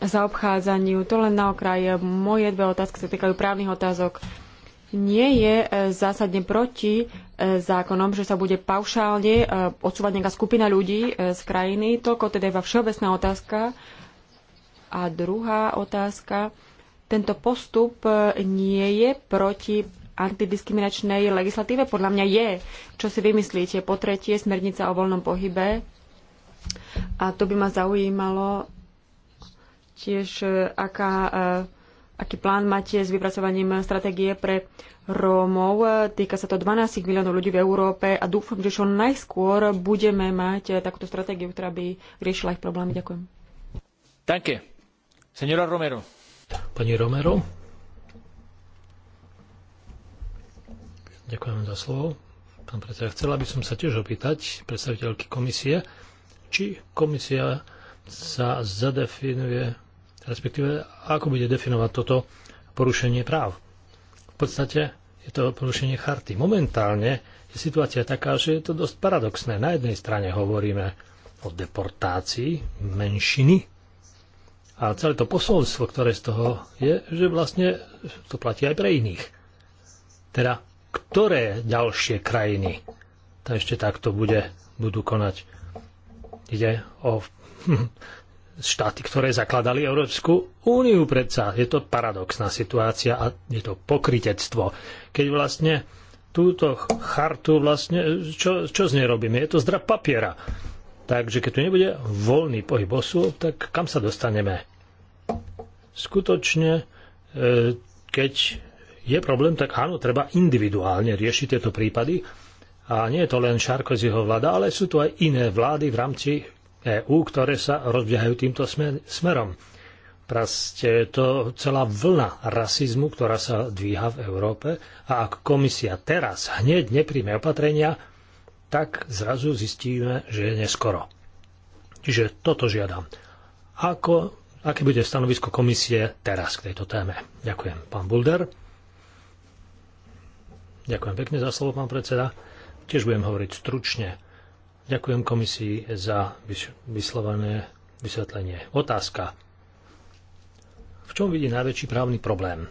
zaobchádzaniu. To len na okraj. Moje dve otázky sa týkajú právnych otázok. Nie je e, zásadne proti e, zákonom, že sa bude paušálne e, odsúvať nejaká skupina ľudí z krajiny. Toľko teda iba všeobecná otázka. A druhá otázka. Tento postup nie je proti antidiskriminačnej legislatíve? Podľa mňa je. Čo si vymyslíte? Po tretie, smernica o voľnom pohybe. A to by ma zaujímalo, tiež e, aká, e, aký plán máte s vypracovaním stratégie pre Rómov. E, týka sa to 12 miliónov ľudí v Európe a dúfam, že čo najskôr budeme mať takúto stratégiu, ktorá by riešila ich problémy. Ďakujem. Danke. Senora Romero. Pani Romero. Ďakujem za slovo. Pán predseda, chcela by som sa tiež opýtať predstaviteľky komisie, či komisia sa zadefinuje respektíve ako bude definovať toto porušenie práv. V podstate je to porušenie charty. Momentálne je situácia taká, že je to dosť paradoxné. Na jednej strane hovoríme o deportácii menšiny a celé to posolstvo, ktoré z toho je, že vlastne to platí aj pre iných. Teda, ktoré ďalšie krajiny to ešte takto bude, budú konať. Ide o hm, štáty, ktoré zakladali Európsku úniu predsa. Je to paradoxná situácia a je to pokritectvo. Keď vlastne túto chartu vlastne, čo, čo z nej robíme? Je to zdrav papiera. Takže keď tu nebude voľný pohyb osôb, tak kam sa dostaneme? Skutočne, e, keď je problém, tak áno, treba individuálne riešiť tieto prípady. A nie je to len Šarkoziho vláda, ale sú tu aj iné vlády v rámci EÚ, ktoré sa rozbiehajú týmto smerom. Proste je to celá vlna rasizmu, ktorá sa dvíha v Európe a ak komisia teraz hneď nepríjme opatrenia, tak zrazu zistíme, že je neskoro. Čiže toto žiadam. Ako, aké bude stanovisko komisie teraz k tejto téme? Ďakujem, pán Bulder. Ďakujem pekne za slovo, pán predseda. Tiež budem hovoriť stručne. Ďakujem komisii za vyslovené vysvetlenie. Otázka. V čom vidí najväčší právny problém?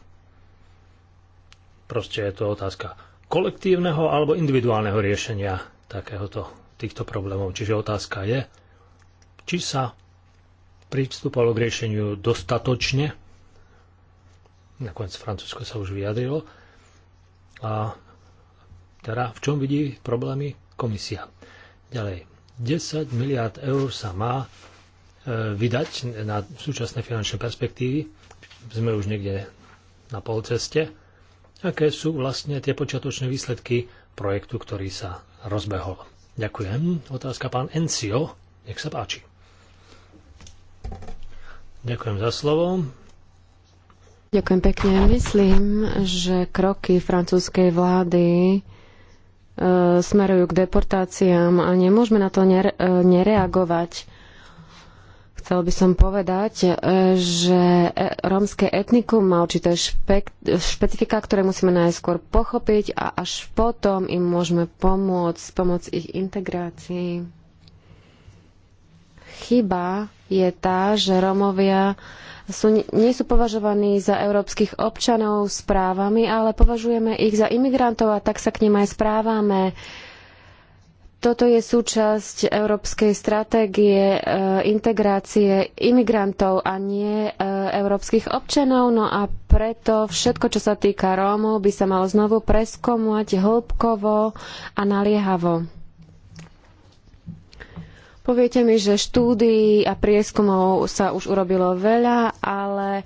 Proste je to otázka kolektívneho alebo individuálneho riešenia takéhoto, týchto problémov. Čiže otázka je, či sa pristúpalo k riešeniu dostatočne. Nakoniec Francúzsko sa už vyjadrilo. A teda v čom vidí problémy komisia. Ďalej, 10 miliard eur sa má e, vydať na súčasné finančné perspektívy. Sme už niekde na polceste. Aké sú vlastne tie počiatočné výsledky projektu, ktorý sa rozbehol? Ďakujem. Otázka pán Encio. Nech sa páči. Ďakujem za slovo. Ďakujem pekne. Myslím, že kroky francúzskej vlády smerujú k deportáciám a nemôžeme na to nere nereagovať. Chcel by som povedať, e, že e, rómske etnikum má určité špecifiká, špecifika, ktoré musíme najskôr pochopiť a až potom im môžeme pomôcť, pomôcť ich integrácii. Chyba je tá, že Rómovia sú, nie sú považovaní za európskych občanov s právami, ale považujeme ich za imigrantov a tak sa k nim aj správame. Toto je súčasť európskej stratégie e, integrácie imigrantov a nie e, európskych občanov. No a preto všetko, čo sa týka Rómov, by sa malo znovu preskúmať hĺbkovo a naliehavo. Poviete mi, že štúdií a prieskumov sa už urobilo veľa, ale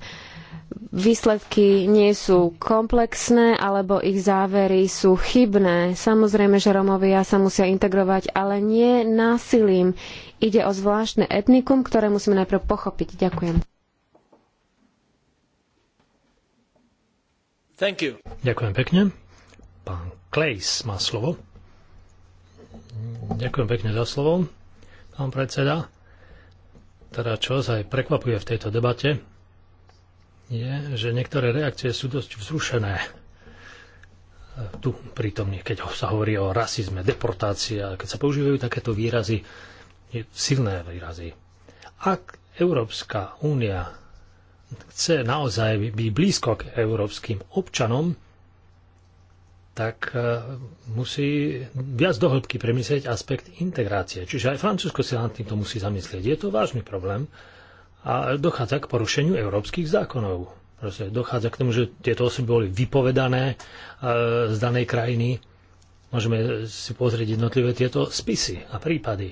výsledky nie sú komplexné alebo ich závery sú chybné. Samozrejme, že Romovia sa musia integrovať, ale nie násilím. Ide o zvláštne etnikum, ktoré musíme najprv pochopiť. Ďakujem. Ďakujem pekne. Pán Klejs má slovo. Ďakujem pekne za slovo pán predseda. Teda čo sa aj prekvapuje v tejto debate, je, že niektoré reakcie sú dosť vzrušené. Tu prítomne, keď sa hovorí o rasizme, deportácii, keď sa používajú takéto výrazy, silné výrazy. Ak Európska únia chce naozaj byť blízko k európskym občanom, tak e, musí viac dohlbky premyslieť aspekt integrácie. Čiže aj Francúzsko si nad týmto musí zamyslieť. Je to vážny problém a dochádza k porušeniu európskych zákonov. Proste dochádza k tomu, že tieto osoby boli vypovedané e, z danej krajiny. Môžeme si pozrieť jednotlivé tieto spisy a prípady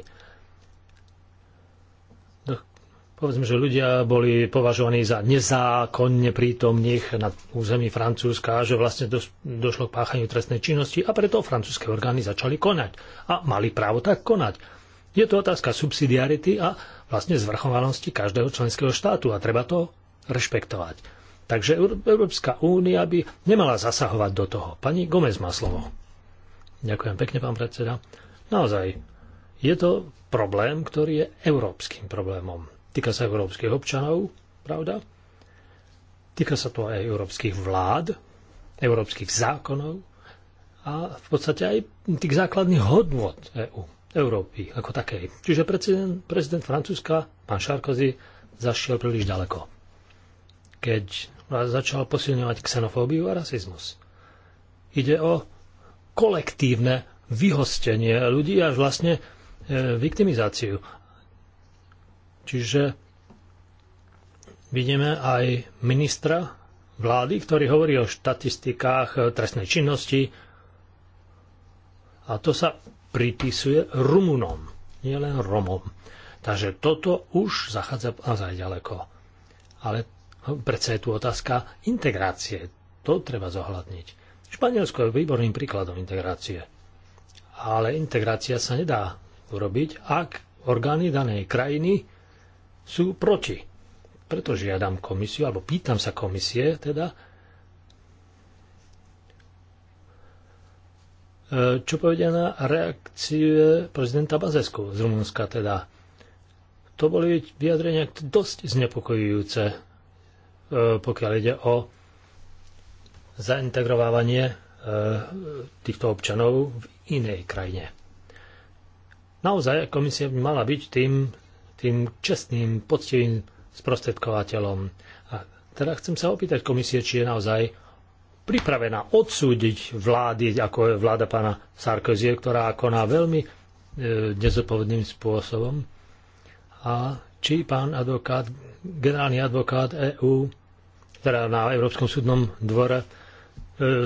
povedzme, že ľudia boli považovaní za nezákonne prítomných na území Francúzska, že vlastne došlo k páchaniu trestnej činnosti a preto francúzske orgány začali konať a mali právo tak konať. Je to otázka subsidiarity a vlastne zvrchovanosti každého členského štátu a treba to rešpektovať. Takže Európska únia by nemala zasahovať do toho. Pani Gomez má slovo. Ďakujem pekne, pán predseda. Naozaj, je to problém, ktorý je európskym problémom Týka sa európskych občanov, pravda? Týka sa to aj európskych vlád, európskych zákonov a v podstate aj tých základných hodnot EU, Európy ako takej. Čiže prezident, prezident Francúzska, pán Sarkozy, zašiel príliš ďaleko, keď začal posilňovať xenofóbiu a rasizmus. Ide o kolektívne vyhostenie ľudí až vlastne e, viktimizáciu. Čiže vidíme aj ministra vlády, ktorý hovorí o štatistikách e, trestnej činnosti a to sa pripisuje Rumunom, nielen Romom. Takže toto už zachádza naozaj ďaleko. Ale no, predsa je tu otázka integrácie. To treba zohľadniť. Španielsko je výborným príkladom integrácie. Ale integrácia sa nedá urobiť, ak orgány danej krajiny sú proti. Preto žiadam komisiu, alebo pýtam sa komisie teda, e, čo povedia na reakcie prezidenta Bazesku z Rumunska teda. To boli vyjadrenia dosť znepokojujúce, e, pokiaľ ide o zaintegrovávanie e, týchto občanov v inej krajine. Naozaj komisia by mala byť tým tým čestným, poctivým sprostredkovateľom. A teda chcem sa opýtať komisie, či je naozaj pripravená odsúdiť vlády, ako je vláda pána Sarkozy, ktorá koná veľmi e, nezodpovedným spôsobom. A či pán advokát, generálny advokát EÚ, teda na Európskom súdnom dvore, e,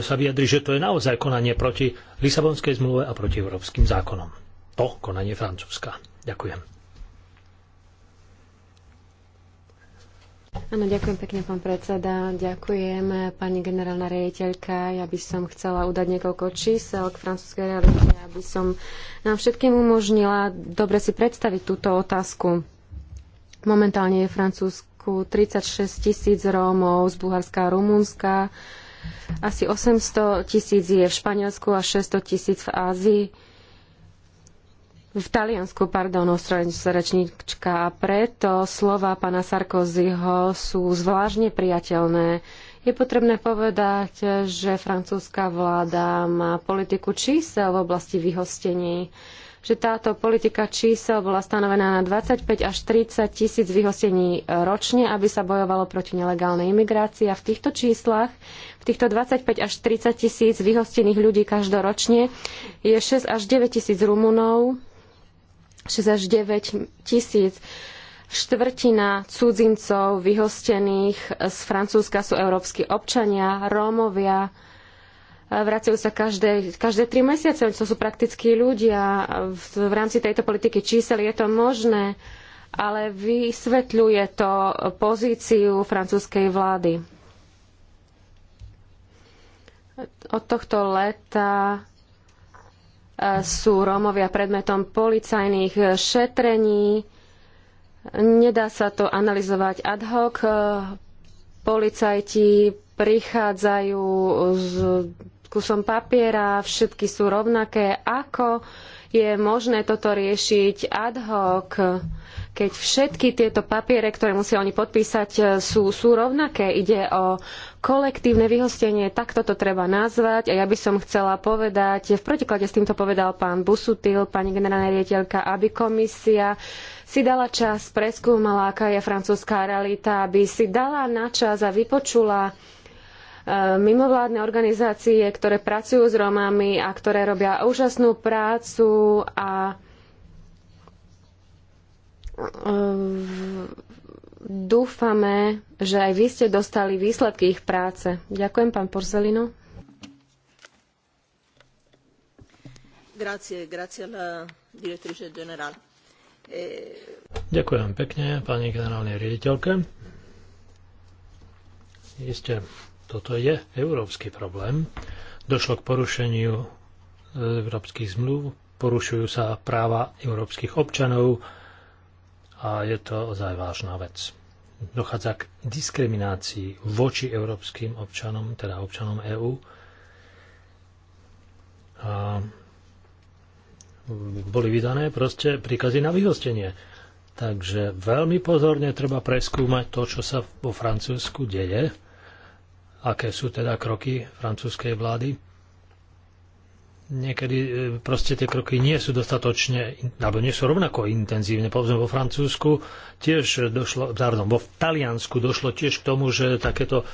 sa vyjadri, že to je naozaj konanie proti Lisabonskej zmluve a proti európskym zákonom. To konanie Francúzska. Ďakujem. Áno, ďakujem pekne, pán predseda. Ďakujem, pani generálna riaditeľka. Ja by som chcela udať niekoľko čísel k francúzskej realite, aby som nám všetkým umožnila dobre si predstaviť túto otázku. Momentálne je v Francúzsku 36 tisíc Rómov z Bulharska a Rumunska, asi 800 tisíc je v Španielsku a 600 tisíc v Ázii v Taliansku, pardon, rečníčka, a preto slova pána Sarkozyho sú zvláštne priateľné. Je potrebné povedať, že francúzska vláda má politiku čísel v oblasti vyhostení že táto politika čísel bola stanovená na 25 až 30 tisíc vyhostení ročne, aby sa bojovalo proti nelegálnej imigrácii. A v týchto číslach, v týchto 25 až 30 tisíc vyhostených ľudí každoročne, je 6 až 9 tisíc Rumunov, 6 až 9 tisíc. Štvrtina cudzincov vyhostených z Francúzska sú európski občania, Rómovia, vracajú sa každé, každé tri mesiace, to sú prakticky ľudia. V, v rámci tejto politiky čísel je to možné, ale vysvetľuje to pozíciu francúzskej vlády. Od tohto leta sú Rómovia predmetom policajných šetrení. Nedá sa to analyzovať ad hoc. Policajti prichádzajú s kusom papiera, všetky sú rovnaké. Ako je možné toto riešiť ad hoc, keď všetky tieto papiere, ktoré musia oni podpísať, sú, sú rovnaké. Ide o kolektívne vyhostenie, takto to treba nazvať. A ja by som chcela povedať, v protiklade s týmto povedal pán Busutil, pani generálna riaditeľka, aby komisia si dala čas, preskúmala, aká je francúzska realita, aby si dala na čas a vypočula e, mimovládne organizácie, ktoré pracujú s Romami a ktoré robia úžasnú prácu a e, dúfame, že aj vy ste dostali výsledky ich práce. Ďakujem, pán Porzelino. Grazie, grazie alla direttrice generale. Eh, Ďakujem pekne, pani generálnej riaditeľke. Isté, toto je európsky problém. Došlo k porušeniu eh, európskych zmluv, porušujú sa práva európskych občanov, a je to ozaj vážna vec. Dochádza k diskriminácii voči európskym občanom, teda občanom EÚ. A boli vydané proste príkazy na vyhostenie. Takže veľmi pozorne treba preskúmať to, čo sa vo Francúzsku deje, aké sú teda kroky francúzskej vlády niekedy e, proste tie kroky nie sú dostatočne, alebo nie sú rovnako intenzívne. Povedzme vo Francúzsku tiež došlo, pardon, vo Taliansku došlo tiež k tomu, že takéto e,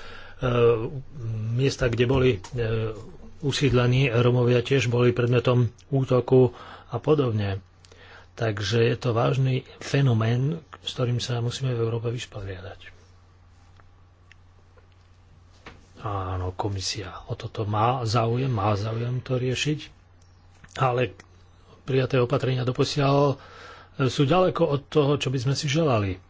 miesta, kde boli e, usídlení Romovia, tiež boli predmetom útoku a podobne. Takže je to vážny fenomén, s ktorým sa musíme v Európe vysporiadať. Áno, komisia o toto má záujem, má záujem to riešiť, ale prijaté opatrenia doposiaľ e, sú ďaleko od toho, čo by sme si želali.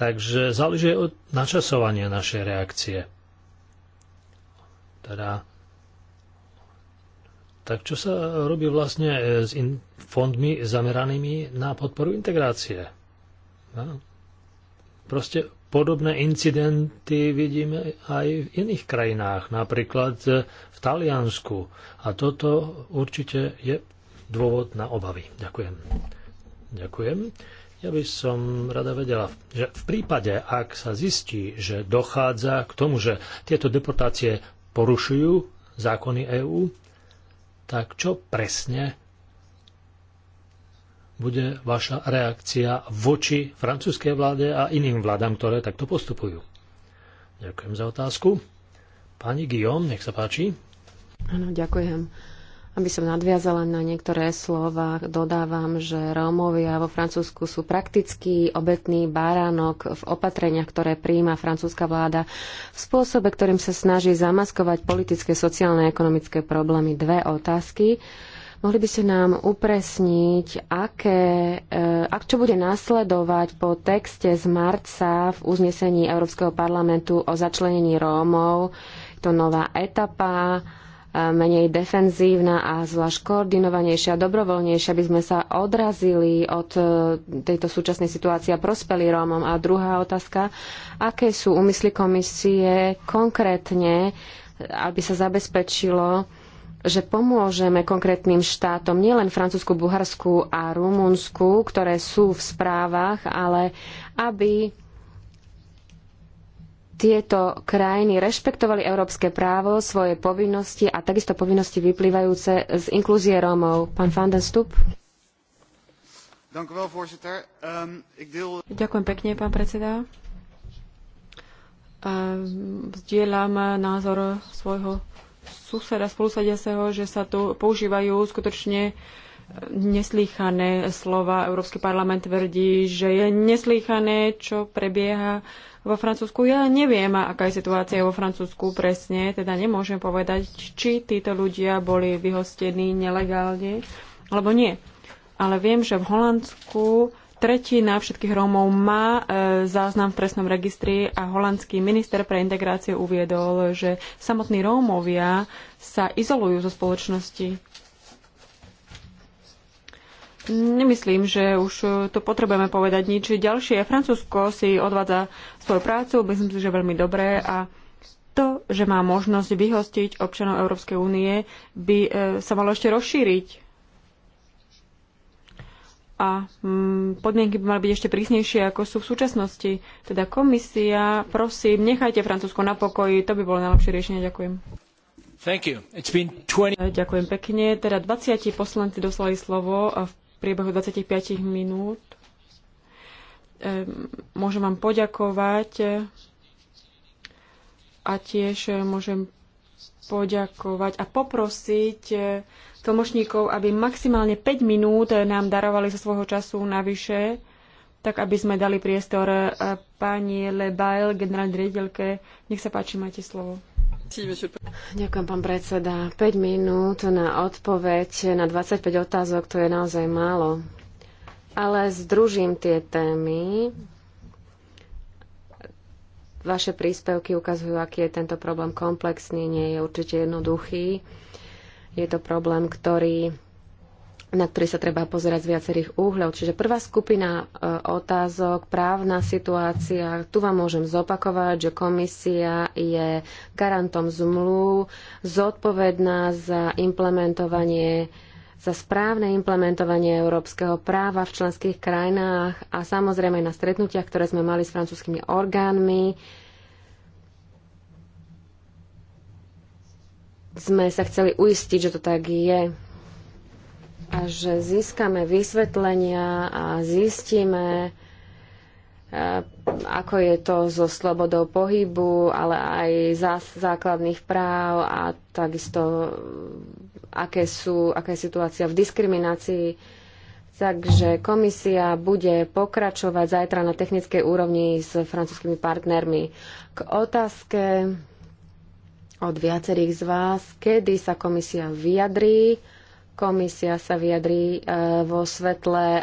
Takže záleží od načasovania našej reakcie. Teda, tak čo sa robí vlastne e, s in- fondmi zameranými na podporu integrácie? No. Proste Podobné incidenty vidíme aj v iných krajinách, napríklad v Taliansku. A toto určite je dôvod na obavy. Ďakujem. Ďakujem. Ja by som rada vedela, že v prípade, ak sa zistí, že dochádza k tomu, že tieto deportácie porušujú zákony EÚ, tak čo presne bude vaša reakcia voči francúzskej vláde a iným vládam, ktoré takto postupujú? Ďakujem za otázku. Pani Guillaume, nech sa páči. Áno, ďakujem. Aby som nadviazala na niektoré slova, dodávam, že Rómovia vo Francúzsku sú praktický obetný baránok v opatreniach, ktoré prijíma francúzska vláda v spôsobe, ktorým sa snaží zamaskovať politické, sociálne a ekonomické problémy. Dve otázky. Mohli by ste nám upresniť, aké, e, ak čo bude nasledovať po texte z marca v uznesení Európskeho parlamentu o začlenení Rómov, to nová etapa, e, menej defenzívna a zvlášť koordinovanejšia, dobrovoľnejšia, aby sme sa odrazili od e, tejto súčasnej situácie a prospeli Rómom. A druhá otázka, aké sú úmysly komisie konkrétne, aby sa zabezpečilo, že pomôžeme konkrétnym štátom, nielen Francúzsku, Bulharsku a Rumunsku, ktoré sú v správach, ale aby tieto krajiny rešpektovali európske právo, svoje povinnosti a takisto povinnosti vyplývajúce z inklúzie Rómov. Pán van Stup. Ďakujem pekne, pán predseda. Zdieľam názor svojho suseda spolusadiaceho, že sa tu používajú skutočne neslýchané slova. Európsky parlament tvrdí, že je neslýchané, čo prebieha vo Francúzsku. Ja neviem, aká je situácia vo Francúzsku presne, teda nemôžem povedať, či títo ľudia boli vyhostení nelegálne alebo nie. Ale viem, že v Holandsku Tretina všetkých Rómov má e, záznam v trestnom registri a holandský minister pre integráciu uviedol, že samotní Rómovia sa izolujú zo spoločnosti. Nemyslím, že už to potrebujeme povedať nič ďalšie. Francúzsko si odvádza svoju prácu, myslím si, že veľmi dobré a to, že má možnosť vyhostiť občanov Európskej únie, by e, sa malo ešte rozšíriť a mm, podmienky by mali byť ešte prísnejšie, ako sú v súčasnosti. Teda komisia, prosím, nechajte Francúzsko na pokoji, to by bolo najlepšie riešenie. Ďakujem. 20... E, ďakujem pekne. Teda 20 poslanci dostali slovo a e, v priebehu 25 minút. E, môžem vám poďakovať a tiež môžem poďakovať a poprosiť eh, tlmočníkov, aby maximálne 5 minút eh, nám darovali zo svojho času navyše, tak aby sme dali priestor eh, pani Lebail, generálnej riaditeľke. Nech sa páči, máte slovo. Ďakujem, pán predseda. 5 minút na odpoveď na 25 otázok, to je naozaj málo. Ale združím tie témy, Vaše príspevky ukazujú, aký je tento problém komplexný, nie je určite jednoduchý. Je to problém, ktorý, na ktorý sa treba pozerať z viacerých úhľov. Čiže prvá skupina e, otázok, právna situácia. Tu vám môžem zopakovať, že komisia je garantom zmluv, zodpovedná za implementovanie za správne implementovanie európskeho práva v členských krajinách a samozrejme na stretnutiach, ktoré sme mali s francúzskými orgánmi, sme sa chceli uistiť, že to tak je a že získame vysvetlenia a zistíme, eh, ako je to so slobodou pohybu, ale aj základných práv a takisto aké sú, aká je situácia v diskriminácii. Takže komisia bude pokračovať zajtra na technickej úrovni s francúzskými partnermi. K otázke od viacerých z vás, kedy sa komisia vyjadrí. Komisia sa vyjadrí e, vo svetle e,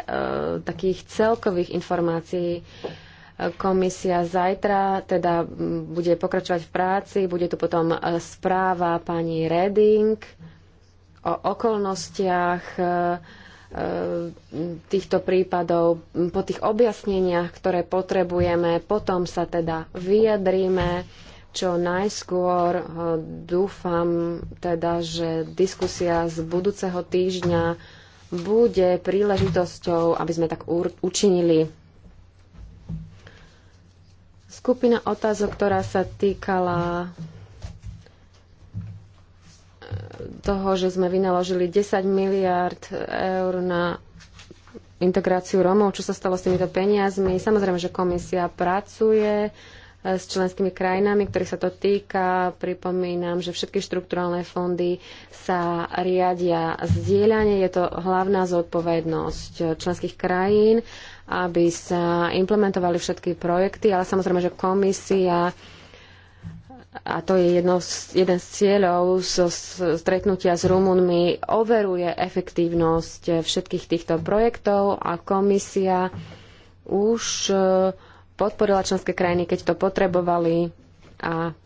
takých celkových informácií. E, komisia zajtra teda bude pokračovať v práci, bude tu potom e, správa pani Reding o okolnostiach e, e, týchto prípadov, po tých objasneniach, ktoré potrebujeme, potom sa teda vyjadríme čo najskôr. E, dúfam teda, že diskusia z budúceho týždňa bude príležitosťou, aby sme tak učinili. Skupina otázok, ktorá sa týkala toho, že sme vynaložili 10 miliard eur na integráciu Rómov, čo sa stalo s týmito peniazmi. Samozrejme, že komisia pracuje e, s členskými krajinami, ktorých sa to týka. Pripomínam, že všetky štrukturálne fondy sa riadia zdieľanie. Je to hlavná zodpovednosť členských krajín, aby sa implementovali všetky projekty, ale samozrejme, že komisia a to je jedno z, jeden z cieľov zo stretnutia s Rumunmi, overuje efektívnosť eh, všetkých týchto projektov a komisia už eh, podporila členské krajiny, keď to potrebovali a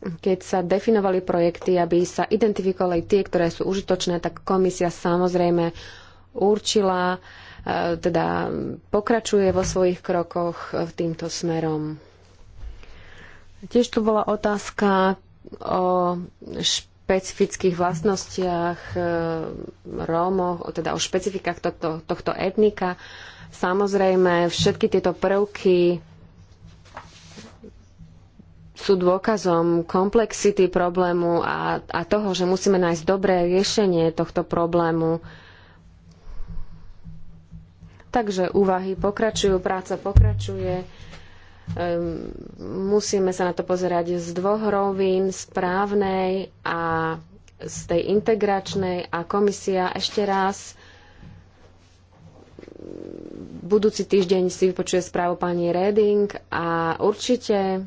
keď sa definovali projekty, aby sa identifikovali tie, ktoré sú užitočné, tak komisia samozrejme určila, eh, teda pokračuje vo svojich krokoch týmto smerom. Tiež tu bola otázka o špecifických vlastnostiach e, Rómov, teda o špecifikách tohto, tohto etnika. Samozrejme, všetky tieto prvky sú dôkazom komplexity problému a, a toho, že musíme nájsť dobré riešenie tohto problému. Takže úvahy pokračujú, práca pokračuje. Ehm, musíme sa na to pozerať z dvoch rovín, z právnej a z tej integračnej a komisia ešte raz budúci týždeň si vypočuje správu pani Reding a určite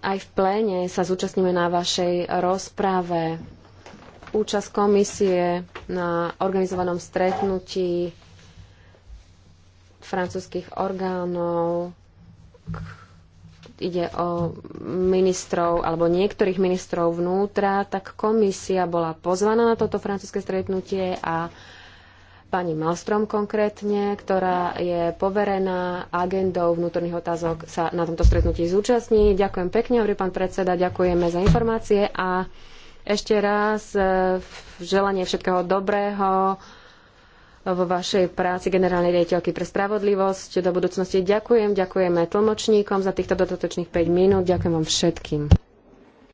aj v pléne sa zúčastníme na vašej rozprave. Účasť komisie na organizovanom stretnutí francúzských orgánov. Ide o ministrov alebo niektorých ministrov vnútra, tak komisia bola pozvaná na toto francúzske stretnutie a pani Malstrom konkrétne, ktorá je poverená agendou vnútorných otázok, sa na tomto stretnutí zúčastní. Ďakujem pekne, hovorí pán predseda, ďakujeme za informácie a ešte raz eh, želanie všetkého dobrého vo vašej práci generálnej riaditeľky pre spravodlivosť do budúcnosti. Ďakujem, ďakujeme tlmočníkom za týchto dodatočných 5 minút, ďakujem vám všetkým.